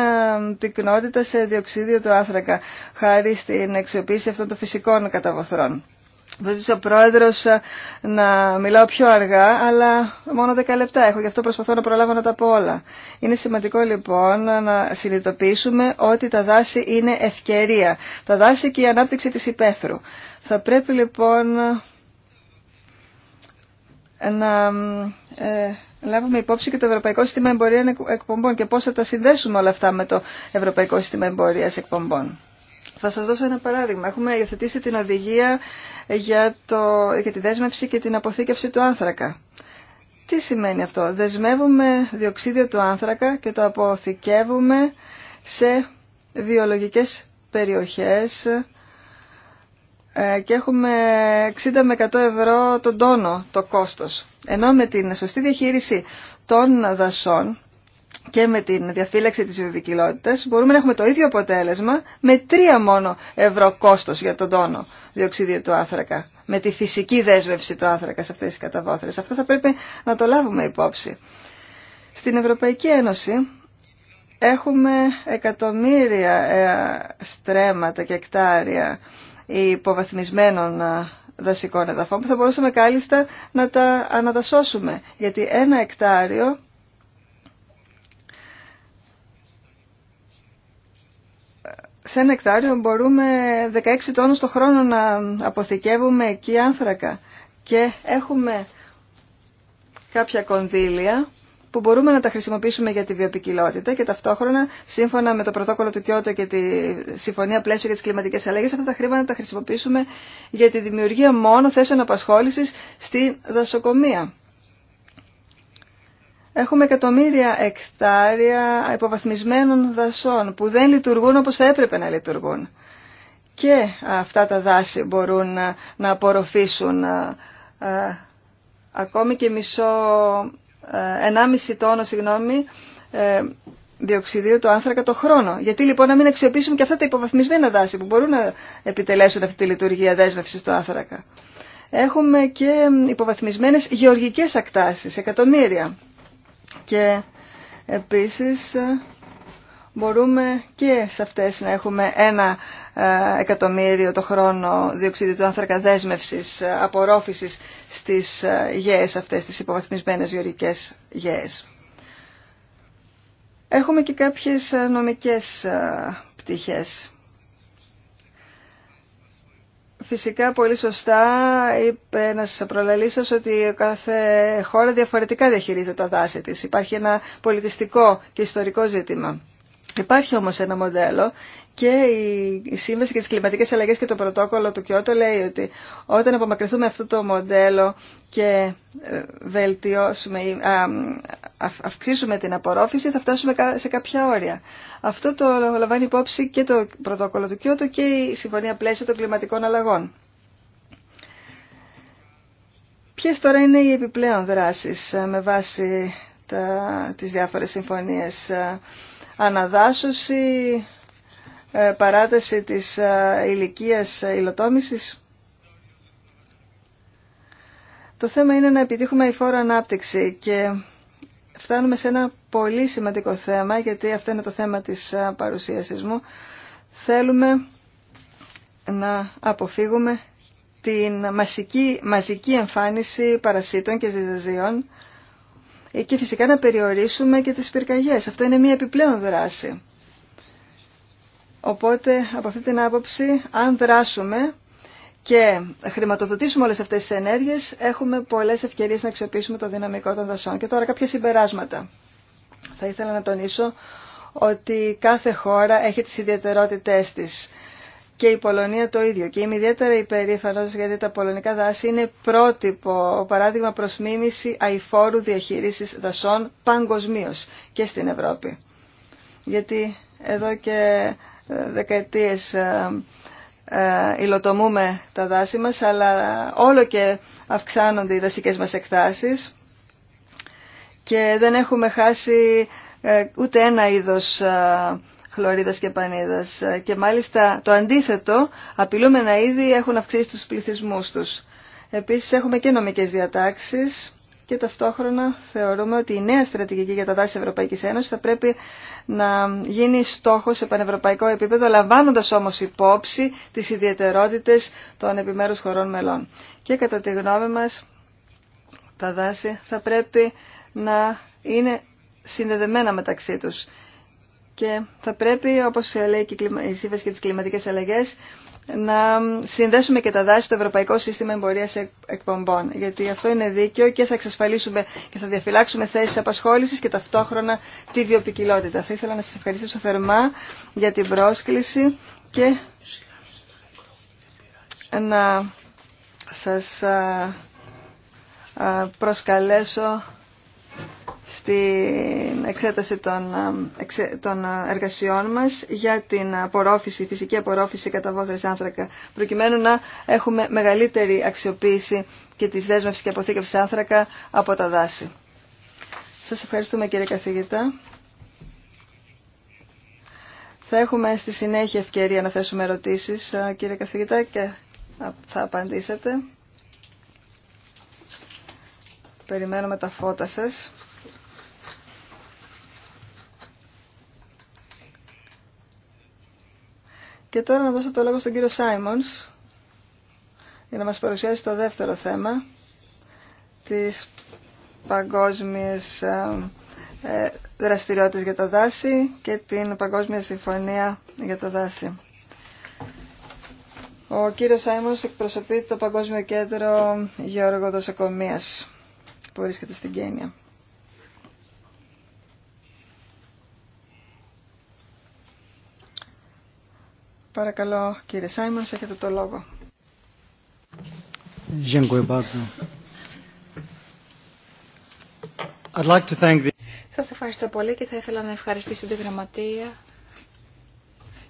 πυκνότητα σε διοξίδιο του άνθρακα, χάρη στην αξιοποίηση αυτών των φυσικών καταβοθρών. Βοηθήσω ο πρόεδρος ε, να μιλάω πιο αργά, αλλά μόνο 10 λεπτά έχω, γι' αυτό προσπαθώ να προλάβω να τα πω όλα. Είναι σημαντικό λοιπόν να συνειδητοποιήσουμε ότι τα δάση είναι ευκαιρία. Τα δάση και η ανάπτυξη της υπαίθρου. Θα πρέπει λοιπόν να ε, λάβουμε υπόψη και το Ευρωπαϊκό Σύστημα εμπορία Εκπομπών και πώς θα τα συνδέσουμε όλα αυτά με το Ευρωπαϊκό Σύστημα εμπορία Εκπομπών. Θα σας δώσω ένα παράδειγμα. Έχουμε υιοθετήσει την οδηγία για, το, για τη δέσμευση και την αποθήκευση του άνθρακα. Τι σημαίνει αυτό. Δεσμεύουμε διοξίδιο του άνθρακα και το αποθηκεύουμε σε βιολογικές περιοχές ε, και έχουμε 60 με 100 ευρώ τον τόνο το κόστος. Ενώ με την σωστή διαχείριση των δασών και με την διαφύλαξη της βιοποικιλότητας μπορούμε να έχουμε το ίδιο αποτέλεσμα με τρία μόνο ευρώ κόστος για τον τόνο διοξίδιο του άνθρακα, με τη φυσική δέσμευση του άνθρακα σε αυτές τις καταβόθρες. Αυτό θα πρέπει να το λάβουμε υπόψη. Στην Ευρωπαϊκή Ένωση έχουμε εκατομμύρια ε, στρέμματα και εκτάρια υποβαθμισμένων ε, δασικών εδαφών που θα μπορούσαμε κάλλιστα να τα ανατασώσουμε. γιατί ένα εκτάριο σε ένα εκτάριο μπορούμε 16 τόνους το χρόνο να αποθηκεύουμε εκεί άνθρακα και έχουμε κάποια κονδύλια που μπορούμε να τα χρησιμοποιήσουμε για τη βιοπικιλότητα και ταυτόχρονα, σύμφωνα με το πρωτόκολλο του Κιώτο και τη Συμφωνία Πλαίσιο για τις Κλιματικές Αλλαγές αυτά τα χρήματα τα χρησιμοποιήσουμε για τη δημιουργία μόνο θέσεων απασχόλησης στη δασοκομεία. Έχουμε εκατομμύρια εκτάρια υποβαθμισμένων δασών που δεν λειτουργούν όπως θα έπρεπε να λειτουργούν. Και αυτά τα δάση μπορούν να απορροφήσουν ε, ε, ακόμη και μισό, 1,5 ε, τόνο, συγγνώμη, διοξιδίου του άνθρακα το χρόνο. Γιατί λοιπόν να μην αξιοποιήσουμε και αυτά τα υποβαθμισμένα δάση που μπορούν να επιτελέσουν αυτή τη λειτουργία δέσμευση του άνθρακα. Έχουμε και υποβαθμισμένες γεωργικές ακτάσεις, εκατομμύρια. Και επίσης ε, μπορούμε και σε αυτές να έχουμε ένα ε, εκατομμύριο το χρόνο διοξίδιο του άνθρακα δέσμευσης, ε, απορρόφησης στις γέες αυτές, τις υποβαθμισμένες γεωρικές γέες. Έχουμε και κάποιες νομικές πτυχές. Φυσικά πολύ σωστά είπε ένας προλαλήσας ότι κάθε χώρα διαφορετικά διαχειρίζεται τα δάση της. Υπάρχει ένα πολιτιστικό και ιστορικό ζήτημα. Υπάρχει όμως ένα μοντέλο και η Σύμβαση για τις Κλιματικές Αλλαγές και το πρωτόκολλο του Κιώτο λέει ότι όταν απομακρυνθούμε αυτό το μοντέλο και ε, βελτιώσουμε, αυξήσουμε την απορρόφηση θα φτάσουμε σε κάποια όρια. Αυτό το λαμβάνει υπόψη και το πρωτόκολλο του Κιώτο και η Συμφωνία Πλαίσιο των Κλιματικών Αλλαγών. Ποιες τώρα είναι οι επιπλέον δράσεις ε, με βάση τα, τις διάφορες συμφωνίες ε, αναδάσωση, ε, παράταση της ε, ηλικίας ε, υλοτόμησης. Το θέμα είναι να επιτύχουμε η φόρα ανάπτυξη και φτάνουμε σε ένα πολύ σημαντικό θέμα, γιατί αυτό είναι το θέμα της παρουσίασης μου. Θέλουμε να αποφύγουμε την μαζική, μαζική εμφάνιση παρασίτων και ζυζαζίων και φυσικά να περιορίσουμε και τις πυρκαγιές. Αυτό είναι μια επιπλέον δράση. Οπότε από αυτή την άποψη αν δράσουμε και χρηματοδοτήσουμε όλες αυτές τις ενέργειες έχουμε πολλές ευκαιρίες να αξιοποιήσουμε το δυναμικό των δασών. Και τώρα κάποια συμπεράσματα. Θα ήθελα να τονίσω ότι κάθε χώρα έχει τις ιδιαιτερότητές της. Και η Πολωνία το ίδιο. Και είμαι ιδιαίτερα υπερήφανος γιατί τα πολωνικά δάση είναι πρότυπο, παράδειγμα προς μίμηση αηφόρου διαχείρισης δασών παγκοσμίω και στην Ευρώπη. Γιατί εδώ και δεκαετίες ε, ε, υλοτομούμε τα δάση μας, αλλά όλο και αυξάνονται οι δασικές μας εκτάσεις και δεν έχουμε χάσει ε, ούτε ένα είδος χλωρίδας και πανίδας. Και μάλιστα το αντίθετο, απειλούμενα είδη έχουν αυξήσει τους πληθυσμούς τους. Επίσης έχουμε και νομικές διατάξεις και ταυτόχρονα θεωρούμε ότι η νέα στρατηγική για τα δάση Ευρωπαϊκής Ένωσης θα πρέπει να γίνει στόχο σε πανευρωπαϊκό επίπεδο, λαμβάνοντας όμως υπόψη τις ιδιαιτερότητες των επιμέρους χωρών μελών. Και κατά τη γνώμη μας τα δάση θα πρέπει να είναι συνδεδεμένα μεταξύ τους. Και θα πρέπει, όπως λέει και η Σύμβαση για τις κλιματικές αλλαγές, να συνδέσουμε και τα δάση στο Ευρωπαϊκό Σύστημα Εμπορία Εκπομπών. Γιατί αυτό είναι δίκαιο και θα εξασφαλίσουμε και θα διαφυλάξουμε θέσει απασχόληση και ταυτόχρονα τη βιοπικιλότητα. Θα ήθελα να σα ευχαριστήσω θερμά για την πρόσκληση και να σας προσκαλέσω στην εξέταση των, των εργασιών μας για την απορρόφηση, φυσική απορρόφηση καταβόθρες άνθρακα, προκειμένου να έχουμε μεγαλύτερη αξιοποίηση και της δέσμευσης και αποθήκευσης άνθρακα από τα δάση. Σας ευχαριστούμε κύριε καθηγητά. Θα έχουμε στη συνέχεια ευκαιρία να θέσουμε ερωτήσεις ε, κύριε καθηγητά και θα απαντήσετε. Περιμένουμε τα φώτα σας. Και τώρα να δώσω το λόγο στον κύριο Σάιμονς για να μας παρουσιάσει το δεύτερο θέμα της παγκόσμιες ε, δραστηριότητες για τα δάση και την Παγκόσμια Συμφωνία για τα δάση. Ο κύριος Σάιμονς εκπροσωπεί το Παγκόσμιο Κέντρο Γεωργοδοσοκομείας που βρίσκεται στην Κένια. Παρακαλώ κύριε Σάιμον, έχετε το λόγο. I'd ευχαριστώ πολύ και θα ήθελα να ευχαριστήσω την Γραμματεία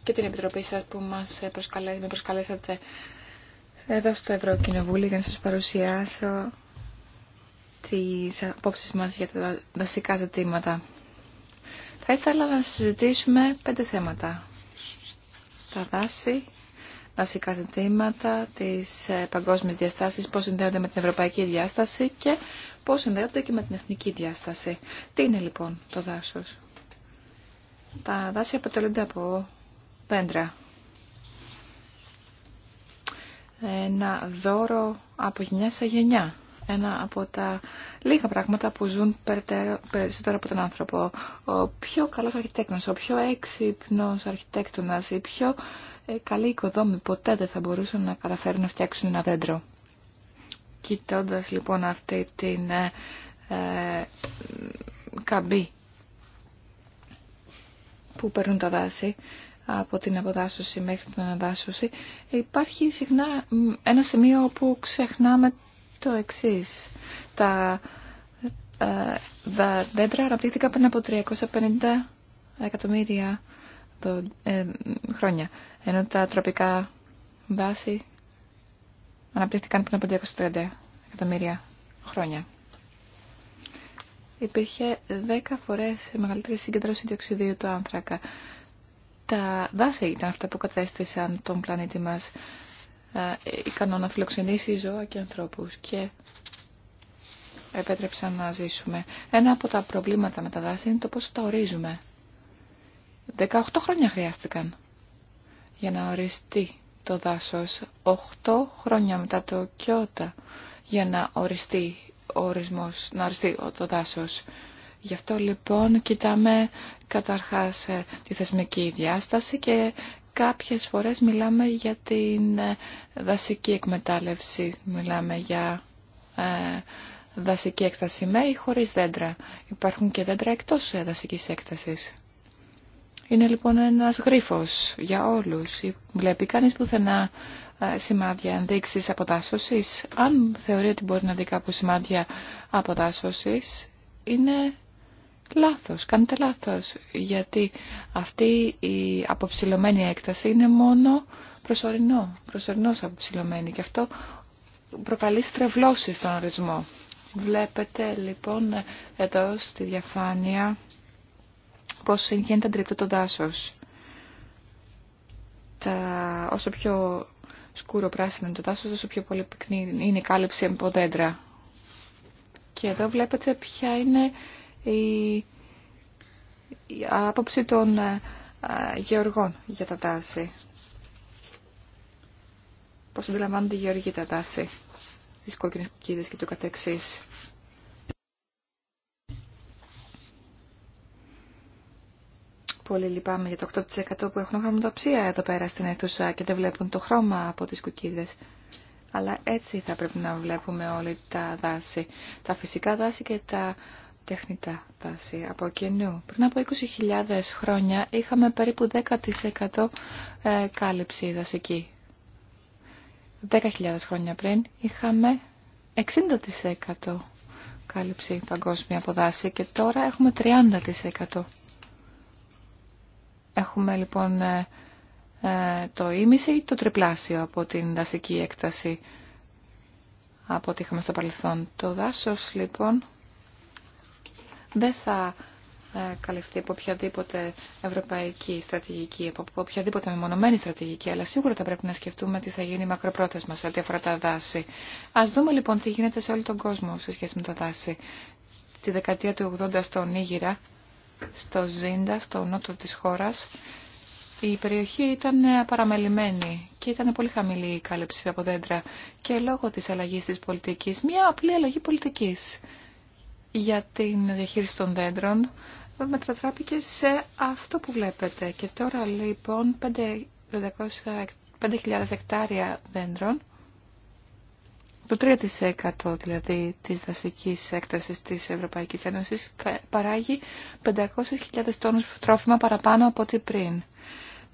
και την Επιτροπή σας που μας προσκαλέ, με προσκαλέσατε εδώ στο Ευρωκοινοβούλιο για να σας παρουσιάσω τις απόψει μας για τα δασικά ζητήματα. Θα ήθελα να συζητήσουμε πέντε θέματα τα δάση, βασικά ζητήματα, τις ε, παγκόσμιες διαστάσεις, πώς συνδέονται με την ευρωπαϊκή διάσταση και πώς συνδέονται και με την εθνική διάσταση. Τι είναι λοιπόν το δάσος. Τα δάση αποτελούνται από δέντρα. Ένα δώρο από γενιά σε γενιά ένα από τα λίγα πράγματα που ζουν περισσότερο από τον άνθρωπο. Ο πιο καλός αρχιτέκτονας, ο πιο έξυπνος αρχιτέκτονας, οι πιο ε, καλοί οικοδόμοι ποτέ δεν θα μπορούσαν να καταφέρουν να φτιάξουν ένα δέντρο. Κοιτώντας λοιπόν αυτή την ε, ε καμπή που παίρνουν τα δάση, από την αποδάσωση μέχρι την αναδάσωση, υπάρχει συχνά ένα σημείο όπου ξεχνάμε το εξή. Τα ε, δέντρα αναπτύχθηκαν πριν από 350 εκατομμύρια ε, χρόνια, ενώ τα τροπικά δάση αναπτύχθηκαν πριν από 230 εκατομμύρια χρόνια. Υπήρχε 10 φορές μεγαλύτερη συγκέντρωση διοξιδίου του άνθρακα. Τα δάση ήταν αυτά που κατέστησαν τον πλανήτη μας ε, ικανό να φιλοξενήσει ζώα και ανθρώπους και επέτρεψαν να ζήσουμε. Ένα από τα προβλήματα με τα δάση είναι το πώς τα ορίζουμε. 18 χρόνια χρειάστηκαν για να οριστεί το δάσος. 8 χρόνια μετά το Κιώτα για να οριστεί ορισμός, να οριστεί το δάσος. Γι' αυτό λοιπόν κοιτάμε καταρχάς ε, τη θεσμική διάσταση και Κάποιες φορές μιλάμε για την ε, δασική εκμετάλλευση, μιλάμε για ε, δασική έκταση με ή χωρίς δέντρα. Υπάρχουν και δέντρα εκτός ε, δασικής έκτασης. Είναι λοιπόν ένας γρίφος για όλους. Βλέπει κανείς πουθενά σημάδια ενδείξεις αποτάσωσης. Αν θεωρεί ότι μπορεί να δει κάπου σημάδια αποδάσωσης είναι Λάθος, κάνετε λάθος, γιατί αυτή η αποψηλωμένη έκταση είναι μόνο προσωρινό, προσωρινός αποψηλωμένη και αυτό προκαλεί στρεβλώσεις στον ορισμό. Βλέπετε λοιπόν εδώ στη διαφάνεια πώς γίνεται αντρίπτω το δάσος. Τα, όσο πιο σκούρο πράσινο είναι το δάσος, όσο πιο πολύ πυκνή είναι η κάλυψη από δέντρα. Και εδώ βλέπετε ποια είναι η, άποψη των ε, γεωργών για τα τάση. Πώς αντιλαμβάνονται οι γεωργοί τα τάση της κόκκινης κουκίδας και του καθεξής. Πολύ λυπάμαι για το 8% που έχουν χρωματοψία εδώ πέρα στην αίθουσα και δεν βλέπουν το χρώμα από τις κουκίδες. Αλλά έτσι θα πρέπει να βλέπουμε όλοι τα δάση, τα φυσικά δάση και τα τεχνητά δάση από κοινού. Πριν από 20.000 χρόνια είχαμε περίπου 10% ε, κάλυψη δασική. 10.000 χρόνια πριν είχαμε 60% κάλυψη παγκόσμια από δάση και τώρα έχουμε 30%. Έχουμε λοιπόν ε, ε, το ίμιση ή το τριπλάσιο από την δασική έκταση από ό,τι είχαμε στο παρελθόν. Το δάσος λοιπόν δεν θα ε, καλυφθεί από οποιαδήποτε ευρωπαϊκή στρατηγική, από οποιαδήποτε μεμονωμένη στρατηγική, αλλά σίγουρα θα πρέπει να σκεφτούμε τι θα γίνει μακροπρόθεσμα σε ό,τι αφορά τα δάση. Α δούμε λοιπόν τι γίνεται σε όλο τον κόσμο σε σχέση με τα δάση. Τη δεκαετία του 80 στο Νίγηρα, στο Ζίντα, στο νότο τη χώρα, η περιοχή ήταν παραμελημένη και ήταν πολύ χαμηλή η κάλυψη από δέντρα και λόγω της αλλαγής της πολιτικής, μια απλή αλλαγή πολιτικής για την διαχείριση των δέντρων μετατράπηκε σε αυτό που βλέπετε. Και τώρα λοιπόν 5.000 εκτάρια δέντρων, το 3% δηλαδή της δασικής έκτασης της Ευρωπαϊκής Ένωσης παράγει 500.000 τόνους τρόφιμα παραπάνω από ό,τι πριν.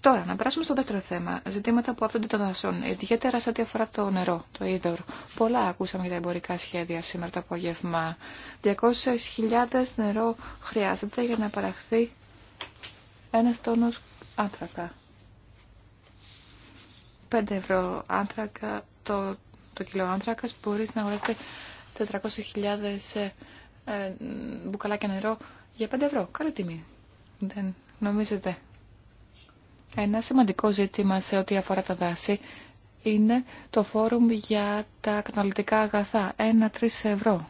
Τώρα, να περάσουμε στο δεύτερο θέμα. Ζητήματα που άπτονται των δασών, ιδιαίτερα σε ό,τι αφορά το νερό, το είδωρο. Πολλά ακούσαμε για τα εμπορικά σχέδια σήμερα το απόγευμα. 200.000 νερό χρειάζεται για να παραχθεί ένα τόνο άνθρακα. 5 ευρώ άνθρακα, το, το κιλό άνθρακα μπορεί να αγοράσετε 400.000 ε, ε, μπουκαλάκια νερό για 5 ευρώ. Καλή τιμή. Δεν νομίζετε ένα σημαντικό ζήτημα σε ό,τι αφορά τα δάση είναι το φόρουμ για τα καταναλωτικά αγαθά, 1-3 ευρώ.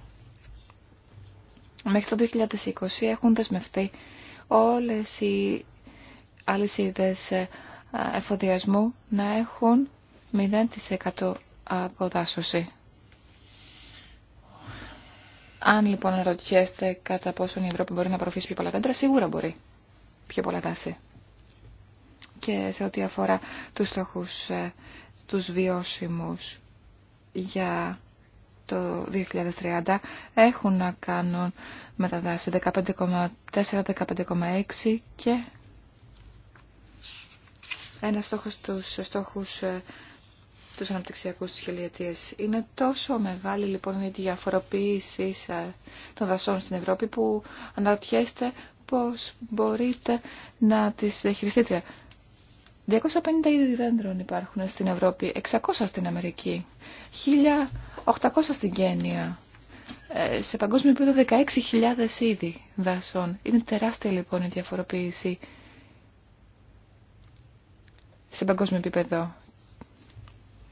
Μέχρι το 2020 έχουν δεσμευτεί όλες οι αλυσίδες ε, εφοδιασμού να έχουν 0% αποδάσωση. Αν λοιπόν ρωτιέστε κατά πόσο η Ευρώπη μπορεί να προωθήσει πιο πολλά δέντρα, σίγουρα μπορεί πιο πολλά δάση και σε ό,τι αφορά τους στόχους ε, τους βιώσιμους για το 2030 έχουν να κάνουν με τα δάση 15,4-15,6 και ένα στόχος τους στόχους ε, τους αναπτυξιακούς της Είναι τόσο μεγάλη λοιπόν η διαφοροποίηση των δασών στην Ευρώπη που αναρωτιέστε πώς μπορείτε να τις διαχειριστείτε 250 είδη δέντρων υπάρχουν στην Ευρώπη, 600 στην Αμερική, 1800 στην Κένια. Ε, σε παγκόσμιο επίπεδο 16.000 είδη δασών. Είναι τεράστια λοιπόν η διαφοροποίηση σε παγκόσμιο επίπεδο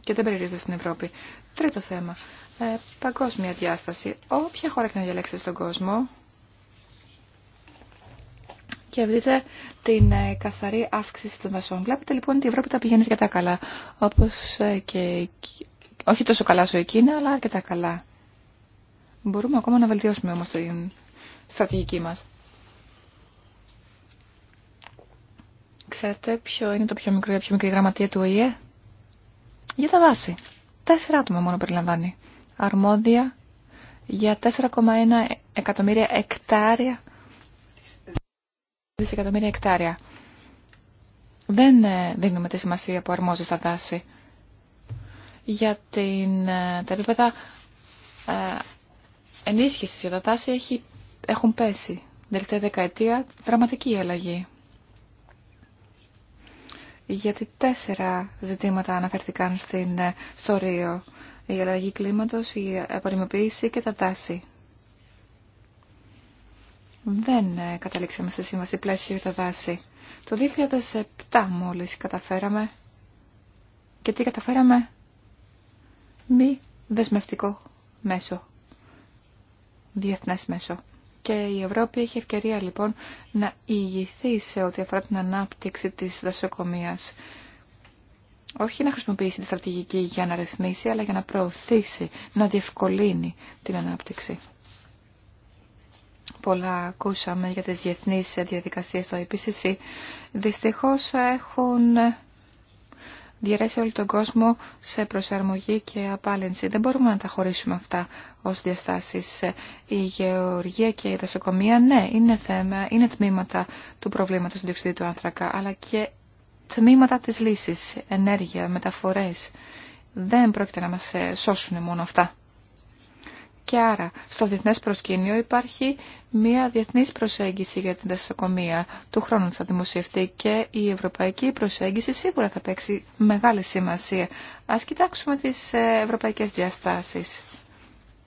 και δεν περιορίζεται στην Ευρώπη. Τρίτο θέμα. Ε, παγκόσμια διάσταση. Όποια χώρα και να διαλέξετε στον κόσμο, και δείτε την ε, καθαρή αύξηση των δασών. Βλέπετε λοιπόν ότι η Ευρώπη τα πηγαίνει αρκετά καλά. Όπως ε, και... Όχι τόσο καλά όσο η Κίνα, αλλά αρκετά καλά. Μπορούμε ακόμα να βελτιώσουμε όμως την στρατηγική μας. Ξέρετε ποιο είναι το πιο μικρό, η πιο μικρή γραμματεία του ΟΗΕ. Για τα δάση. Τέσσερα άτομα μόνο περιλαμβάνει. Αρμόδια για 4,1 εκατομμύρια εκτάρια δισεκατομμύρια εκτάρια. Δεν ε, δίνουμε τη σημασία που αρμόζει στα δάση. Για την, ε, τα επίπεδα ε, ενίσχυσης για τα δάση έχει, έχουν πέσει. Την τελευταία δεκαετία δραματική αλλαγή. Γιατί τέσσερα ζητήματα αναφέρθηκαν στην, ε, στο Ρίο. Η αλλαγή κλίματος, η απορριμμοποίηση και τα δάση δεν ε, καταλήξαμε σε σύμβαση πλαίσιο για τα δάση. Το 2007 μόλις καταφέραμε και τι καταφέραμε μη δεσμευτικό μέσο, διεθνές μέσο. Και η Ευρώπη έχει ευκαιρία λοιπόν να ηγηθεί σε ό,τι αφορά την ανάπτυξη της δασοκομείας. Όχι να χρησιμοποιήσει τη στρατηγική για να ρυθμίσει, αλλά για να προωθήσει, να διευκολύνει την ανάπτυξη πολλά ακούσαμε για τις διεθνείς διαδικασίες στο IPCC, δυστυχώς έχουν διαρρέσει όλο τον κόσμο σε προσαρμογή και απάλυνση. Δεν μπορούμε να τα χωρίσουμε αυτά ως διαστάσεις. Η γεωργία και η δασοκομεία, ναι, είναι, θέμα, είναι τμήματα του προβλήματος του διοξυδίου του άνθρακα, αλλά και τμήματα της λύσης, ενέργεια, μεταφορές. Δεν πρόκειται να μας ε, σώσουν μόνο αυτά. Και άρα στο διεθνές προσκήνιο υπάρχει μια διεθνής προσέγγιση για την δασοκομεία του χρόνου θα δημοσιευτεί και η ευρωπαϊκή προσέγγιση σίγουρα θα παίξει μεγάλη σημασία. Ας κοιτάξουμε τις ε, ευρωπαϊκές διαστάσεις,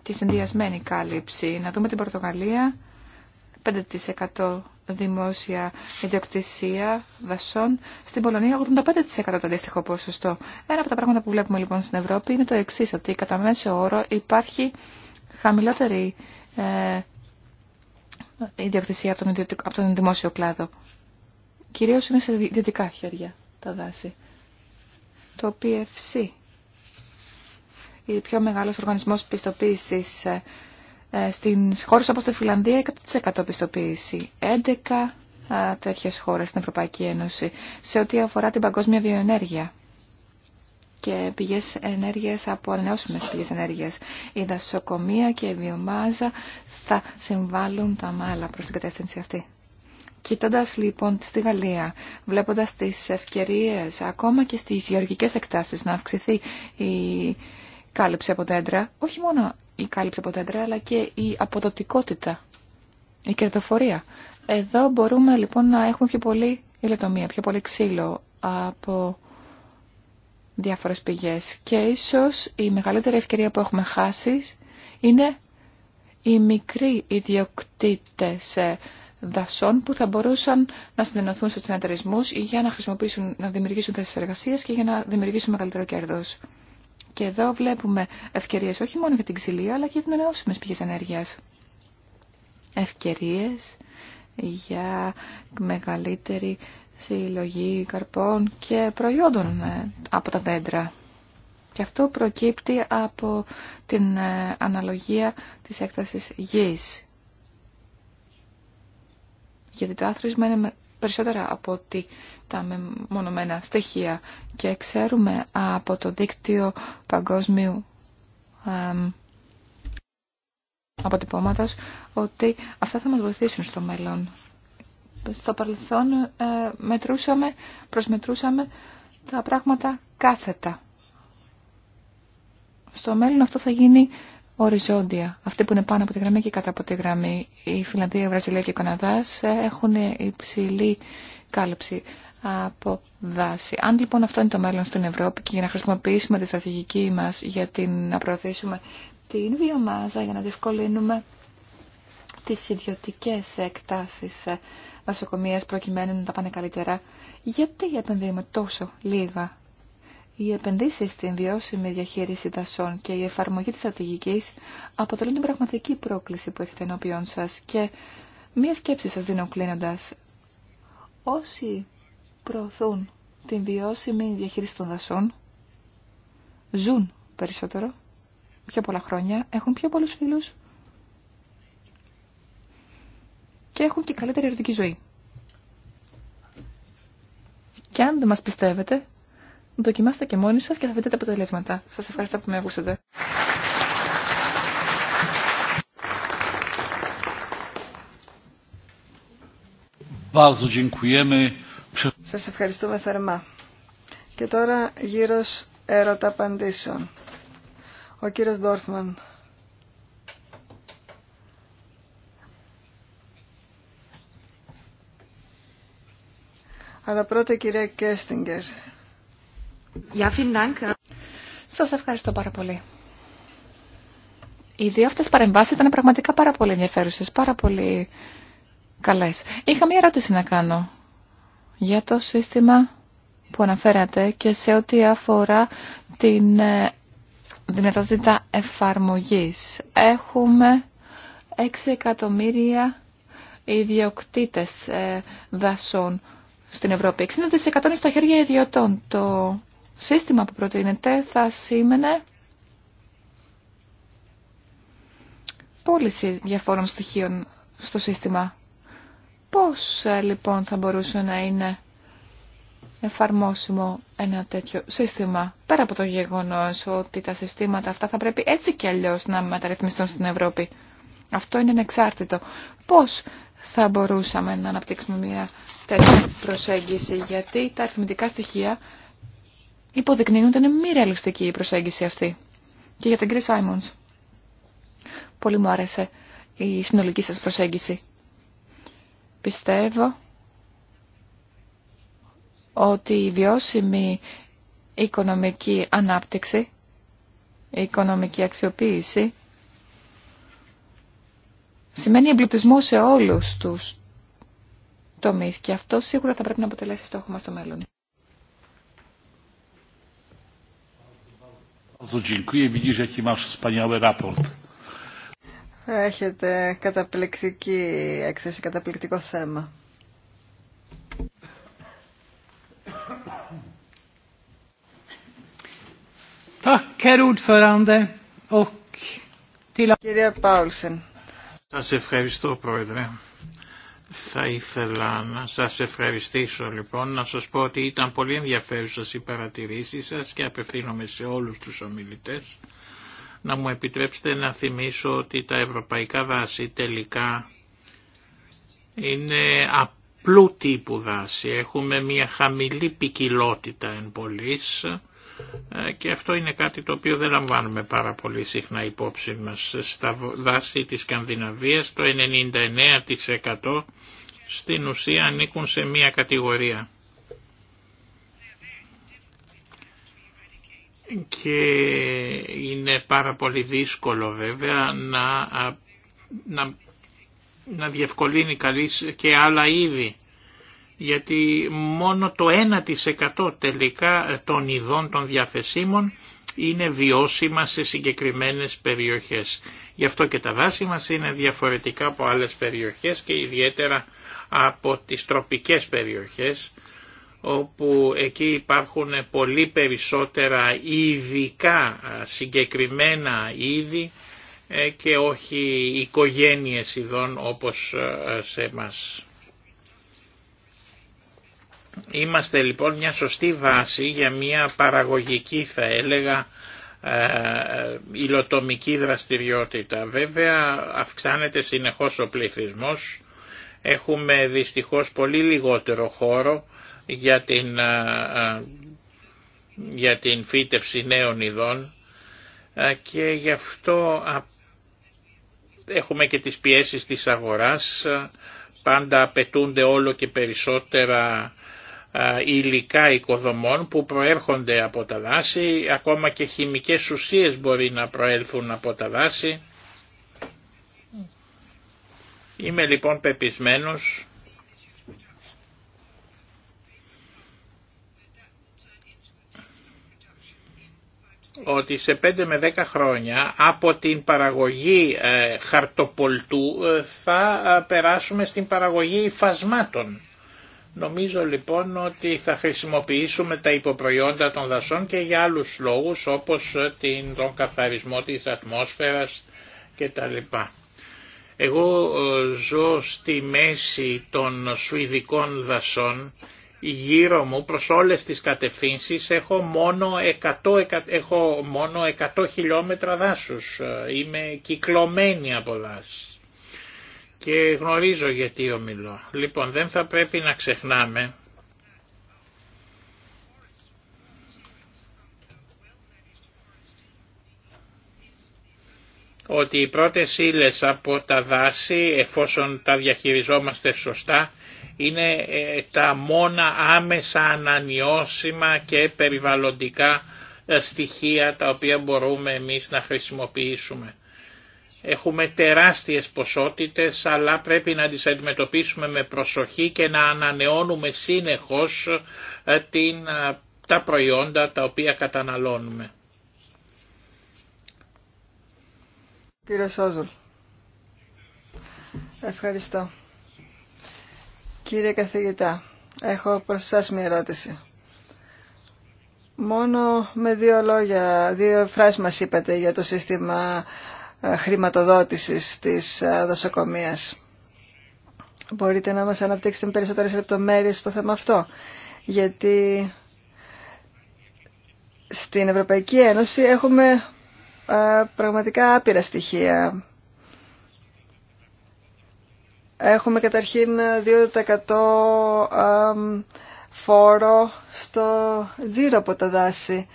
τη συνδυασμένη κάλυψη. Να δούμε την Πορτογαλία, 5% δημόσια ιδιοκτησία δασών. Στην Πολωνία 85% το αντίστοιχο ποσοστό. Ένα από τα πράγματα που βλέπουμε λοιπόν στην Ευρώπη είναι το εξή, ότι κατά μέσο όρο υπάρχει χαμηλότερη ε, ιδιοκτησία από τον, από τον δημόσιο κλάδο. Κυρίως είναι σε ιδιωτικά χέρια τα δάση. Το PFC, η πιο μεγάλος οργανισμός πιστοποίησης ε, ε, στις όπως τη Φιλανδία, 100% πιστοποίηση. 11 ε, τέτοιες χώρες στην Ευρωπαϊκή Ένωση σε ό,τι αφορά την παγκόσμια βιοενέργεια και πηγές ενέργειας από ανανεώσιμες πηγές ενέργειας. Η δασοκομεία και η βιομάζα θα συμβάλλουν τα μάλα προς την κατεύθυνση αυτή. Κοιτώντας λοιπόν στη Γαλλία, βλέποντας τις ευκαιρίες ακόμα και στις γεωργικές εκτάσεις να αυξηθεί η κάλυψη από δέντρα, όχι μόνο η κάλυψη από δέντρα αλλά και η αποδοτικότητα, η κερδοφορία. Εδώ μπορούμε λοιπόν να έχουμε πιο πολύ ηλετομία, πιο πολύ ξύλο από διάφορες πηγές και ίσως η μεγαλύτερη ευκαιρία που έχουμε χάσει είναι οι μικροί ιδιοκτήτες ε, δασών που θα μπορούσαν να συνενωθούν στους συνεταιρισμού για να χρησιμοποιήσουν, να δημιουργήσουν θέσεις εργασίας και για να δημιουργήσουν μεγαλύτερο κέρδος. Και εδώ βλέπουμε ευκαιρίες όχι μόνο για την ξυλία αλλά και για την ανανεώσιμε πηγές ενέργειας. Ευκαιρίες για μεγαλύτερη συλλογή καρπών και προϊόντων ε, από τα δέντρα. Και αυτό προκύπτει από την ε, αναλογία της έκτασης γης. Γιατί το άθροισμα είναι περισσότερα από ότι τα μονομένα στοιχεία και ξέρουμε από το δίκτυο παγκόσμιου αποτυπώματος ότι αυτά θα μας βοηθήσουν στο μέλλον στο παρελθόν ε, μετρούσαμε, προσμετρούσαμε τα πράγματα κάθετα. Στο μέλλον αυτό θα γίνει οριζόντια. Αυτοί που είναι πάνω από τη γραμμή και κάτω από τη γραμμή. Η Φιλανδία, η Βραζιλία και ο Καναδάς ε, έχουν υψηλή κάλυψη από δάση. Αν λοιπόν αυτό είναι το μέλλον στην Ευρώπη και για να χρησιμοποιήσουμε τη στρατηγική μας για να προωθήσουμε την βιομάζα, για να διευκολύνουμε τις ιδιωτικές εκτάσεις βασοκομείας ε, προκειμένου να τα πάνε καλύτερα. Γιατί επενδύουμε τόσο λίγα. Οι επενδύσεις στην βιώσιμη διαχείριση δασών και η εφαρμογή της στρατηγικής αποτελούν την πραγματική πρόκληση που έχετε ενώπιον σας και μία σκέψη σας δίνω κλείνοντας. Όσοι προωθούν την βιώσιμη διαχείριση των δασών ζουν περισσότερο, πιο πολλά χρόνια, έχουν πιο πολλούς φίλους, και έχουν και καλύτερη ερωτική ζωή. Και αν δεν μας πιστεύετε, δοκιμάστε και μόνοι σας και θα βρείτε τα αποτελέσματα. Σας ευχαριστώ που με ακούσατε. Σας ευχαριστούμε θερμά. Και τώρα γύρω ερώτα απαντήσεων. Ο κύριος Ντόρφμαν. Αλλά πρώτα η κυρία Κέστιγκερ. Σας ευχαριστώ πάρα πολύ. Οι δύο αυτές παρεμβάσεις ήταν πραγματικά πάρα πολύ ενδιαφέρουσες, πάρα πολύ καλές. Είχα μία ερώτηση να κάνω για το σύστημα που αναφέρατε και σε ό,τι αφορά την ε, δυνατότητα εφαρμογής. Έχουμε 6 εκατομμύρια ιδιοκτήτες ε, δασών στην Ευρώπη. 60% είναι στα χέρια ιδιωτών. Το σύστημα που προτείνεται θα σήμαινε πώληση διαφόρων στοιχείων στο σύστημα. Πώς ε, λοιπόν θα μπορούσε να είναι εφαρμόσιμο ένα τέτοιο σύστημα, πέρα από το γεγονός ότι τα συστήματα αυτά θα πρέπει έτσι και αλλιώς να μεταρρυθμιστούν στην Ευρώπη. Αυτό είναι ανεξάρτητο. Πώς θα μπορούσαμε να αναπτύξουμε μια τέτοια προσέγγιση, γιατί τα αριθμητικά στοιχεία υποδεικνύουν ότι είναι μη ρεαλιστική η προσέγγιση αυτή. Και για τον κύριο Σάιμονς. Πολύ μου άρεσε η συνολική σας προσέγγιση. Πιστεύω ότι η βιώσιμη οικονομική ανάπτυξη, η οικονομική αξιοποίηση σημαίνει εμπλουτισμό σε όλους τους τομείς και αυτό σίγουρα θα πρέπει να αποτελέσει στόχο μας στο μέλλον. Έχετε καταπληκτική έκθεση, καταπληκτικό θέμα. Κυρία Πάουλσεν, σας ευχαριστώ Πρόεδρε. Θα ήθελα να σας ευχαριστήσω λοιπόν, να σας πω ότι ήταν πολύ ενδιαφέρουσες οι παρατηρήσεις σας και απευθύνομαι σε όλους τους ομιλητές. Να μου επιτρέψετε να θυμίσω ότι τα ευρωπαϊκά δάση τελικά είναι απλού τύπου δάση. Έχουμε μια χαμηλή ποικιλότητα εν πολλής ε, και αυτό είναι κάτι το οποίο δεν λαμβάνουμε πάρα πολύ συχνά υπόψη μας. Στα δάση της Σκανδιναβίας το 99% στην ουσία ανήκουν σε μία κατηγορία. Και είναι πάρα πολύ δύσκολο βέβαια να, να, να διευκολύνει καλής και άλλα είδη γιατί μόνο το 1% τελικά των ειδών των διαθεσίμων είναι βιώσιμα σε συγκεκριμένες περιοχές. Γι' αυτό και τα δάση μας είναι διαφορετικά από άλλες περιοχές και ιδιαίτερα από τις τροπικές περιοχές όπου εκεί υπάρχουν πολύ περισσότερα ειδικά συγκεκριμένα είδη ε, και όχι οικογένειες ειδών όπως ε, σε μας. Είμαστε λοιπόν μια σωστή βάση για μια παραγωγική θα έλεγα ε, υλοτομική δραστηριότητα. Βέβαια αυξάνεται συνεχώς ο πληθυσμός, έχουμε δυστυχώς πολύ λιγότερο χώρο για την, ε, ε, για την φύτευση νέων ειδών και γι' αυτό έχουμε και τις πιέσεις της αγοράς, πάντα απαιτούνται όλο και περισσότερα υλικά οικοδομών που προέρχονται από τα δάση, ακόμα και χημικές ουσίες μπορεί να προέλθουν από τα δάση. Είμαι λοιπόν πεπισμένος ότι σε 5 με 10 χρόνια από την παραγωγή ε, χαρτοπολτού ε, θα ε, περάσουμε στην παραγωγή υφασμάτων Νομίζω λοιπόν ότι θα χρησιμοποιήσουμε τα υποπροϊόντα των δασών και για άλλους λόγους όπως ε, την, τον καθαρισμό της ατμόσφαιρας κτλ. Εγώ ε, ζω στη μέση των Σουηδικών δασών, γύρω μου προς όλες τις κατευθύνσεις έχω μόνο 100, έχω μόνο 100 χιλιόμετρα δάσους, ε, είμαι κυκλωμένη από δάση και γνωρίζω γιατί ομιλώ. Λοιπόν, δεν θα πρέπει να ξεχνάμε ότι οι πρώτες ύλε από τα δάση, εφόσον τα διαχειριζόμαστε σωστά, είναι ε, τα μόνα άμεσα ανανιώσιμα και περιβαλλοντικά ε, στοιχεία τα οποία μπορούμε εμείς να χρησιμοποιήσουμε. Έχουμε τεράστιες ποσότητες αλλά πρέπει να τις αντιμετωπίσουμε με προσοχή και να ανανεώνουμε σύνεχώς ε, την, ε, τα προϊόντα τα οποία καταναλώνουμε. Κύριε Σόζουλ, ευχαριστώ. Κύριε καθηγητά, έχω προς σας μια ερώτηση. Μόνο με δύο λόγια, δύο φράσεις μας είπατε για το σύστημα ε, χρηματοδότησης της ε, δοσοκομείας. Μπορείτε να μας αναπτύξετε με περισσότερες λεπτομέρειες στο θέμα αυτό, γιατί στην Ευρωπαϊκή Ένωση έχουμε ε, πραγματικά άπειρα στοιχεία. Έχουμε καταρχήν 2% φόρο στο τζίρο από τα δάση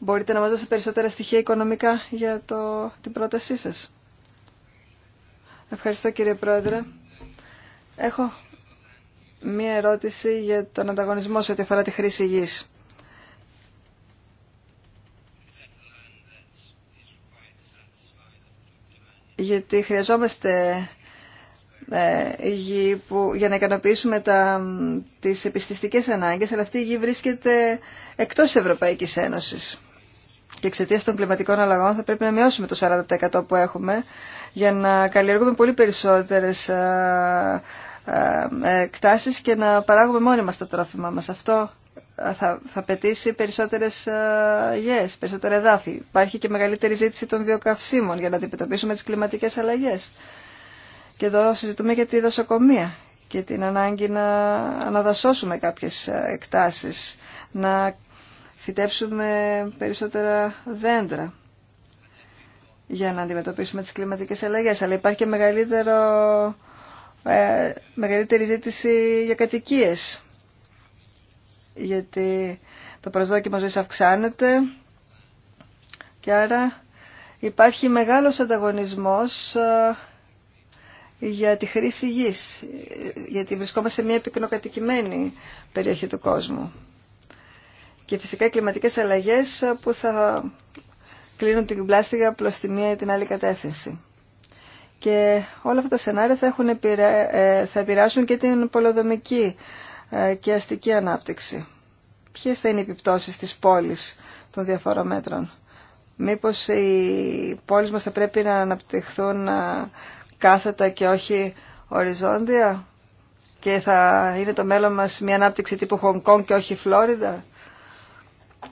Μπορείτε να μας δώσετε περισσότερα στοιχεία οικονομικά για το, την πρότασή σας. Ευχαριστώ κύριε Πρόεδρε. Έχω μία ερώτηση για τον ανταγωνισμό σε ό,τι αφορά τη χρήση γης. Γιατί χρειαζόμαστε ε, γη που, για να ικανοποιήσουμε τα, τις επιστηστικές ανάγκες, αλλά αυτή η γη βρίσκεται εκτός Ευρωπαϊκής Ένωσης και εξαιτία των κλιματικών αλλαγών θα πρέπει να μειώσουμε το 40% που έχουμε για να καλλιεργούμε πολύ περισσότερες ε, ε, ε, εκτάσεις και να παράγουμε μόνοι μας τα τρόφιμά μας. Αυτό θα, θα πετήσει περισσότερες γεές, περισσότερα εδάφη. Υπάρχει και μεγαλύτερη ζήτηση των βιοκαυσίμων για να αντιμετωπίσουμε τις κλιματικές αλλαγές. Και εδώ συζητούμε για τη δασοκομεία και την ανάγκη να αναδασώσουμε κάποιες εκτάσεις, να φυτέψουμε περισσότερα δέντρα για να αντιμετωπίσουμε τις κλιματικές αλλαγές. Αλλά υπάρχει και μεγαλύτερο, ε, μεγαλύτερη ζήτηση για κατοικίες. Γιατί το προσδόκιμο ζωής αυξάνεται και άρα υπάρχει μεγάλος ανταγωνισμός ε, για τη χρήση γης, γιατί βρισκόμαστε σε μια πυκνοκατοικημένη περιοχή του κόσμου και φυσικά κλιματικές αλλαγές που θα κλείνουν την πλάστιγα προς τη μία ή την άλλη κατεύθυνση. Και όλα αυτά τα σενάρια θα, έχουν, ε, επηρεάσουν και την πολεοδομική ε, και αστική ανάπτυξη. Ποιες θα είναι οι επιπτώσεις της πόλης των διαφορών μέτρων. Μήπως οι πόλεις μας θα πρέπει να αναπτυχθούν ε, κάθετα και όχι οριζόντια και θα είναι το μέλλον μας μια ανάπτυξη τύπου Χονγκ και όχι Φλόριδα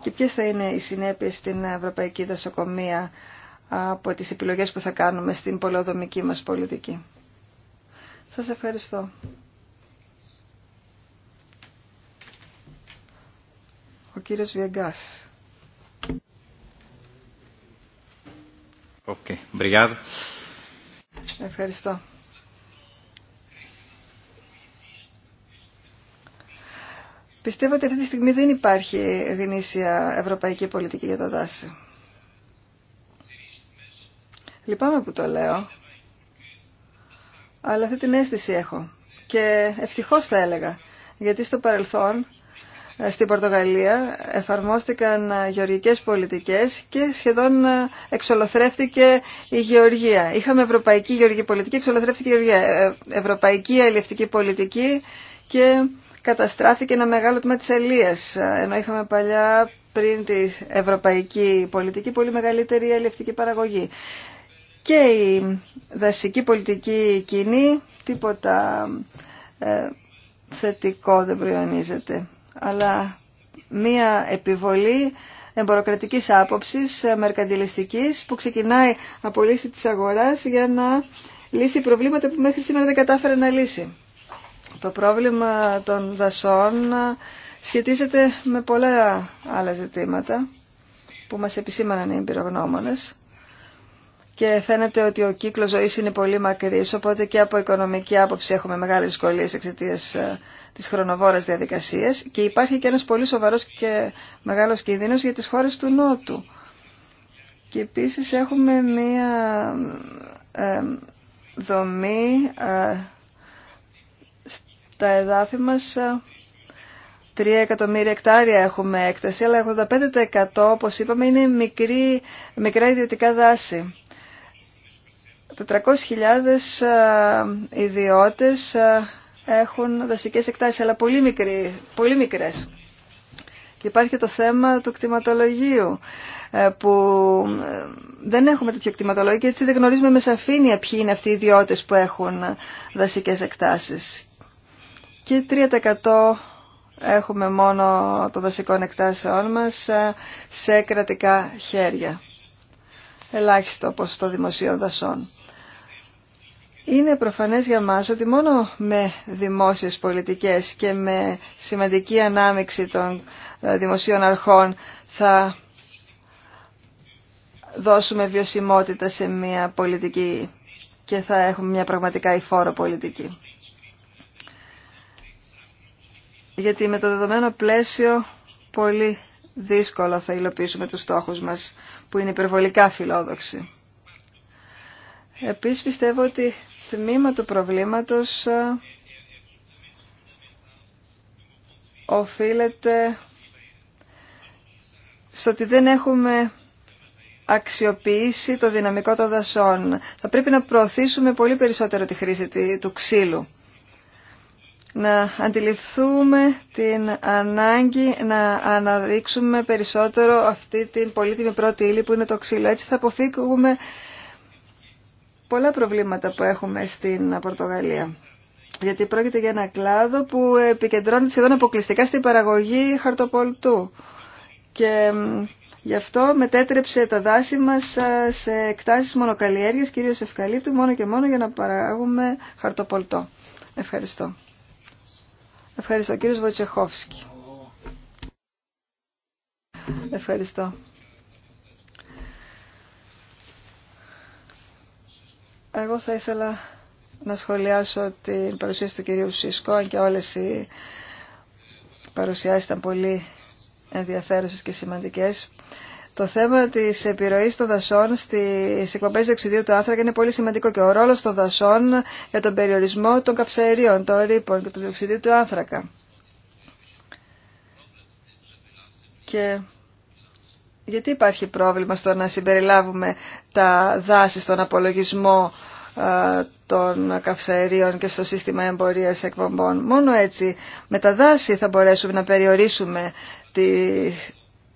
και ποιες θα είναι οι συνέπειες στην Ευρωπαϊκή Δασοκομεία από τις επιλογές που θα κάνουμε στην πολεοδομική μας πολιτική. Σας ευχαριστώ. Ο κύριος Βιεγκάς. Okay. Ευχαριστώ. Πιστεύω ότι αυτή τη στιγμή δεν υπάρχει γνήσια ευρωπαϊκή πολιτική για τα δάση. Λυπάμαι που το λέω, αλλά αυτή την αίσθηση έχω. Και ευτυχώς θα έλεγα, γιατί στο παρελθόν ε, στην Πορτογαλία εφαρμόστηκαν ε, γεωργικές πολιτικές και σχεδόν ε, εξολοθρεύτηκε η γεωργία. Είχαμε ευρωπαϊκή γεωργική πολιτική, εξολοθρεύτηκε η γεωργία, ευρωπαϊκή αλληλευτική πολιτική και καταστράφηκε ένα μεγάλο τμήμα της Ελίας, ενώ είχαμε παλιά πριν τη ευρωπαϊκή πολιτική πολύ μεγαλύτερη αλληλευτική παραγωγή. Και η δασική πολιτική κοινή τίποτα ε, θετικό δεν προϊονίζεται. Αλλά μία επιβολή εμποροκρατικής άποψης, ε, μερκαντιλιστικής, που ξεκινάει από λύση της αγοράς για να λύσει προβλήματα που μέχρι σήμερα δεν κατάφερε να λύσει. Το πρόβλημα των δασών σχετίζεται με πολλά άλλα ζητήματα που μας επισήμαναν οι εμπειρογνώμονες και φαίνεται ότι ο κύκλος ζωής είναι πολύ μακρύς, οπότε και από οικονομική άποψη έχουμε μεγάλες δυσκολίες εξαιτία ε, της χρονοβόρας διαδικασίας και υπάρχει και ένας πολύ σοβαρός και μεγάλος κινδύνος για τις χώρες του Νότου. Και επίσης έχουμε μία ε, δομή ε, τα εδάφη μας 3 εκατομμύρια εκτάρια έχουμε έκταση, αλλά 85% όπως είπαμε είναι μικρή, μικρά ιδιωτικά δάση. 400.000 ιδιώτες έχουν δασικές εκτάσεις, αλλά πολύ, μικρή, πολύ μικρές. Και υπάρχει και το θέμα του κτηματολογίου, ε, που ε, δεν έχουμε τέτοιο κτηματολόγιο και έτσι δεν γνωρίζουμε με σαφήνεια ποιοι είναι αυτοί οι ιδιώτες που έχουν δασικές εκτάσεις και 3% έχουμε μόνο το δασικών εκτάσεών μας ε, σε κρατικά χέρια. Ελάχιστο το δημοσίο δασών. Είναι προφανές για μας ότι μόνο με δημόσιες πολιτικές και με σημαντική ανάμειξη των ε, δημοσίων αρχών θα δώσουμε βιωσιμότητα σε μια πολιτική και θα έχουμε μια πραγματικά υφόρο πολιτική γιατί με το δεδομένο πλαίσιο πολύ δύσκολο θα υλοποιήσουμε τους στόχους μας, που είναι υπερβολικά φιλόδοξοι. Επίσης πιστεύω ότι τμήμα του προβλήματος ε, οφείλεται στο ότι δεν έχουμε αξιοποιήσει το δυναμικό των δασών. Θα πρέπει να προωθήσουμε πολύ περισσότερο τη χρήση του ξύλου να αντιληφθούμε την ανάγκη να αναδείξουμε περισσότερο αυτή την πολύτιμη πρώτη ύλη που είναι το ξύλο. Έτσι θα αποφύγουμε πολλά προβλήματα που έχουμε στην Πορτογαλία. Γιατί πρόκειται για ένα κλάδο που επικεντρώνεται σχεδόν αποκλειστικά στην παραγωγή χαρτοπολτού. Και γι' αυτό μετέτρεψε τα δάση μας σε εκτάσεις μονοκαλλιέργειας, κυρίως ευκαλύπτου, μόνο και μόνο για να παράγουμε χαρτοπολτό. Ευχαριστώ. Ευχαριστώ κύριος Βοτσεχόφσκι. Ευχαριστώ. Εγώ θα ήθελα να σχολιάσω την παρουσίαση του κυρίου Σισκό, αν και όλες οι παρουσιάσεις ήταν πολύ ενδιαφέρουσες και σημαντικές. Το θέμα της επιρροής των δασών στις εκπομπές διοξιδίου του άνθρακα είναι πολύ σημαντικό και ο ρόλος των δασών για τον περιορισμό των καψαερίων, των ρήπων και του διοξιδίου του άνθρακα. Και γιατί υπάρχει πρόβλημα στο να συμπεριλάβουμε τα δάση στον απολογισμό των καυσαερίων και στο σύστημα εμπορίας εκπομπών. Μόνο έτσι με τα δάση θα μπορέσουμε να περιορίσουμε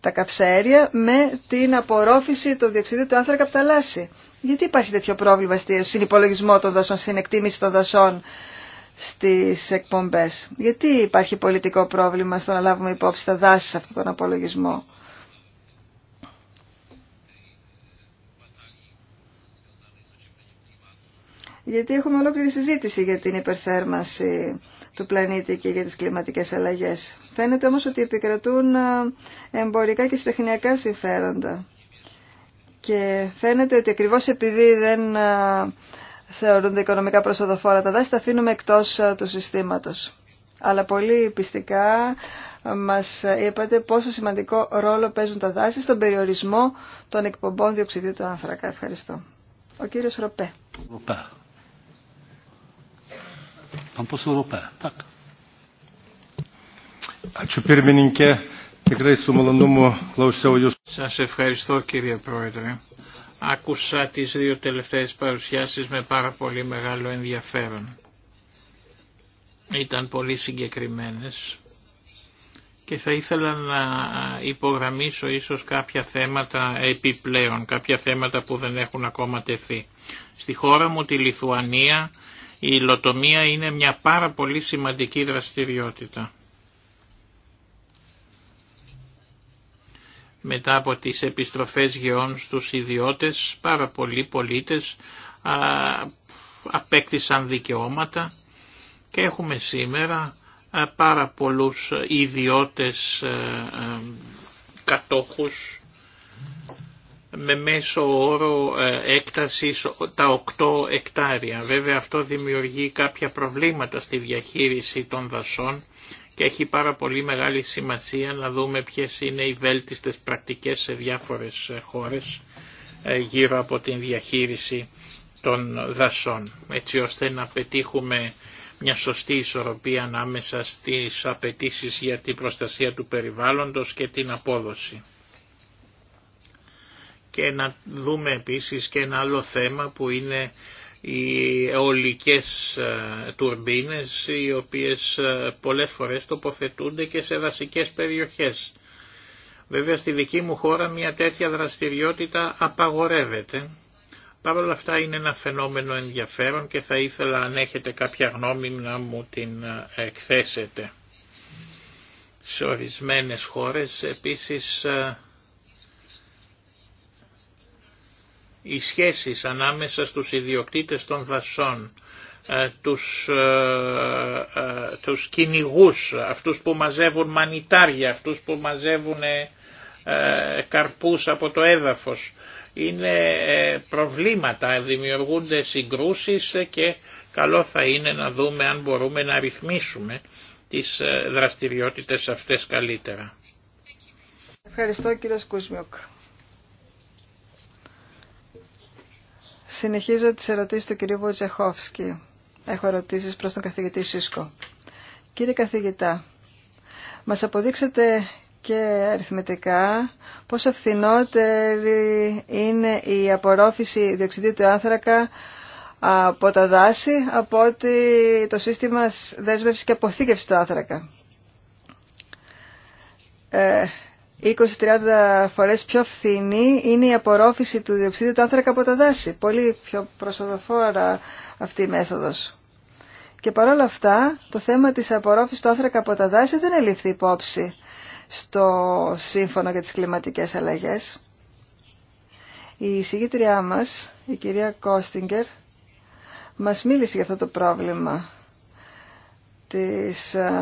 τα καυσαέρια με την απορρόφηση του διοξιδίου του άνθρακα από τα λάση. Γιατί υπάρχει τέτοιο πρόβλημα στην υπολογισμό των δασών, στην εκτίμηση των δασών στις εκπομπές. Γιατί υπάρχει πολιτικό πρόβλημα στο να λάβουμε υπόψη τα δάση σε αυτόν τον απολογισμό. Γιατί έχουμε ολόκληρη συζήτηση για την υπερθέρμανση του πλανήτη και για τις κλιματικές αλλαγές. Φαίνεται όμως ότι επικρατούν ε, εμπορικά και στεχνιακά συμφέροντα. Και φαίνεται ότι ακριβώς επειδή δεν ε, θεωρούνται οικονομικά προσοδοφόρα τα δάση, τα αφήνουμε εκτός ε, του συστήματος. Αλλά πολύ πιστικά μας είπατε πόσο σημαντικό ρόλο παίζουν τα δάση στον περιορισμό των εκπομπών διοξιδίου του άνθρακα. Ευχαριστώ. Ο κύριος Ροπέ. Pan Σας ευχαριστώ κύριε Πρόεδρε. Άκουσα τις δύο τελευταίες παρουσιάσεις με πάρα πολύ μεγάλο ενδιαφέρον. Ήταν πολύ συγκεκριμένες και θα ήθελα να υπογραμμίσω ίσως κάποια θέματα επιπλέον, κάποια θέματα που δεν έχουν ακόμα τεθεί. Στη χώρα μου, τη Λιθουανία, η υλοτομία είναι μια πάρα πολύ σημαντική δραστηριότητα. Μετά από τις επιστροφές γεών στους ιδιώτες, πάρα πολλοί πολίτες α, απέκτησαν δικαιώματα και έχουμε σήμερα πάρα πολλούς ιδιώτες ε, ε, κατόχους με μέσο όρο ε, έκτασης τα 8 εκτάρια. Βέβαια αυτό δημιουργεί κάποια προβλήματα στη διαχείριση των δασών και έχει πάρα πολύ μεγάλη σημασία να δούμε ποιες είναι οι βέλτιστες πρακτικές σε διάφορες ε, χώρες ε, γύρω από την διαχείριση των δασών, έτσι ώστε να πετύχουμε μια σωστή ισορροπία ανάμεσα στις απαιτήσεις για την προστασία του περιβάλλοντος και την απόδοση και να δούμε επίσης και ένα άλλο θέμα που είναι οι αιωλικές ε, τουρμπίνες οι οποίες ε, πολλές φορές τοποθετούνται και σε δασικές περιοχές. Βέβαια στη δική μου χώρα μια τέτοια δραστηριότητα απαγορεύεται. Παρ' όλα αυτά είναι ένα φαινόμενο ενδιαφέρον και θα ήθελα αν έχετε κάποια γνώμη να μου την ε, εκθέσετε. Σε ορισμένες χώρες επίσης οι σχέσεις ανάμεσα στους ιδιοκτήτες των δασών, ε, τους, ε, ε, τους κυνηγού, αυτούς που μαζεύουν μανιτάρια, αυτούς που μαζεύουν καρπούς από το έδαφος. Είναι προβλήματα, δημιουργούνται συγκρούσεις και καλό θα είναι να δούμε αν μπορούμε να ρυθμίσουμε τις δραστηριότητες αυτές καλύτερα. Ευχαριστώ κύριε Σκουσμιόκ. Συνεχίζω τις ερωτήσεις του κυρίου Βοτζεχόφσκι. Έχω ερωτήσεις προς τον καθηγητή Σίσκο. Κύριε καθηγητά, μας αποδείξατε και αριθμητικά πόσο φθηνότερη είναι η απορρόφηση διοξιδίου του άνθρακα από τα δάση από ότι το σύστημα δέσμευσης και αποθήκευσης του άνθρακα. Ε, 20-30 φορέ πιο φθηνή είναι η απορρόφηση του διοξίδιου του άνθρακα από τα δάση. Πολύ πιο προσοδοφόρα αυτή η μέθοδο. Και παρόλα αυτά, το θέμα της απορρόφησης του άνθρακα από τα δάση δεν ελήφθη υπόψη στο Σύμφωνο για τις Κλιματικές Αλλαγές. Η συγγήτριά μας, η κυρία Κόστιγκερ, μας μίλησε για αυτό το πρόβλημα της ε,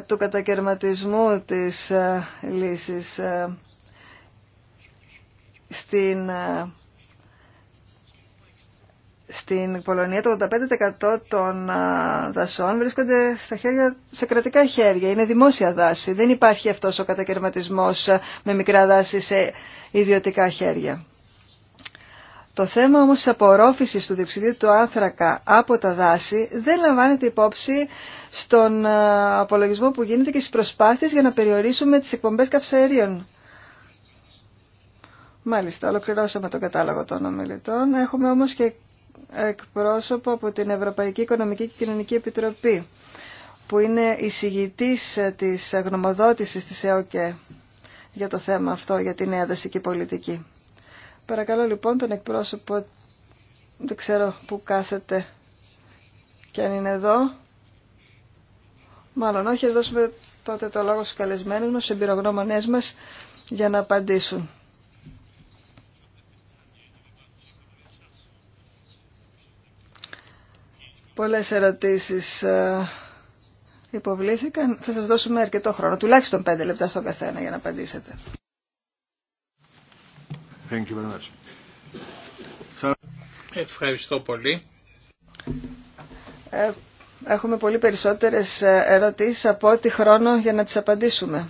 του κατακαιρματισμού της ε, λύσης ε, στην, ε, στην Πολωνία το 85% των δασών βρίσκονται στα χέρια, σε κρατικά χέρια. Είναι δημόσια δάση. Δεν υπάρχει αυτός ο κατακαιρματισμός με μικρά δάση σε ιδιωτικά χέρια. Το θέμα όμως της απορρόφησης του διοξιδίου του άνθρακα από τα δάση δεν λαμβάνεται υπόψη στον ε, απολογισμό που γίνεται και στις προσπάθειες για να περιορίσουμε τις εκπομπές καυσαερίων. Μάλιστα, ολοκληρώσαμε τον κατάλογο των ομιλητών. Έχουμε όμως και εκπρόσωπο από την Ευρωπαϊκή Οικονομική και Κοινωνική Επιτροπή που είναι εισηγητής ε, της γνωμοδότησης της ΕΟΚΕ για το θέμα αυτό, για τη νέα δασική πολιτική. Παρακαλώ λοιπόν τον εκπρόσωπο, δεν ξέρω που κάθεται και αν είναι εδώ. Μάλλον όχι, ας δώσουμε τότε το λόγο στους καλεσμένους μας, στους εμπειρογνώμονές μας για να απαντήσουν. Πολλές ερωτήσεις ε, υποβλήθηκαν. Θα σας δώσουμε αρκετό χρόνο, τουλάχιστον 5 λεπτά στον καθένα για να απαντήσετε. Ευχαριστώ πολύ. Ε, έχουμε πολύ περισσότερες ε, ερωτήσεις από ό,τι χρόνο για να τις απαντήσουμε.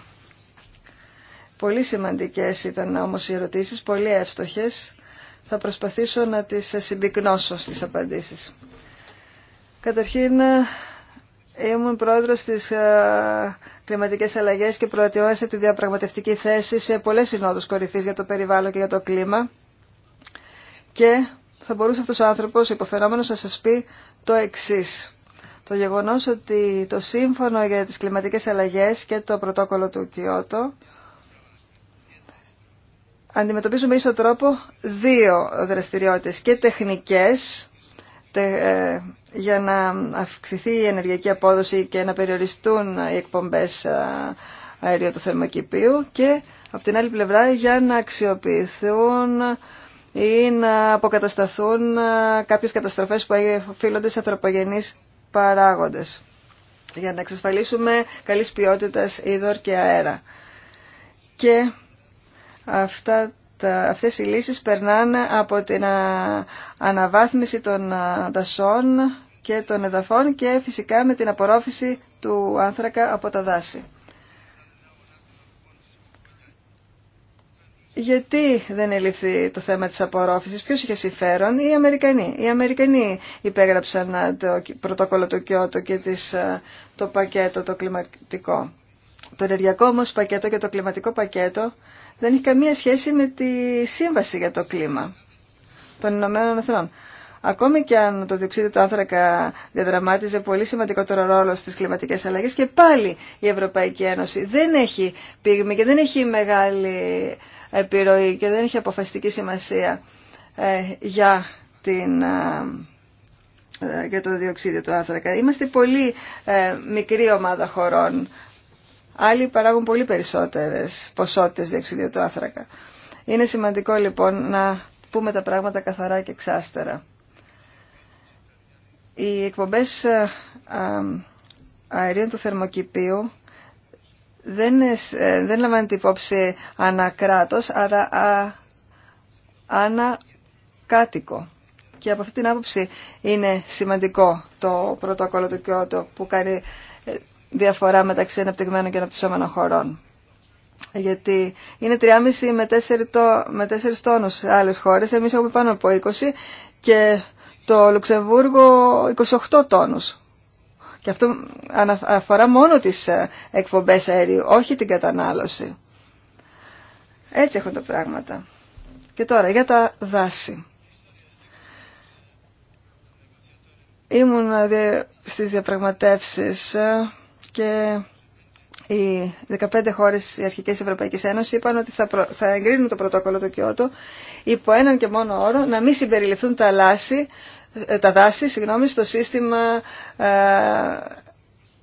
Πολύ σημαντικές ήταν όμως οι ερωτήσεις, πολύ εύστοχες. Θα προσπαθήσω να τις ε, συμπυκνώσω στις απαντήσεις. Καταρχήν, ήμουν πρόεδρος της κλιματικές αλλαγές και προετοιμάσει τη διαπραγματευτική θέση σε πολλές συνόδου κορυφή για το περιβάλλον και για το κλίμα. Και θα μπορούσε αυτό ο άνθρωπο, υποφερόμενο, να σα πει το εξή. Το γεγονός ότι το Σύμφωνο για τις Κλιματικές αλλαγέ και το Πρωτόκολλο του Κιώτο αντιμετωπίζουν με ίσο τρόπο δύο δραστηριότητε και τεχνικές, ε, για να αυξηθεί η ενεργειακή απόδοση και να περιοριστούν οι εκπομπές ε, αερίου του θερμοκηπίου και από την άλλη πλευρά για να αξιοποιηθούν ή να αποκατασταθούν ε, κάποιες καταστροφές που οφείλονται σε ανθρωπογενείς παράγοντες για να εξασφαλίσουμε καλής ποιότητας είδωρ και αέρα. Και αυτά αυτές οι λύσεις περνάνε από την ε, αναβάθμιση των δασών και των εδαφών και φυσικά με την απορρόφηση του άνθρακα από τα δάση. Γιατί δεν ελήφθη το θέμα της απορρόφησης, ποιος είχε συμφέρον, οι Αμερικανοί. Οι Αμερικανοί υπέγραψαν ε, το πρωτόκολλο του Κιώτο και ε, το πακέτο το κλιματικό. Το ενεργειακό όμως πακέτο και το κλιματικό πακέτο δεν έχει καμία σχέση με τη σύμβαση για το κλίμα των Ηνωμένων Εθνών. Ακόμη και αν το διοξείδιο του άνθρακα διαδραμάτιζε πολύ σημαντικότερο ρόλο στις κλιματικές αλλαγές και πάλι η Ευρωπαϊκή Ένωση δεν έχει πήγμη και δεν έχει μεγάλη επιρροή και δεν έχει αποφασιστική σημασία ε, για, την, ε, ε, το διοξείδιο του άνθρακα. Είμαστε πολύ μικρή ομάδα χωρών. Άλλοι παράγουν πολύ περισσότερες ποσότητες διοξιδίου του άνθρακα. Είναι σημαντικό λοιπόν να πούμε τα πράγματα καθαρά και εξάστερα. Οι εκπομπές ε, αερίων του θερμοκηπίου δεν, ε, δεν την υπόψη ανακράτος, αλλά ανακάτοικο. Και από αυτή την άποψη είναι σημαντικό το πρωτόκολλο του Κιώτο που κάνει ε, διαφορά μεταξύ αναπτυγμένων και αναπτυσσόμενων χωρών. Γιατί είναι 3,5 με 4, τόνου τόνους σε άλλες χώρες, εμείς έχουμε πάνω από 20 και το Λουξεμβούργο 28 τόνους. Και αυτό αφορά μόνο τις ε, εκπομπές αερίου, όχι την κατανάλωση. Έτσι έχουν τα πράγματα. Και τώρα για τα δάση. Ήμουν ε, στις διαπραγματεύσεις ε, και οι 15 χώρες οι αρχικέ Ευρωπαϊκής Ένωσης είπαν ότι θα, θα εγκρίνουν το πρωτόκολλο του Κιώτο υπό έναν και μόνο όρο να μην συμπεριληφθούν τα, ε, τα δάση συγγνώμη, στο σύστημα ε,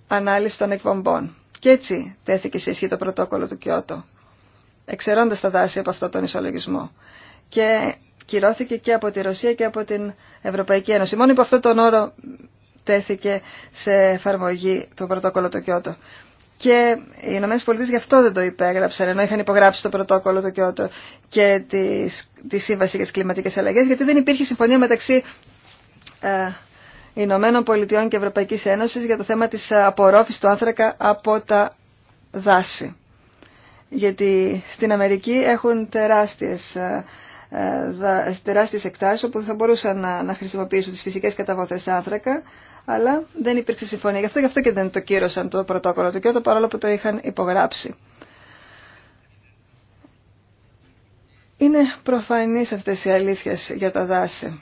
ανάλυση των εκπομπών. Και έτσι τέθηκε σε ισχύ το πρωτόκολλο του Κιώτο, εξαιρώντας τα δάση από αυτό τον ισολογισμό. Και κυρώθηκε και από τη Ρωσία και από την Ευρωπαϊκή Ένωση. Μόνο υπό αυτόν τον όρο τέθηκε σε εφαρμογή το πρωτόκολλο του Κιώτο. Και οι Ηνωμένε Πολιτείε γι' αυτό δεν το υπέγραψαν, ενώ είχαν υπογράψει το πρωτόκολλο του Κιώτο και τη, Σύμβαση για τι Κλιματικέ Αλλαγέ, γιατί δεν υπήρχε συμφωνία μεταξύ ε, Ηνωμένων Πολιτειών και Ευρωπαϊκή Ένωση για το θέμα τη ε, απορρόφηση του άνθρακα από τα δάση. Γιατί στην Αμερική έχουν τεράστιες, ε, ε τεράστιες εκτάσεις όπου θα μπορούσαν να, να χρησιμοποιήσουν τις φυσικές καταβόθρες άνθρακα αλλά δεν υπήρξε συμφωνία. Γι' αυτό, γι αυτό και δεν το κύρωσαν το πρωτόκολλο του Κιώτο, παρόλο που το είχαν υπογράψει. Είναι προφανείς αυτές οι αλήθειες για τα δάση.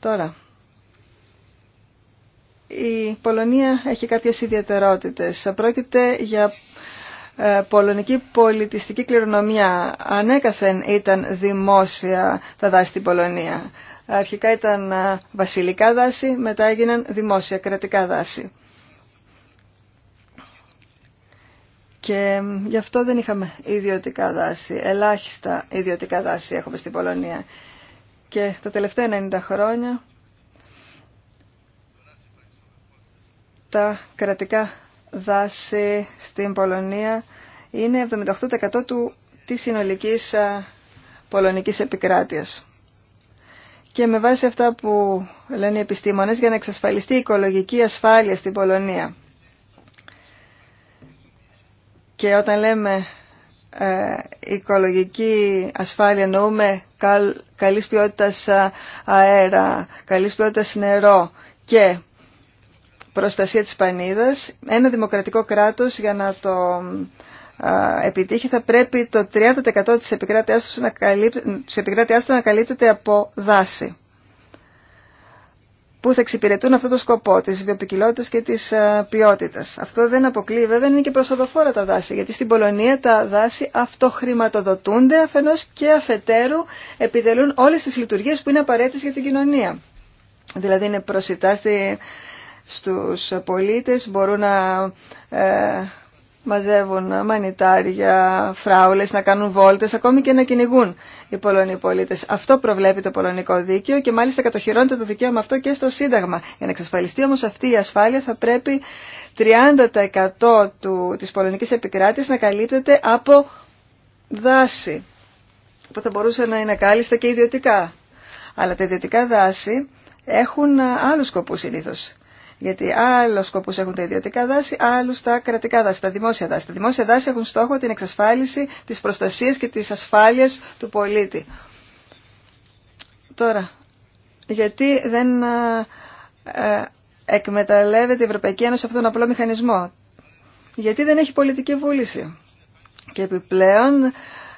Τώρα, η Πολωνία έχει κάποιες ιδιαιτερότητες. Πρόκειται για ε, πολωνική πολιτιστική κληρονομιά. Ανέκαθεν ήταν δημόσια τα δάση στην Πολωνία. Αρχικά ήταν βασιλικά δάση, μετά έγιναν δημόσια κρατικά δάση. Και γι' αυτό δεν είχαμε ιδιωτικά δάση, ελάχιστα ιδιωτικά δάση έχουμε στην Πολωνία. Και τα τελευταία 90 χρόνια τα κρατικά δάση στην Πολωνία είναι 78% του, της συνολικής πολωνικής επικράτειας και με βάση αυτά που λένε οι επιστήμονες για να εξασφαλιστεί η οικολογική ασφάλεια στην Πολωνία. Και όταν λέμε ε, οικολογική ασφάλεια εννοούμε καλ, καλής ποιότητας ε, αέρα, καλής ποιότητας νερό και προστασία της πανίδας, ένα δημοκρατικό κράτος για να το επιτύχει θα πρέπει το 30% της επικράτειάς του να, να καλύπτεται από δάση που θα εξυπηρετούν αυτό το σκοπό της βιοπικιλότητας και της ποιότητας. Αυτό δεν αποκλείει βέβαια, είναι και προσοδοφόρα τα δάση, γιατί στην Πολωνία τα δάση αυτοχρηματοδοτούνται αφενός και αφετέρου επιτελούν όλες τις λειτουργίες που είναι απαραίτητες για την κοινωνία. Δηλαδή είναι προσιτά στους πολίτες, μπορούν να ε, μαζεύουν μανιτάρια, φράουλες, να κάνουν βόλτες, ακόμη και να κυνηγούν οι Πολωνοί πολίτες. Αυτό προβλέπει το πολωνικό δίκαιο και μάλιστα κατοχυρώνεται το δικαίωμα αυτό και στο Σύνταγμα. Για να εξασφαλιστεί όμως αυτή η ασφάλεια θα πρέπει 30% του, της πολωνικής επικράτειας να καλύπτεται από δάση που θα μπορούσε να είναι κάλλιστα και ιδιωτικά. Αλλά τα ιδιωτικά δάση έχουν άλλους σκοπούς συνήθως. Γιατί άλλο σκοπού έχουν τα ιδιωτικά δάση, άλλου τα κρατικά δάση, τα δημόσια δάση. Τα δημόσια δάση έχουν στόχο την εξασφάλιση τη προστασία και τη ασφάλεια του πολίτη. Τώρα, γιατί δεν ε, εκμεταλλεύεται η Ευρωπαϊκή Ένωση αυτόν τον απλό μηχανισμό. Γιατί δεν έχει πολιτική βούληση. Και επιπλέον,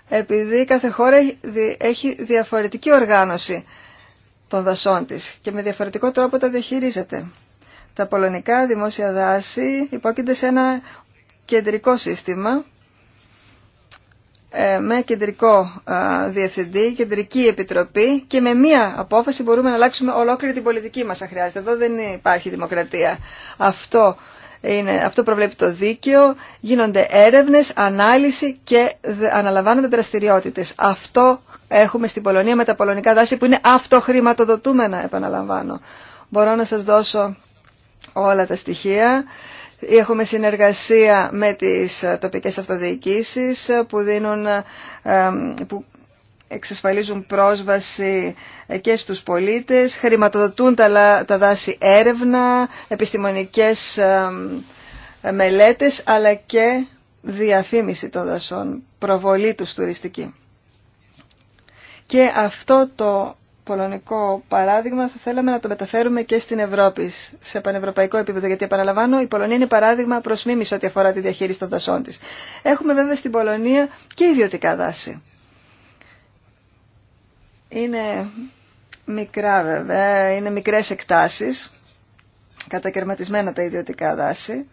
επειδή κάθε χώρα έχει διαφορετική οργάνωση των δασών της και με διαφορετικό τρόπο τα διαχειρίζεται. Τα πολωνικά δημόσια δάση υπόκεινται σε ένα κεντρικό σύστημα ε, με κεντρικό διευθυντή, κεντρική επιτροπή και με μία απόφαση μπορούμε να αλλάξουμε ολόκληρη την πολιτική μας αν χρειάζεται. Εδώ δεν υπάρχει δημοκρατία. Αυτό, είναι, αυτό προβλέπει το δίκαιο. Γίνονται έρευνες, ανάλυση και αναλαμβάνονται δραστηριότητες. Αυτό έχουμε στην Πολωνία με τα πολωνικά δάση που είναι αυτοχρηματοδοτούμενα, επαναλαμβάνω. Μπορώ να σας δώσω όλα τα στοιχεία. Έχουμε συνεργασία με τις ε, τοπικές αυτοδιοικήσεις ε, που, δίνουν, ε, που εξασφαλίζουν πρόσβαση και στους πολίτες, χρηματοδοτούν τα δάση έρευνα, επιστημονικές μελέτες, αλλά και διαφήμιση των δασών, προβολή τους τουριστική. Και αυτό το πολωνικό παράδειγμα θα θέλαμε να το μεταφέρουμε και στην Ευρώπη σε πανευρωπαϊκό επίπεδο. Γιατί, επαναλαμβάνω, η Πολωνία είναι παράδειγμα προ μίμηση ό,τι αφορά τη διαχείριση των δασών τη. Έχουμε βέβαια στην Πολωνία και ιδιωτικά δάση. Είναι μικρά βέβαια, είναι μικρές εκτάσεις, κατακαιρματισμένα τα ιδιωτικά δάση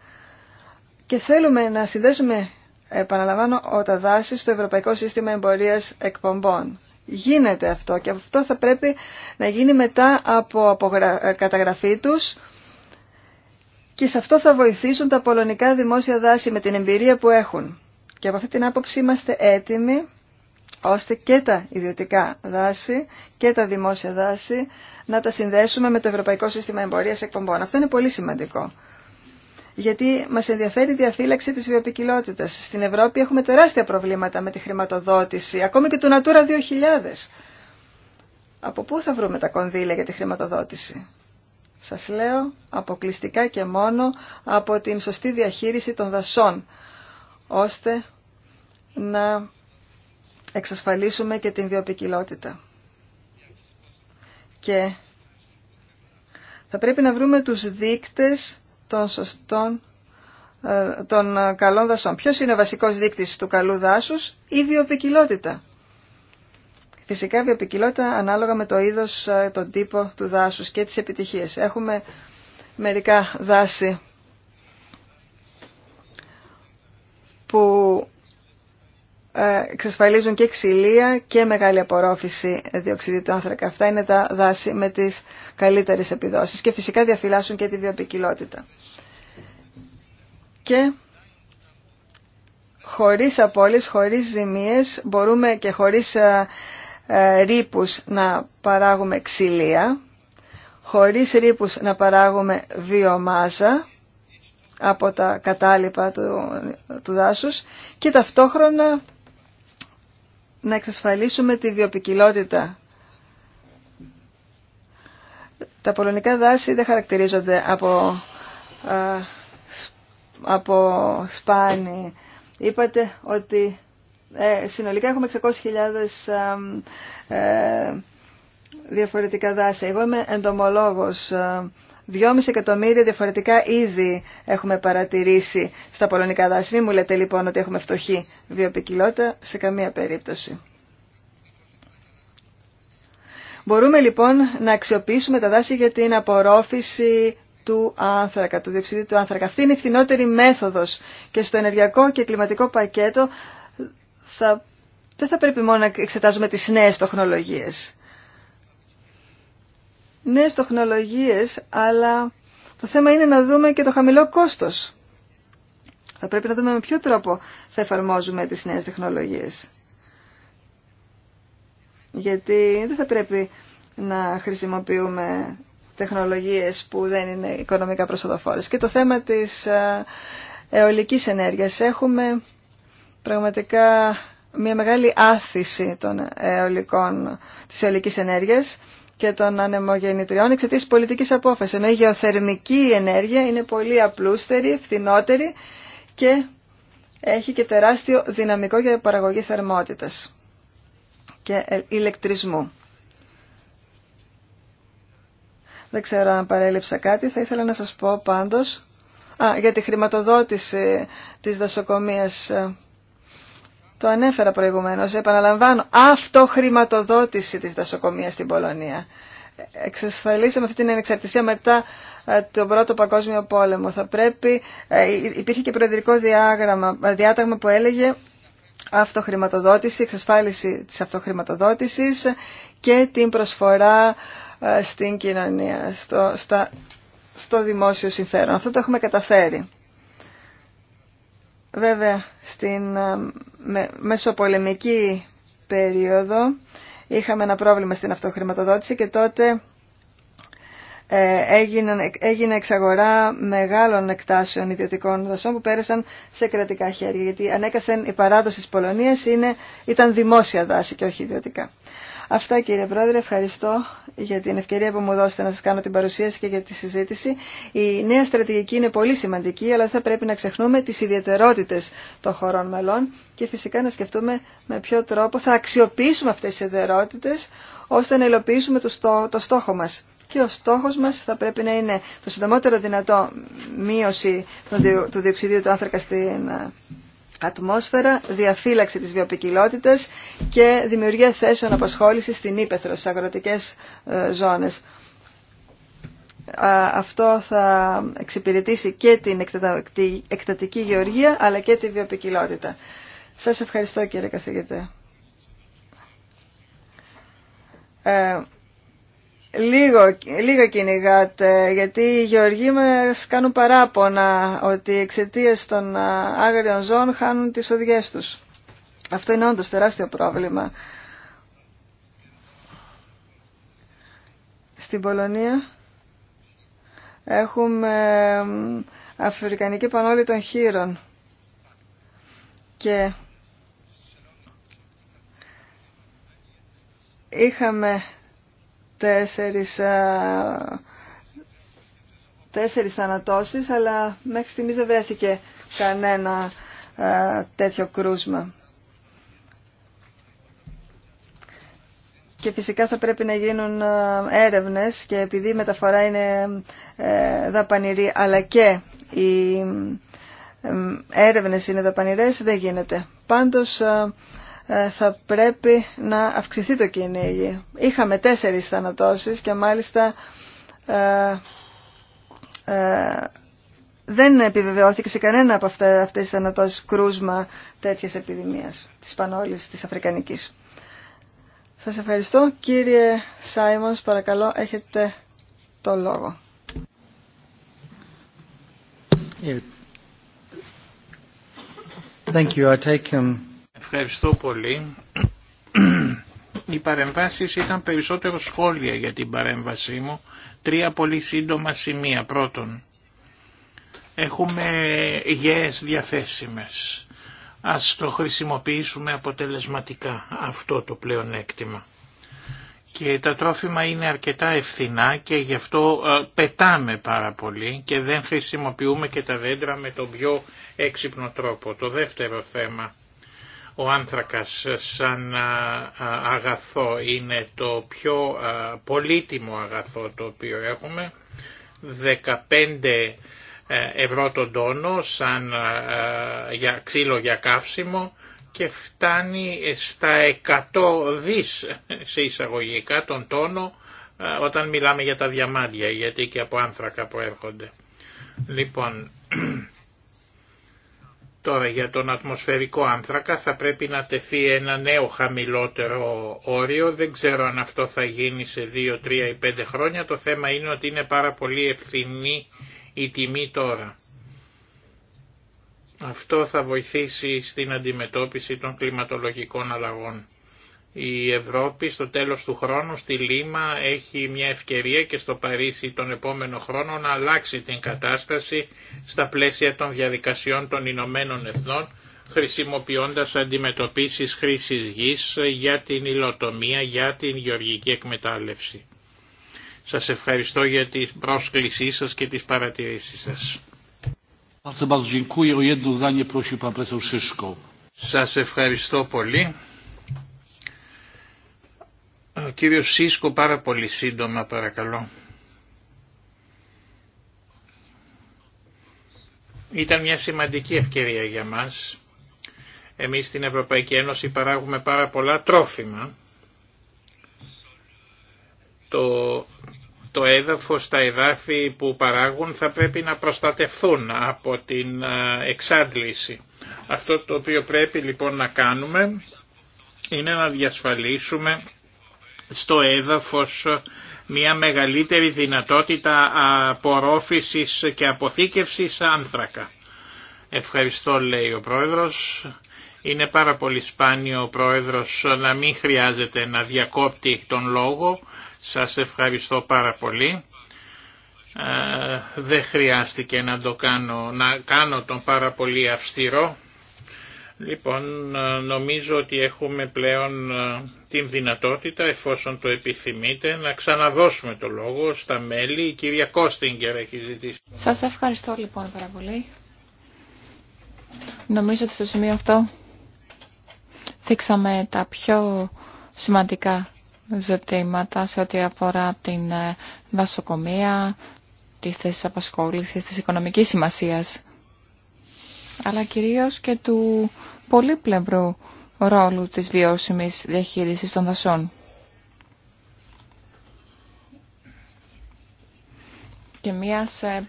και θέλουμε να συνδέσουμε, επαναλαμβάνω, τα δάση στο Ευρωπαϊκό Σύστημα εμπορία Εκπομπών. Γίνεται αυτό και αυτό θα πρέπει να γίνει μετά από ε, καταγραφή τους και σε αυτό θα βοηθήσουν τα πολωνικά δημόσια δάση με την εμπειρία που έχουν. Και από αυτή την άποψη είμαστε έτοιμοι ώστε και τα ιδιωτικά δάση και τα δημόσια δάση να τα συνδέσουμε με το Ευρωπαϊκό Σύστημα Εμπορίας Εκπομπών. Αυτό είναι πολύ σημαντικό γιατί μας ενδιαφέρει η διαφύλαξη της βιοπικιλότητας. Στην Ευρώπη έχουμε τεράστια προβλήματα με τη χρηματοδότηση, ακόμη και του Natura 2000. Από πού θα βρούμε τα κονδύλια για τη χρηματοδότηση. Σας λέω αποκλειστικά και μόνο από την σωστή διαχείριση των δασών, ώστε να εξασφαλίσουμε και την βιοπικιλότητα. Και θα πρέπει να βρούμε τους δείκτες των σωστών ε, των ε, καλών δασών. Ποιος είναι ο βασικός δείκτης του καλού δάσους? Η βιοπικιλότητα. Φυσικά βιοπικιλότητα ανάλογα με το είδος, ε, τον τύπο του δάσους και τις επιτυχίες. Έχουμε μερικά δάση που ε, εξασφαλίζουν και ξυλία και μεγάλη απορρόφηση διοξιδίου του άνθρακα. Αυτά είναι τα δάση με τις καλύτερες επιδόσεις και φυσικά διαφυλάσσουν και τη βιοπικιλότητα. Και χωρίς απώλειες, χωρίς ζημίες, μπορούμε και χωρίς ε, ε, ρήπους να παράγουμε ξυλία, χωρίς ρήπους να παράγουμε βιομάζα από τα κατάλοιπα του, του δάσους και ταυτόχρονα να εξασφαλίσουμε τη βιοπικιλότητα. Τα πολωνικά δάση δεν χαρακτηρίζονται από, από σπάνι. Είπατε ότι ε, συνολικά έχουμε 600.000 ε, διαφορετικά δάση. Εγώ είμαι εντομολόγος 2,5 εκατομμύρια διαφορετικά είδη έχουμε παρατηρήσει στα πολωνικά δάση. Μην μου λέτε λοιπόν ότι έχουμε φτωχή βιοπικιλότητα σε καμία περίπτωση. Μπορούμε λοιπόν να αξιοποιήσουμε τα δάση για την απορρόφηση του άνθρακα, του διοξιδίου του άνθρακα. Αυτή είναι η φθηνότερη μέθοδος και στο ενεργειακό και κλιματικό πακέτο θα, δεν θα πρέπει μόνο να εξετάζουμε τις νέες τεχνολογίες νέες τεχνολογίες, αλλά το θέμα είναι να δούμε και το χαμηλό κόστος. Θα πρέπει να δούμε με ποιο τρόπο θα εφαρμόζουμε τις νέες τεχνολογίες. Γιατί δεν θα πρέπει να χρησιμοποιούμε τεχνολογίες που δεν είναι οικονομικά προσοδοφόρες. Και το θέμα της ε, αιωλικής ενέργειας. Έχουμε πραγματικά μια μεγάλη άθηση των αιωλικών, της αιωλικής ενέργειας και των ανεμογεννητριών εξαιτία τη πολιτική απόφαση. Ενώ η γεωθερμική ενέργεια είναι πολύ απλούστερη, φθηνότερη και έχει και τεράστιο δυναμικό για παραγωγή θερμότητας και ηλεκτρισμού. Δεν ξέρω αν παρέλειψα κάτι. Θα ήθελα να σας πω πάντως για τη χρηματοδότηση της δασοκομείας ε, το ανέφερα προηγουμένως, επαναλαμβάνω, αυτοχρηματοδότηση της δασοκομείας στην Πολωνία. Εξασφαλίσαμε αυτή την ανεξαρτησία μετά ε, τον Πρώτο Παγκόσμιο Πόλεμο. Θα πρέπει, ε, υπήρχε και προεδρικό διάγραμμα, ε, διάταγμα που έλεγε αυτοχρηματοδότηση, εξασφάλιση της αυτοχρηματοδότησης και την προσφορά στην κοινωνία, στο, στο δημόσιο συμφέρον. Αυτό το έχουμε καταφέρει. Βέβαια, στην ε, μεσοπολεμική περίοδο είχαμε ένα πρόβλημα στην αυτοχρηματοδότηση και τότε ε, έγινε, έγινε εξαγορά μεγάλων εκτάσεων ιδιωτικών δασών που πέρασαν σε κρατικά χέρια. Γιατί ανέκαθεν η παράδοση της Πολωνίας είναι, ήταν δημόσια δάση και όχι ιδιωτικά. Αυτά κύριε Πρόεδρε, ευχαριστώ για την ευκαιρία που μου δώσετε να σας κάνω την παρουσίαση και για τη συζήτηση. Η νέα στρατηγική είναι πολύ σημαντική, αλλά θα πρέπει να ξεχνούμε τις ιδιαιτερότητες των χωρών μελών και φυσικά να σκεφτούμε με ποιο τρόπο θα αξιοποιήσουμε αυτές τις ιδιαιτερότητες ώστε να υλοποιήσουμε το στόχο μας. Και ο στόχος μας θα πρέπει να είναι το συντομότερο δυνατό μείωση του διοξιδίου του άνθρακα στην ατμόσφαιρα, διαφύλαξη της βιοπικιλότητας και δημιουργία θέσεων απασχόλησης στην Ήπεθρο, στις αγροτικές ε, ζώνες. Αυτό θα εξυπηρετήσει και την εκτατική γεωργία αλλά και τη βιοπικιλότητα. Σας ευχαριστώ κύριε καθηγητέ. Ε, Λίγο, λίγο κυνηγάτε, γιατί οι γεωργοί μας κάνουν παράπονα ότι εξαιτία των άγριων ζώων χάνουν τις οδηγίες τους. Αυτό είναι όντως τεράστιο πρόβλημα. Στην Πολωνία έχουμε αφρικανική πανόλη των χείρων και είχαμε τέσσερις, τέσσερις θανατώσεις, αλλά μέχρι στιγμής δεν βρέθηκε κανένα τέτοιο κρούσμα. Και φυσικά θα πρέπει να γίνουν έρευνες και επειδή η μεταφορά είναι ε, δαπανηρή αλλά και οι έρευνες είναι δαπανηρές δεν γίνεται. Πάντως ε, θα πρέπει να αυξηθεί το κυνήγι. Είχαμε τέσσερις θανατώσεις και μάλιστα ε, ε, δεν επιβεβαιώθηκε σε κανένα από αυτά, αυτές τις θανατώσεις κρούσμα τέτοιας επιδημίας της πανόλης της Αφρικανικής. Σας ευχαριστώ. Κύριε Σάιμονς, παρακαλώ, έχετε το λόγο. Thank you. Um, Ευχαριστώ πολύ. Οι παρεμβάσεις ήταν περισσότερο σχόλια για την παρέμβασή μου. Τρία πολύ σύντομα σημεία. Πρώτον, έχουμε γέες διαθέσιμες. Ας το χρησιμοποιήσουμε αποτελεσματικά αυτό το πλεονέκτημα. Και τα τρόφιμα είναι αρκετά ευθυνά και γι' αυτό ε, πετάμε πάρα πολύ και δεν χρησιμοποιούμε και τα δέντρα με τον πιο έξυπνο τρόπο. Το δεύτερο θέμα ο άνθρακας σαν αγαθό είναι το πιο πολύτιμο αγαθό το οποίο έχουμε. 15 ε, ευρώ τον τόνο σαν για, ξύλο για καύσιμο και φτάνει στα 100 δις σε εισαγωγικά τον τόνο όταν μιλάμε για τα διαμάντια γιατί και από άνθρακα προέρχονται. Λοιπόν, Τώρα για τον ατμοσφαιρικό άνθρακα θα πρέπει να τεθεί ένα νέο χαμηλότερο όριο. Δεν ξέρω αν αυτό θα γίνει σε 2, 3 ή 5 χρόνια. Το θέμα είναι ότι είναι πάρα πολύ ευθυνή η τιμή τώρα. Αυτό θα βοηθήσει στην αντιμετώπιση των κλιματολογικών αλλαγών. Η Ευρώπη στο τέλος του χρόνου στη Λίμα έχει μια ευκαιρία και στο Παρίσι τον επόμενο χρόνο να αλλάξει την κατάσταση στα πλαίσια των διαδικασιών των Ηνωμένων Εθνών χρησιμοποιώντας αντιμετωπίσεις χρήσης γης για την υλοτομία, για την γεωργική εκμετάλλευση. Σας ευχαριστώ για την πρόσκλησή σας και τις παρατηρήσεις σας. Σας ευχαριστώ πολύ. Ο κύριος Σίσκο πάρα πολύ σύντομα παρακαλώ. Ήταν μια σημαντική ευκαιρία για μας. Εμείς στην Ευρωπαϊκή Ένωση παράγουμε πάρα πολλά τρόφιμα. Το, το έδαφος, τα εδάφη που παράγουν θα πρέπει να προστατευθούν από την ε, εξάντληση. Αυτό το οποίο πρέπει λοιπόν να κάνουμε είναι να διασφαλίσουμε στο έδαφος μια μεγαλύτερη δυνατότητα απορρόφησης και αποθήκευσης άνθρακα. Ευχαριστώ λέει ο Πρόεδρος. Είναι πάρα πολύ σπάνιο ο Πρόεδρος να μην χρειάζεται να διακόπτει τον λόγο. Σας ευχαριστώ πάρα πολύ. Ε, δεν χρειάστηκε να το κάνω, να κάνω τον πάρα πολύ αυστηρό. Λοιπόν, ε, νομίζω ότι έχουμε πλέον ε, την δυνατότητα, εφόσον το επιθυμείτε, να ξαναδώσουμε το λόγο στα μέλη. Η κυρία Κώστιγκερ έχει ζητήσει. Σας ευχαριστώ λοιπόν πάρα πολύ. Νομίζω ότι στο σημείο αυτό δείξαμε τα πιο σημαντικά ζητήματα σε ό,τι αφορά την ε, δασοκομεία, τις θέση απασχόληση, τη οικονομική σημασία αλλά κυρίως και του πολύπλευρου ρόλου της βιώσιμης διαχείρισης των δασών. Και μιας ε,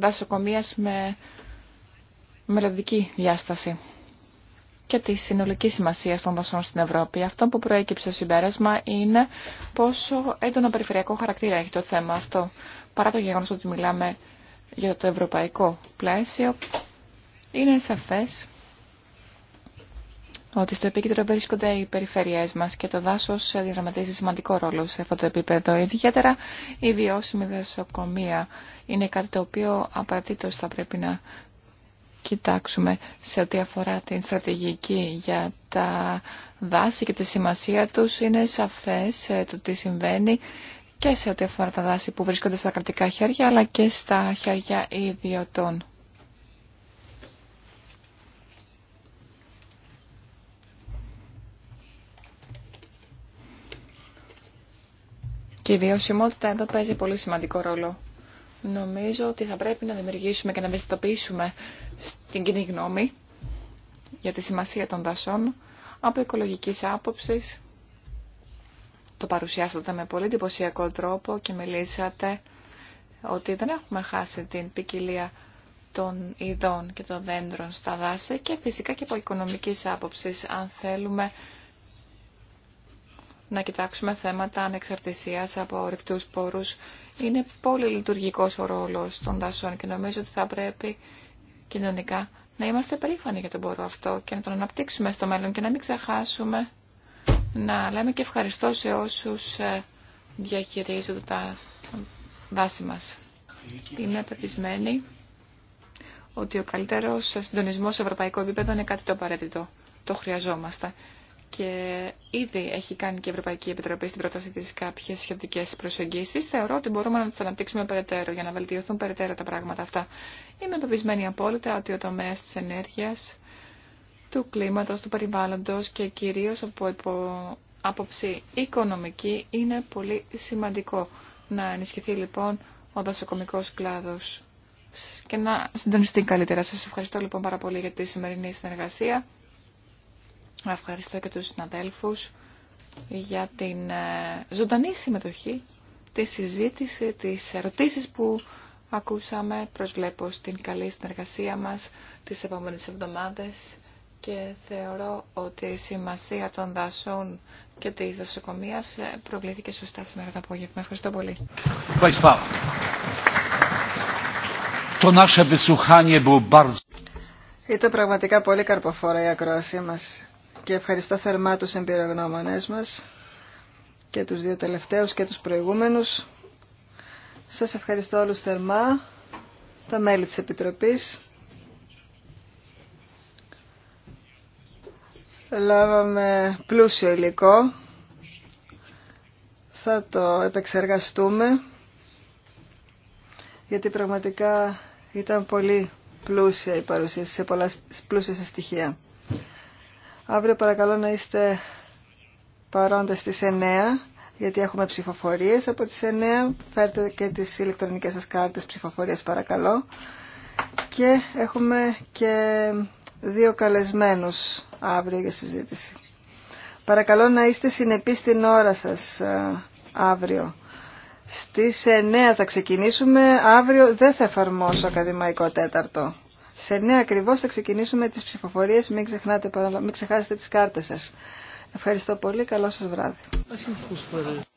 δασοκομείας με μελλοντική διάσταση και τη συνολική σημασία των δασών στην Ευρώπη. Αυτό που προέκυψε στο συμπέρασμα είναι πόσο έντονο περιφερειακό χαρακτήρα έχει το θέμα αυτό. Παρά το γεγονός ότι μιλάμε για το ευρωπαϊκό πλαίσιο, είναι σαφές ότι στο επίκεντρο βρίσκονται οι περιφερειές μας και το δάσος διαδραματίζει σημαντικό ρόλο σε αυτό το επίπεδο. Ιδιαίτερα η βιώσιμη δασοκομεία είναι κάτι το οποίο απαραίτητο θα πρέπει να κοιτάξουμε σε ό,τι αφορά την στρατηγική για τα δάση και τη σημασία τους. Είναι σαφές ε, το τι συμβαίνει και σε ό,τι αφορά τα δάση που βρίσκονται στα κρατικά χέρια αλλά και στα χέρια ιδιωτών. Και η βιωσιμότητα εδώ παίζει πολύ σημαντικό ρόλο. Νομίζω ότι θα πρέπει να δημιουργήσουμε και να ευαισθητοποιήσουμε στην κοινή γνώμη για τη σημασία των δασών από οικολογική άποψη. Το παρουσιάσατε με πολύ εντυπωσιακό τρόπο και μιλήσατε ότι δεν έχουμε χάσει την ποικιλία των ειδών και των δέντρων στα δάση και φυσικά και από οικονομικής άποψης αν θέλουμε να κοιτάξουμε θέματα ανεξαρτησίας από ορυκτούς πόρους. Είναι πολύ λειτουργικός ο ρόλος των δασών και νομίζω ότι θα πρέπει κοινωνικά να είμαστε περήφανοι για τον πόρο αυτό και να τον αναπτύξουμε στο μέλλον και να μην ξεχάσουμε να λέμε και ευχαριστώ σε όσους ε, διαχειρίζονται τα δάση μας. Είμαι πεπισμένη ότι ο καλύτερος συντονισμός σε ευρωπαϊκό επίπεδο είναι κάτι το απαραίτητο. Το χρειαζόμαστε και ήδη έχει κάνει και η Ευρωπαϊκή Επιτροπή στην πρόταση της κάποιες σχετικές προσεγγίσεις, θεωρώ ότι μπορούμε να τις αναπτύξουμε περαιτέρω για να βελτιωθούν περαιτέρω τα πράγματα αυτά. Είμαι πεπισμένη απόλυτα ότι ο τομέας της ενέργειας, του κλίματος, του περιβάλλοντος και κυρίως από υπο... άποψη οικονομική είναι πολύ σημαντικό να ενισχυθεί λοιπόν ο δασοκομικός κλάδος και να συντονιστεί καλύτερα. Σας ευχαριστώ λοιπόν πάρα πολύ για τη σημερινή συνεργασία. Να ευχαριστώ και τους συναδέλφους για την ε, ζωντανή συμμετοχή, τη συζήτηση, τις ερωτήσεις που ακούσαμε. Προσβλέπω στην καλή συνεργασία μας τις επόμενες εβδομάδες και θεωρώ ότι η σημασία των δασών και της δασοκομείας ε, προβλήθηκε σωστά σήμερα το απόγευμα. Ευχαριστώ πολύ. Ήταν πραγματικά πολύ καρποφόρα η ακρόασή μας και ευχαριστώ θερμά τους εμπειρογνώμονές μας και τους δύο τελευταίους και τους προηγούμενους. Σας ευχαριστώ όλους θερμά, τα μέλη της Επιτροπής. Λάβαμε πλούσιο υλικό. Θα το επεξεργαστούμε γιατί πραγματικά ήταν πολύ πλούσια η παρουσίαση σε πολλά πλούσια στοιχεία. Αύριο παρακαλώ να είστε παρόντες στις 9 γιατί έχουμε ψηφοφορίες από τις 9. Φέρτε και τις ηλεκτρονικές σας κάρτες ψηφοφορίας παρακαλώ. Και έχουμε και δύο καλεσμένους αύριο για συζήτηση. Παρακαλώ να είστε συνεπείς στην ώρα σας ε, αύριο. Στις 9 θα ξεκινήσουμε. Αύριο δεν θα εφαρμόσω ακαδημαϊκό τέταρτο. Σε 9 ακριβώς θα ξεκινήσουμε τις ψηφοφορίες. Μην, ξεχνάτε, μην ξεχάσετε τις κάρτες σας. Ευχαριστώ πολύ. Καλό σας βράδυ.